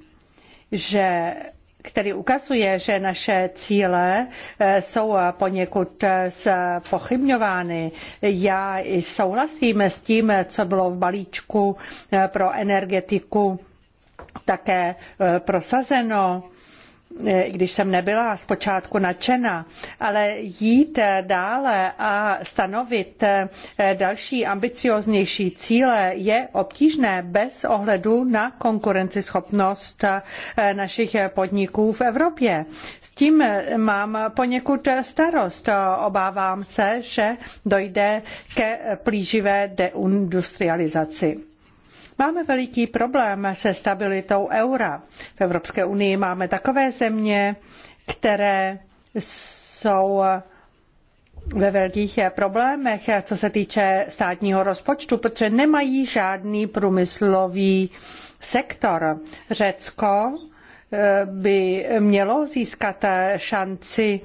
že který ukazuje, že naše cíle jsou poněkud pochybňovány. Já souhlasím s tím, co bylo v balíčku pro energetiku také e, prosazeno e, i když jsem nebyla zpočátku nadšena, ale jít e, dále a stanovit další ambicióznější cíle je obtížné bez ohledu na konkurenceschopnost našich podniků v Evropě. S tím mám poněkud starost. Obávám se, že dojde ke plíživé deindustrializaci. Máme veliký problém se stabilitou eura. V Evropské unii máme takové země, které jsou ve velkých problémech, co se týče státního rozpočtu, protože nemají žádný průmyslový sektor. Řecko by mělo získat šanci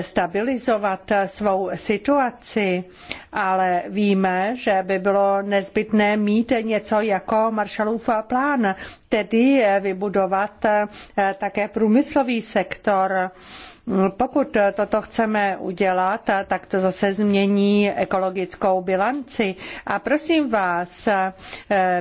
stabilizovat svou situaci, ale víme, že by bylo nezbytné mít něco jako Marshallův plán, tedy vybudovat také průmyslový sektor No, pokud toto chceme udělat, tak to zase změní ekologickou bilanci. A prosím vás, eh,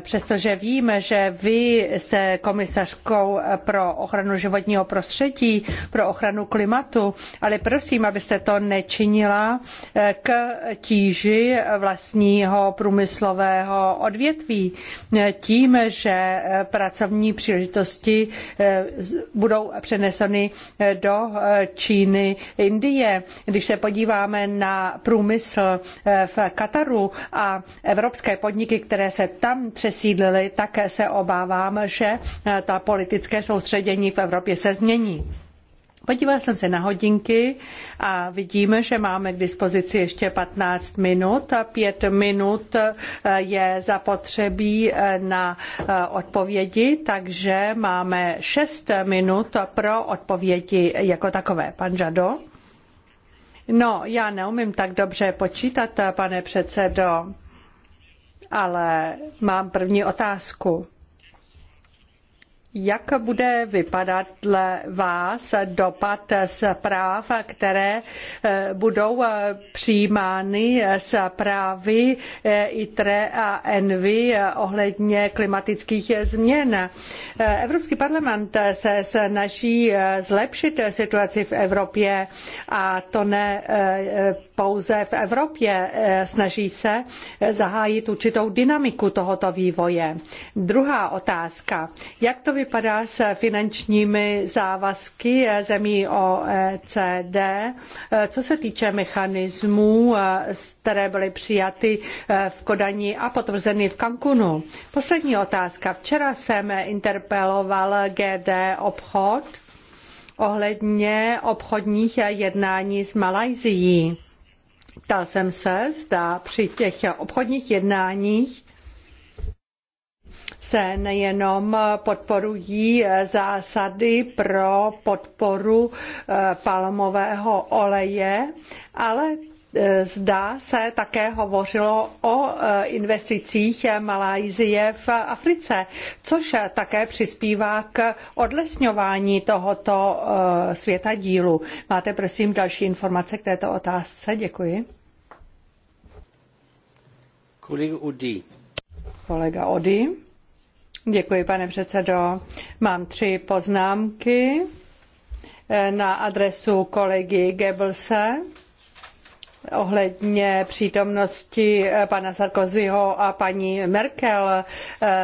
přestože vím, že vy jste komisařkou pro ochranu životního prostředí, pro ochranu klimatu, ale prosím, abyste to nečinila eh, k tíži vlastního průmyslového odvětví eh, tím, že pracovní příležitosti budou přeneseny do Číny, Indie. Když se podíváme na průmysl eh, v Kataru a evropské podniky, které se tam přesídlily, tak se obávám, že eh, ta politické soustředění v Evropě se změní. Podíval jsem se na hodinky a vidíme, že máme k dispozici ještě 15 minut. Pět minut eh, je zapotřebí eh, na eh, odpovědi, takže máme šest minut pro odpovědi jako takové. Pan Žado? No, já neumím tak dobře počítat, pane předsedo, ale mám první otázku. Jak bude vypadat dle vás dopad zpráv, které eh, budou eh, přijímány zprávy eh, ITRE a ENVY ohledně klimatických změn? Evropský parlament se snaží zlepšit situaci v Evropě a to ne pouze v Evropě, eh, snaží se eh, zahájit určitou dynamiku tohoto vývoje. Druhá otázka. Jak to vypadá s finančními závazky eh, zemí OECD, co se týče mechanismů, které byly přijaty v Kodani a potvrzeny v Cancunu? Poslední otázka. Včera jsem interpeloval GD obchod ohledně obchodních jednání s Malajzií ptal jsem se, zda při těch obchodních jednáních se nejenom podporují zásady pro podporu eh, palmového oleje, ale Eh, Zdá se také hovořilo o eh, investicích Malajzie v Africe, což také přispívá k odlesňování tohoto eh, světa dílu. Máte prosím další informace k této otázce? Děkuji. Kolega Odi. Kolega Odi. Děkuji, pane předsedo. Mám tři poznámky na adresu kolegy Goebbelse ohledně přítomnosti eh, pana Sarkozyho a paní Merkel eh,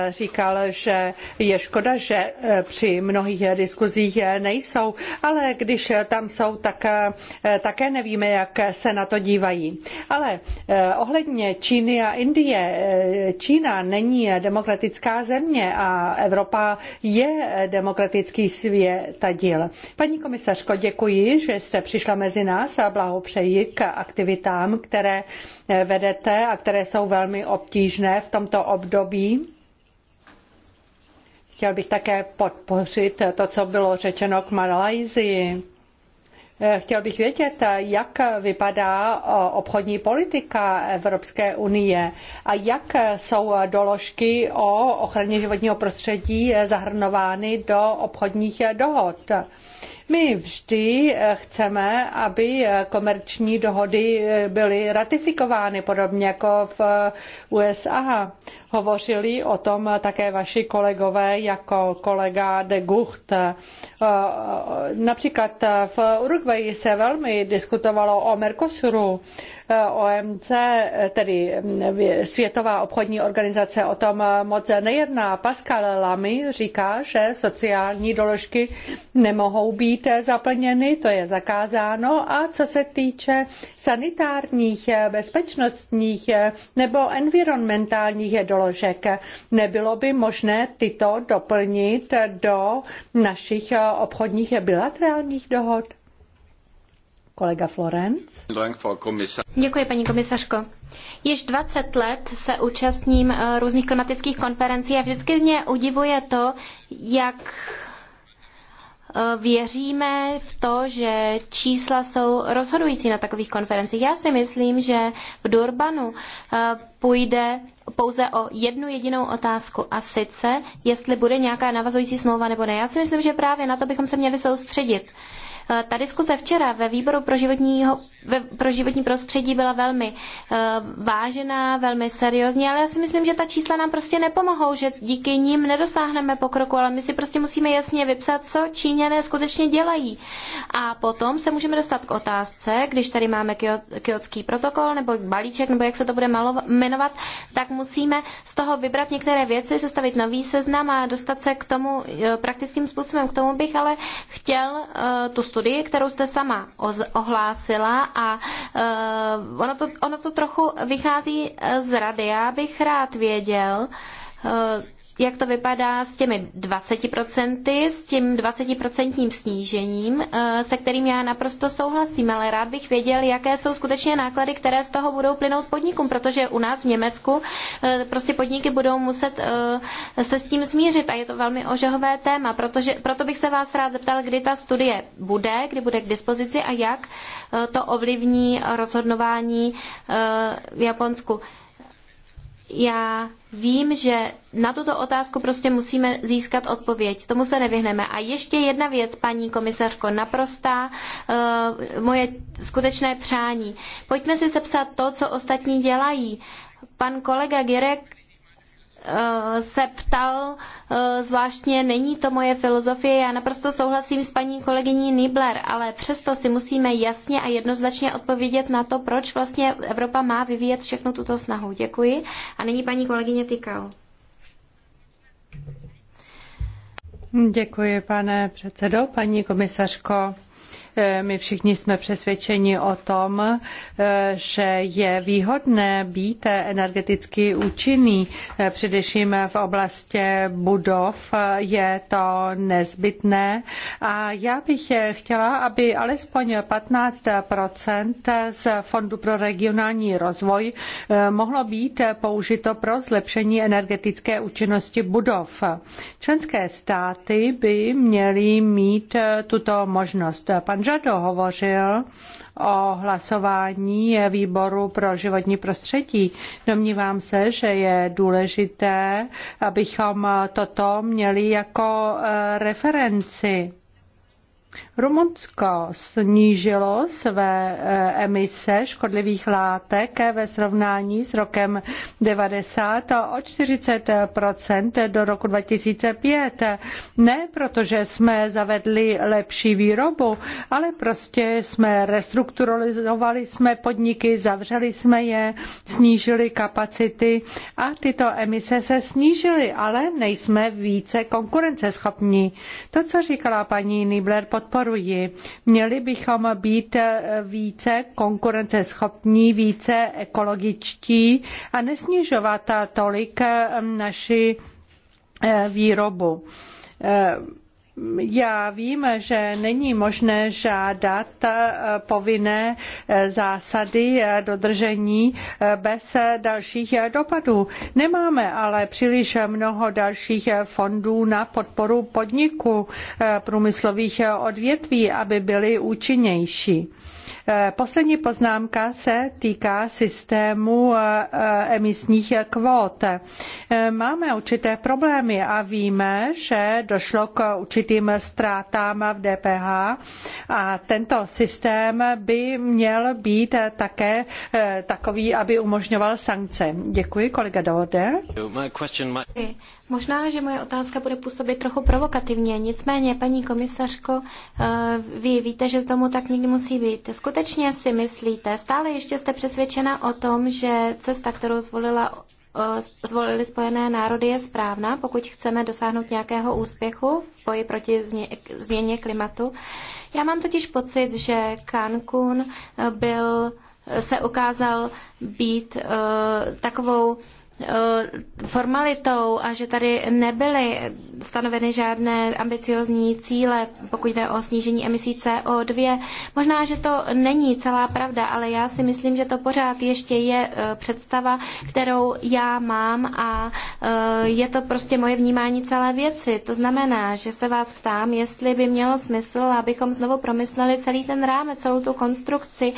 říkal, že je škoda, že eh, při mnohých diskuzích nejsou, ale když tam jsou, tak také nevíme, jak se na to dívají. Ale ohledně Číny a Indie, Čína není demokratická země a Evropa je demokratický světadíl. Paní komisařko, děkuji, že jste přišla mezi nás a blahopřeji k aktivitě aktivitám, které eh, vedete a které jsou velmi obtížné v tomto období. Chtěl bych také podpořit to, co bylo řečeno k Malajzii. Eh, chtěl bych vědět, jak vypadá eh, obchodní politika Evropské unie a jak jsou doložky o ochraně životního prostředí zahrnovány do obchodních dohod. My vždy eh, chceme, aby eh, komerční dohody eh, byly ratifikovány, podobně jako v USA. Hovořili o tom také vaši kolegové jako kolega de Gucht. Eh, eh, například v Uruguayi se velmi diskutovalo o Mercosuru. Eh, OMC, tedy mm, Světová obchodní organizace, o tom moc nejedná. Pascal Lamy říká, že sociální doložky nemohou být zaplněny, to je zakázáno. A co se týče sanitárních, eh, bezpečnostních eh, nebo environmentálních doložek. Nebylo by možné tyto doplnit do našich eh, obchodních bilaterálních dohod? Kolega Florenc. Děkuji, paní komisařko. Již 20 let se účastním různých klimatických konferencí a vždycky mě udivuje to, jak Eh, věříme v to, že čísla jsou rozhodující na takových konferencích. Já si myslím, že v Durbanu eh, půjde pouze o jednu jedinou otázku a sice, jestli bude nějaká navazující smlouva nebo ne. Já si myslím, že právě na to bychom se měli soustředit. Eh, ta diskuze včera ve výboru pro, životního, pro životní prostředí byla velmi eh, vážená, velmi seriózní, ale já si myslím, že ta čísla nám prostě nepomohou, že díky nim nedosáhneme pokroku, ale my si prostě musíme jasně vypsat, co Číňané skutečně dělají. A potom se můžeme dostat k otázce, když tady máme kyotský protokol nebo balíček, nebo jak se to bude malo, jmenovat, tak musíme z toho vybrat některé věci, sestavit nový seznam a dostat se k tomu eh, praktickým způsobem. K tomu bych ale chtěl tu studii, kterou jste sama ohlásila a eh, ono, to, ono to trochu vychází eh, z rady. Já bych rád věděl, eh, jak to vypadá s těmi 20%, s tím 20% snížením, eh, se kterým já naprosto souhlasím, ale rád bych věděl, jaké jsou skutečně náklady, které z toho budou plynout podnikům, protože u nás v Německu eh, prostě podniky budou muset eh, se s tím smířit a je to velmi ožehové téma, protože, proto bych se vás rád zeptal, kdy ta studie bude, kdy bude k dispozici a jak to ovlivní rozhodnování v Japonsku já vím, že na tuto otázku prostě musíme získat odpověď. Tomu se nevyhneme. A ještě jedna věc, paní komisařko, naprostá uh, moje skutečné přání. Pojďme si sepsat to, co ostatní dělají. Pan kolega Girek Eh, se ptal, eh, zvláštně není to moje filozofie, já naprosto souhlasím s paní kolegyní Nibler, ale přesto si musíme jasně a jednoznačně odpovědět na to, proč vlastně Evropa má vyvíjet všechno tuto snahu. Děkuji. A nyní paní kolegyně Tykal. Děkuji, pane předsedo, paní komisařko. Eh, my všichni jsme přesvědčeni o tom, eh, že je výhodné být energeticky účinný, eh, především v oblasti budov je to nezbytné a já bych chtěla, aby alespoň 15 z Fondu pro regionální rozvoj mohlo být použito pro zlepšení energetické účinnosti budov. Členské státy by měly mít tuto možnost. Pan Žado hovořil o hlasování výboru pro životní prostředí. Domnívám se, že je důležité, abychom toto měli jako eh, referenci. Rumunsko snížilo své e, emise škodlivých látek ve srovnání s rokem 90 o 40 do roku 2005. Ne protože jsme zavedli lepší výrobu, ale prostě jsme restrukturalizovali jsme podniky, zavřeli jsme je, snížili kapacity a tyto emise se snížily, ale nejsme více konkurenceschopní. To, co říkala paní Nibler, podporuji. Měli bychom být více konkurenceschopní, více ekologičtí a nesnižovat tolik naši výrobu já vím, že není možné žádat eh, povinné eh, zásady eh, dodržení bez dalších dopadů. Nemáme ale příliš mnoho dalších fondů na podporu podniků průmyslových odvětví, aby byly účinnější. Eh, poslední poznámka se týká systému eh, emisních kvót. Eh, máme určité problémy a víme, že došlo k určitým ztrátám v DPH a tento systém by měl být také takový, aby umožňoval sankce. Děkuji, kolega Dohode. Možná, že moje otázka bude působit trochu provokativně, nicméně, paní komisařko, eh, vy víte, že tomu tak nikdy musí být. Skutečně si myslíte, stále ještě jste přesvědčena o tom, že cesta, kterou zvolila eh, zvolili Spojené národy, je správná, pokud chceme dosáhnout nějakého úspěchu v boji proti změně klimatu. Já mám totiž pocit, že Cancún eh, byl, se ukázal být takovou Eh, formalitou a že tady nebyly stanoveny žádné ambiciozní cíle, pokud jde o snížení emisí CO2. Možná, že to není celá pravda, ale já si myslím, že to pořád ještě je eh, představa, kterou já mám a eh, je to prostě moje vnímání celé věci. To znamená, že se vás ptám, jestli by mělo smysl, abychom znovu promysleli celý ten rámec, celou tu konstrukci,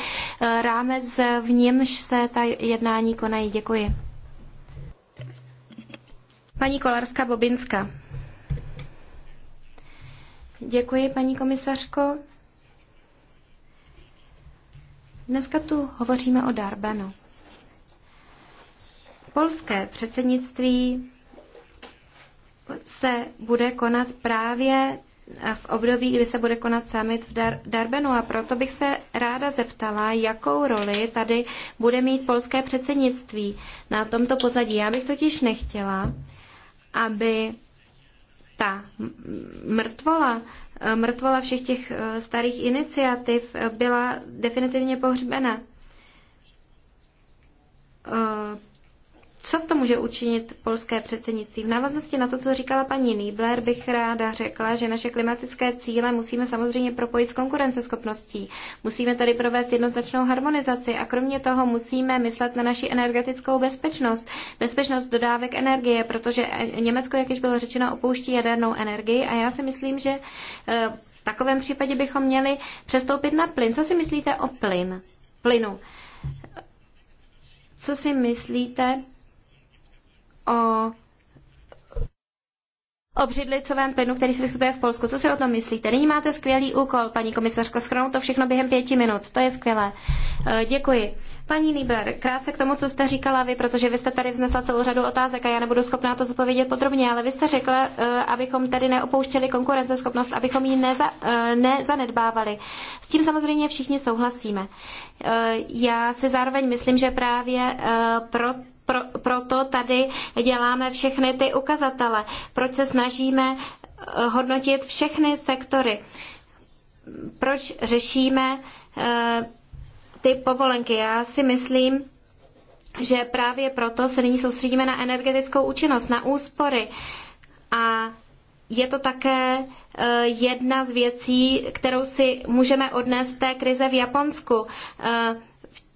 rámec, v němž se ta jednání konají. Děkuji. Paní Kolarska Bobinska. Děkuji, paní komisařko. Dneska tu hovoříme o Darbanu. Polské předsednictví se bude konat právě v období, kdy se bude konat summit v Dar- Darbenu a proto bych se ráda zeptala, jakou roli tady bude mít polské předsednictví na tomto pozadí. Já bych totiž nechtěla, aby ta mrtvola, mrtvola všech těch eh, starých iniciativ byla definitivně pohřbena eh, co v tom může učinit polské předsednictví? V návaznosti na to, co říkala paní Niebler, bych ráda řekla, že naše klimatické cíle musíme samozřejmě propojit s konkurenceschopností. Musíme tady provést jednoznačnou harmonizaci a kromě toho musíme myslet na naši energetickou bezpečnost, bezpečnost dodávek energie, protože Německo, jak již bylo řečeno, opouští jadernou energii a já si myslím, že eh, v takovém případě bychom měli přestoupit na plyn. Co si myslíte o plyn? plynu? Co si myslíte o o břidlicovém plynu, který se diskutuje v Polsku. Co si o tom myslíte? Nyní máte skvělý úkol, paní komisařko, schrnout to všechno během pěti minut. To je skvělé. E, děkuji. Paní Nibler, krátce k tomu, co jste říkala vy, protože vy jste tady vznesla celou řadu otázek a já nebudu schopná to zodpovědět podrobně, ale vy jste řekla, e, abychom tady neopouštěli konkurenceschopnost, abychom ji neza, e, nezanedbávali. S tím samozřejmě všichni souhlasíme. Já si zároveň myslím, že právě proto pro, proto tady děláme všechny ty ukazatele, proč se snažíme eh, hodnotit všechny sektory, proč řešíme eh, ty povolenky. Já si myslím, že právě proto se nyní soustředíme na energetickou účinnost, na úspory. A je to také eh, jedna z věcí, kterou si můžeme odnést z té krize v Japonsku.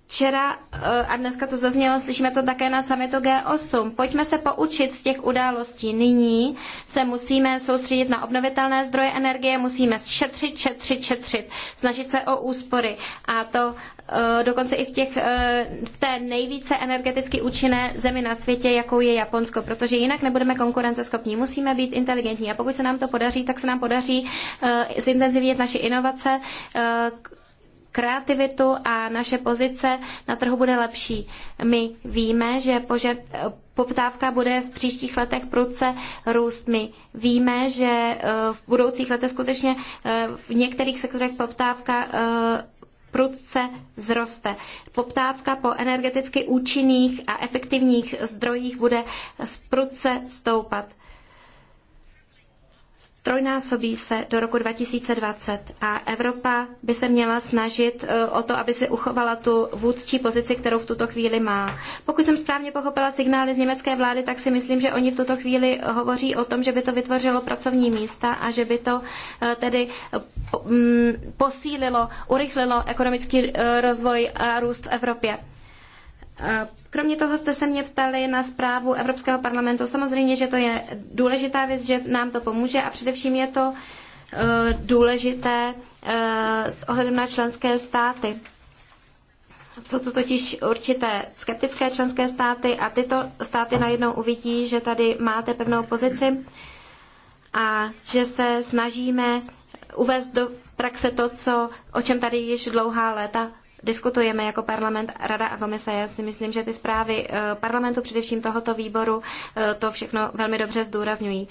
Včera eh, a dneska to zaznělo, slyšíme to také na samitu G8. Pojďme se poučit z těch událostí. Nyní se musíme soustředit na obnovitelné zdroje energie, musíme šetřit, šetřit, šetřit, snažit se o úspory. A to eh, dokonce i v, těch, eh, v té nejvíce energeticky účinné zemi na světě, jakou je Japonsko, protože jinak nebudeme konkurenceschopní. Musíme být inteligentní a pokud se nám to podaří, tak se nám podaří zintenzivnit naše inovace, kreativitu a naše pozice na trhu bude lepší. My víme, že požad, poptávka bude v příštích letech prudce růst. My víme, že eh, v budoucích letech skutečně eh, v některých sektorech poptávka eh, prudce vzroste. Poptávka po energeticky účinných a efektivních zdrojích bude prudce stoupat strojnásobí se do roku 2020 a Evropa by se měla snažit e, o to, aby si uchovala tu vůdčí pozici, kterou v tuto chvíli má. Pokud jsem správně pochopila signály z německé vlády, tak si myslím, že oni v tuto chvíli hovoří o tom, že by to vytvořilo pracovní místa a že by to e, tedy e, posílilo, urychlilo ekonomický rozvoj a růst v Evropě. Kromě toho jste se mě ptali na zprávu Evropského parlamentu. Samozřejmě, že to je důležitá věc, že nám to pomůže a především je to eh, důležité eh, s ohledem na členské státy. Jsou to totiž určité skeptické členské státy a tyto státy najednou uvidí, že tady máte pevnou pozici a že se snažíme uvést do praxe to, co, o čem tady již dlouhá léta diskutujeme jako parlament, rada a komise. Já si myslím, že ty zprávy eh, parlamentu, především tohoto výboru, eh, to všechno velmi dobře zdůrazňují.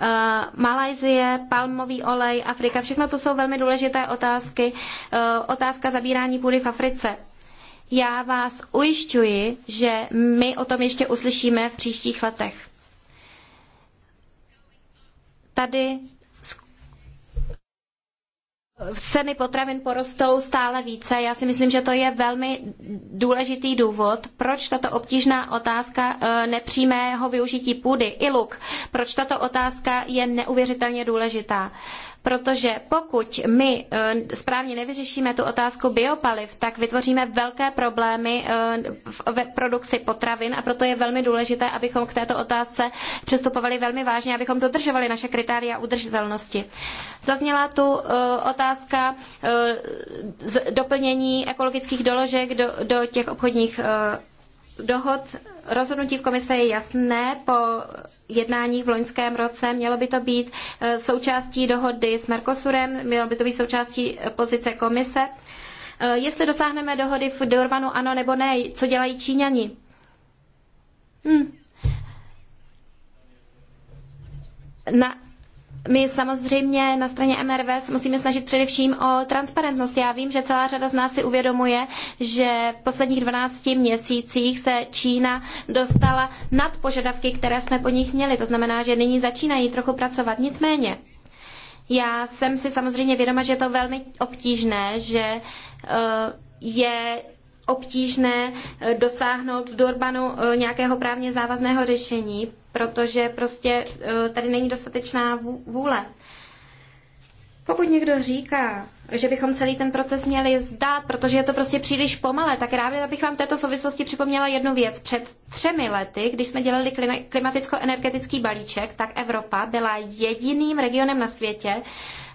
Eh, Malajzie, palmový olej, Afrika, všechno to jsou velmi důležité otázky. Otázka zabírání půdy v Africe. Já vás ujišťuji, že my o tom ještě uslyšíme v příštích letech. Tady ceny potravin porostou stále více. Já si myslím, že to je velmi důležitý důvod, proč tato obtížná otázka e, nepřímého využití půdy, luk, proč tato otázka je neuvěřitelně důležitá protože pokud my eh, správně nevyřešíme tu otázku biopaliv, tak vytvoříme velké problémy eh, v produkci potravin a proto je velmi důležité, abychom k této otázce přistupovali velmi vážně, abychom dodržovali naše kritéria udržitelnosti. Zazněla tu eh, otázka doplnění ekologických doložek do, do těch obchodních dohod. Rozhodnutí v komise je jasné po jednáních v loňském roce. Mělo by to být eh, součástí dohody s Mercosurem, mělo by to být součástí eh, pozice komise. Eh, jestli dosáhneme dohody v Durbanu, ano nebo ne, co dělají Číňani? Hm. Na, my samozřejmě na straně MRV se musíme snažit především o transparentnost. Já vím, že celá řada z nás si uvědomuje, že v posledních 12 měsících se Čína dostala nad požadavky, které jsme po nich měli. To znamená, že nyní začínají trochu pracovat. Nicméně, já jsem si samozřejmě vědoma, že je to velmi obtížné, že eh, je obtížné dosáhnout v Durbanu eh, nějakého právně závazného řešení, protože prostě eh, tady není dostatečná vůle. Pokud někdo říká, že bychom celý ten proces měli zdát, protože je to prostě příliš pomalé, tak rád bych vám v této souvislosti připomněla jednu věc. Před třemi lety, když jsme dělali klimaticko-energetický balíček, tak Evropa byla jediným regionem na světě,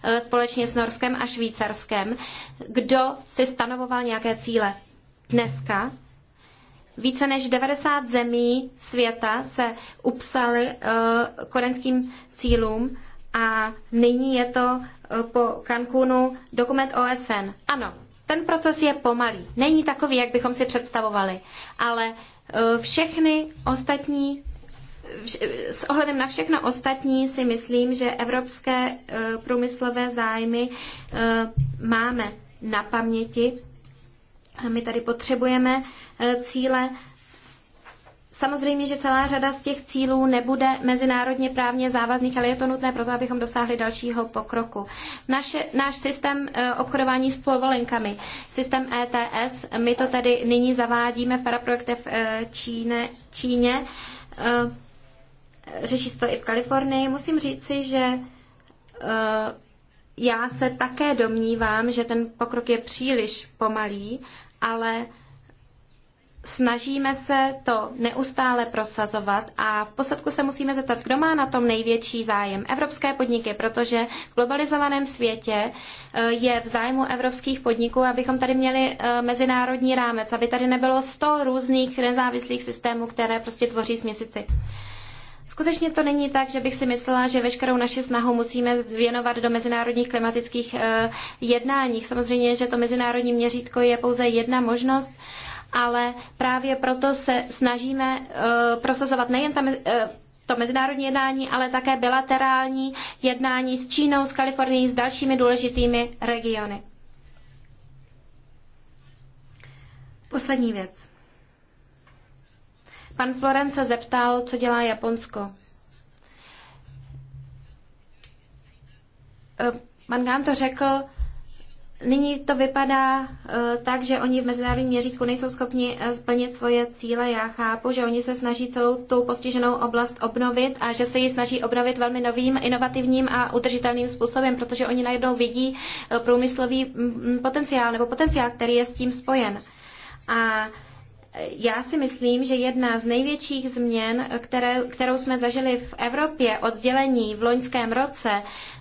eh, společně s Norskem a Švýcarskem, kdo si stanovoval nějaké cíle. Dneska více než 90 zemí světa se upsaly eh, korenským cílům a nyní je to eh, po Cancúnu dokument OSN. Ano, ten proces je pomalý. Není takový, jak bychom si představovali, ale eh, všechny ostatní s ohledem na všechno ostatní si myslím, že evropské průmyslové zájmy máme na paměti my tady potřebujeme eh, cíle. Samozřejmě, že celá řada z těch cílů nebude mezinárodně právně závazných, ale je to nutné proto, abychom dosáhli dalšího pokroku. Naše, náš systém eh, obchodování s povolenkami, systém ETS, my to tedy nyní zavádíme v paraprojektech v eh, Číne, Číně. Řeší se to i v Kalifornii. Musím říci, že já se také domnívám, že ten pokrok je příliš pomalý ale snažíme se to neustále prosazovat a v posledku se musíme zeptat, kdo má na tom největší zájem. Evropské podniky, protože v globalizovaném světě eh, je v zájmu evropských podniků, abychom tady měli eh, mezinárodní rámec, aby tady nebylo sto různých nezávislých systémů, které prostě tvoří směsici. Skutečně to není tak, že bych si myslela, že veškerou naši snahu musíme věnovat do mezinárodních klimatických eh, jednání. Samozřejmě, že to mezinárodní měřítko je pouze jedna možnost, ale právě proto se snažíme eh, prosazovat nejen tam eh, to mezinárodní jednání, ale také bilaterální jednání s Čínou, s Kalifornií, s dalšími důležitými regiony. Poslední věc. Pan Florence se zeptal, co dělá Japonsko. Eh, pan Gán to řekl, Nyní to vypadá eh, tak, že oni v mezinárodním měřítku nejsou schopni eh, splnit svoje cíle. Já chápu, že oni se snaží celou tu postiženou oblast obnovit a že se ji snaží obnovit velmi novým, inovativním a udržitelným způsobem, protože oni najednou vidí průmyslový mm, mm, potenciál nebo potenciál, který je s tím spojen. A uh, já si myslím, že jedna z největších změn, které, kterou jsme zažili v Evropě od dělení v loňském roce,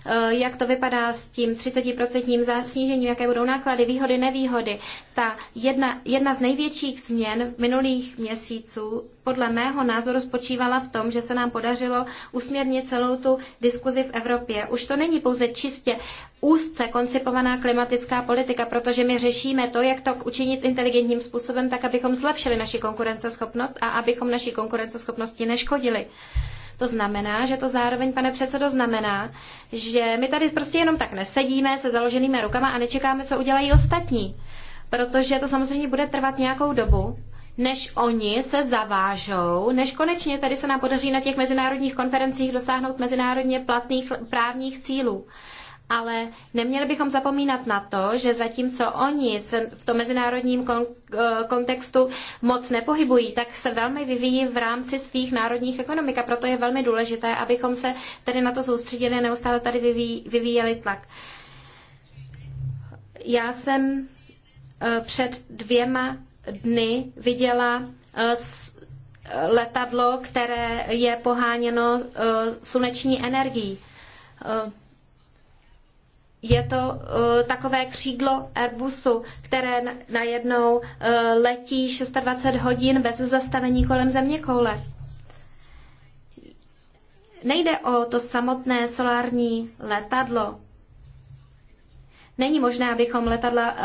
Eh, jak to vypadá s tím 30% snížením, jaké budou náklady, výhody, nevýhody. Ta jedna, jedna z největších změn v minulých měsíců podle mého názoru spočívala v tom, že se nám podařilo usměrnit celou tu diskuzi v Evropě. Už to není pouze čistě úzce koncipovaná klimatická politika, protože my řešíme to, jak to učinit inteligentním způsobem, tak abychom zlepšili naši konkurenceschopnost a abychom naší konkurenceschopnosti neškodili. To znamená, že to zároveň, pane předsedo, znamená, že my tady prostě jenom tak nesedíme se založenými rukama a nečekáme, co udělají ostatní. Protože to samozřejmě bude trvat nějakou dobu, než oni se zavážou, než konečně tady se nám podaří na těch mezinárodních konferencích dosáhnout mezinárodně platných právních cílů ale neměli bychom zapomínat na to, že zatímco oni se v tom mezinárodním kon eh, kontextu moc nepohybují, tak se velmi vyvíjí v rámci svých národních ekonomik a proto je velmi důležité, abychom se tedy na to soustředili, neustále tady vyvíj- vyvíjeli tlak. Já jsem eh, před dvěma dny viděla eh, letadlo, které je poháněno sluneční energií je to uh, takové křídlo Airbusu, které najednou uh, letí 26 hodin bez zastavení kolem zeměkoule. Nejde o to samotné solární letadlo. Není možné, abychom letadla uh,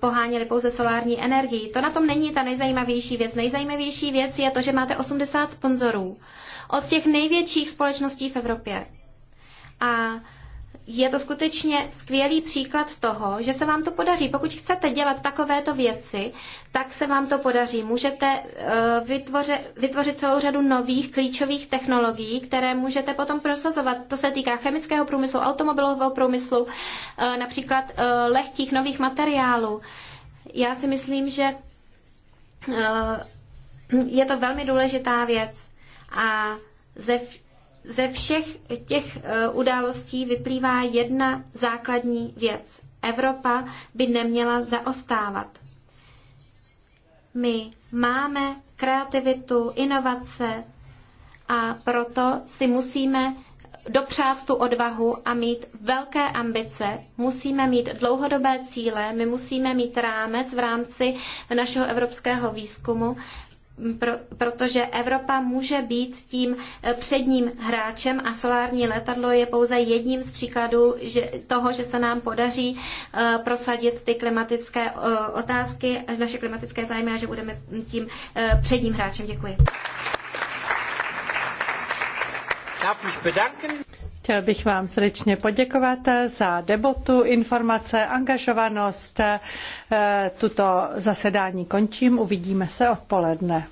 poháněli pouze solární energií. To na tom není ta nejzajímavější věc. Nejzajímavější věc je to, že máte 80 sponzorů od těch největších společností v Evropě. A je to skutečně skvělý příklad toho, že se vám to podaří. Pokud chcete dělat takovéto věci, tak se vám to podaří. Můžete eh, vytvořit, vytvořit celou řadu nových klíčových technologií, které můžete potom prosazovat. To se týká chemického průmyslu, automobilového průmyslu, eh, například eh, lehkých nových materiálů. Já si myslím, že je to velmi důležitá věc. A ze, ze všech těch e, událostí vyplývá jedna základní věc. Evropa by neměla zaostávat. My máme kreativitu, inovace a proto si musíme dopřát tu odvahu a mít velké ambice, musíme mít dlouhodobé cíle, my musíme mít rámec v rámci našeho evropského výzkumu, pro, protože Evropa může být tím eh, předním hráčem a solární letadlo je pouze jedním z příkladů že, toho, že se nám podaří uh, prosadit ty klimatické uh, otázky, naše klimatické zájmy a že budeme tím uh, předním hráčem. Děkuji. Chtěl bych vám srdečně poděkovat za debatu, informace, angažovanost. E, tuto zasedání končím, uvidíme se odpoledne.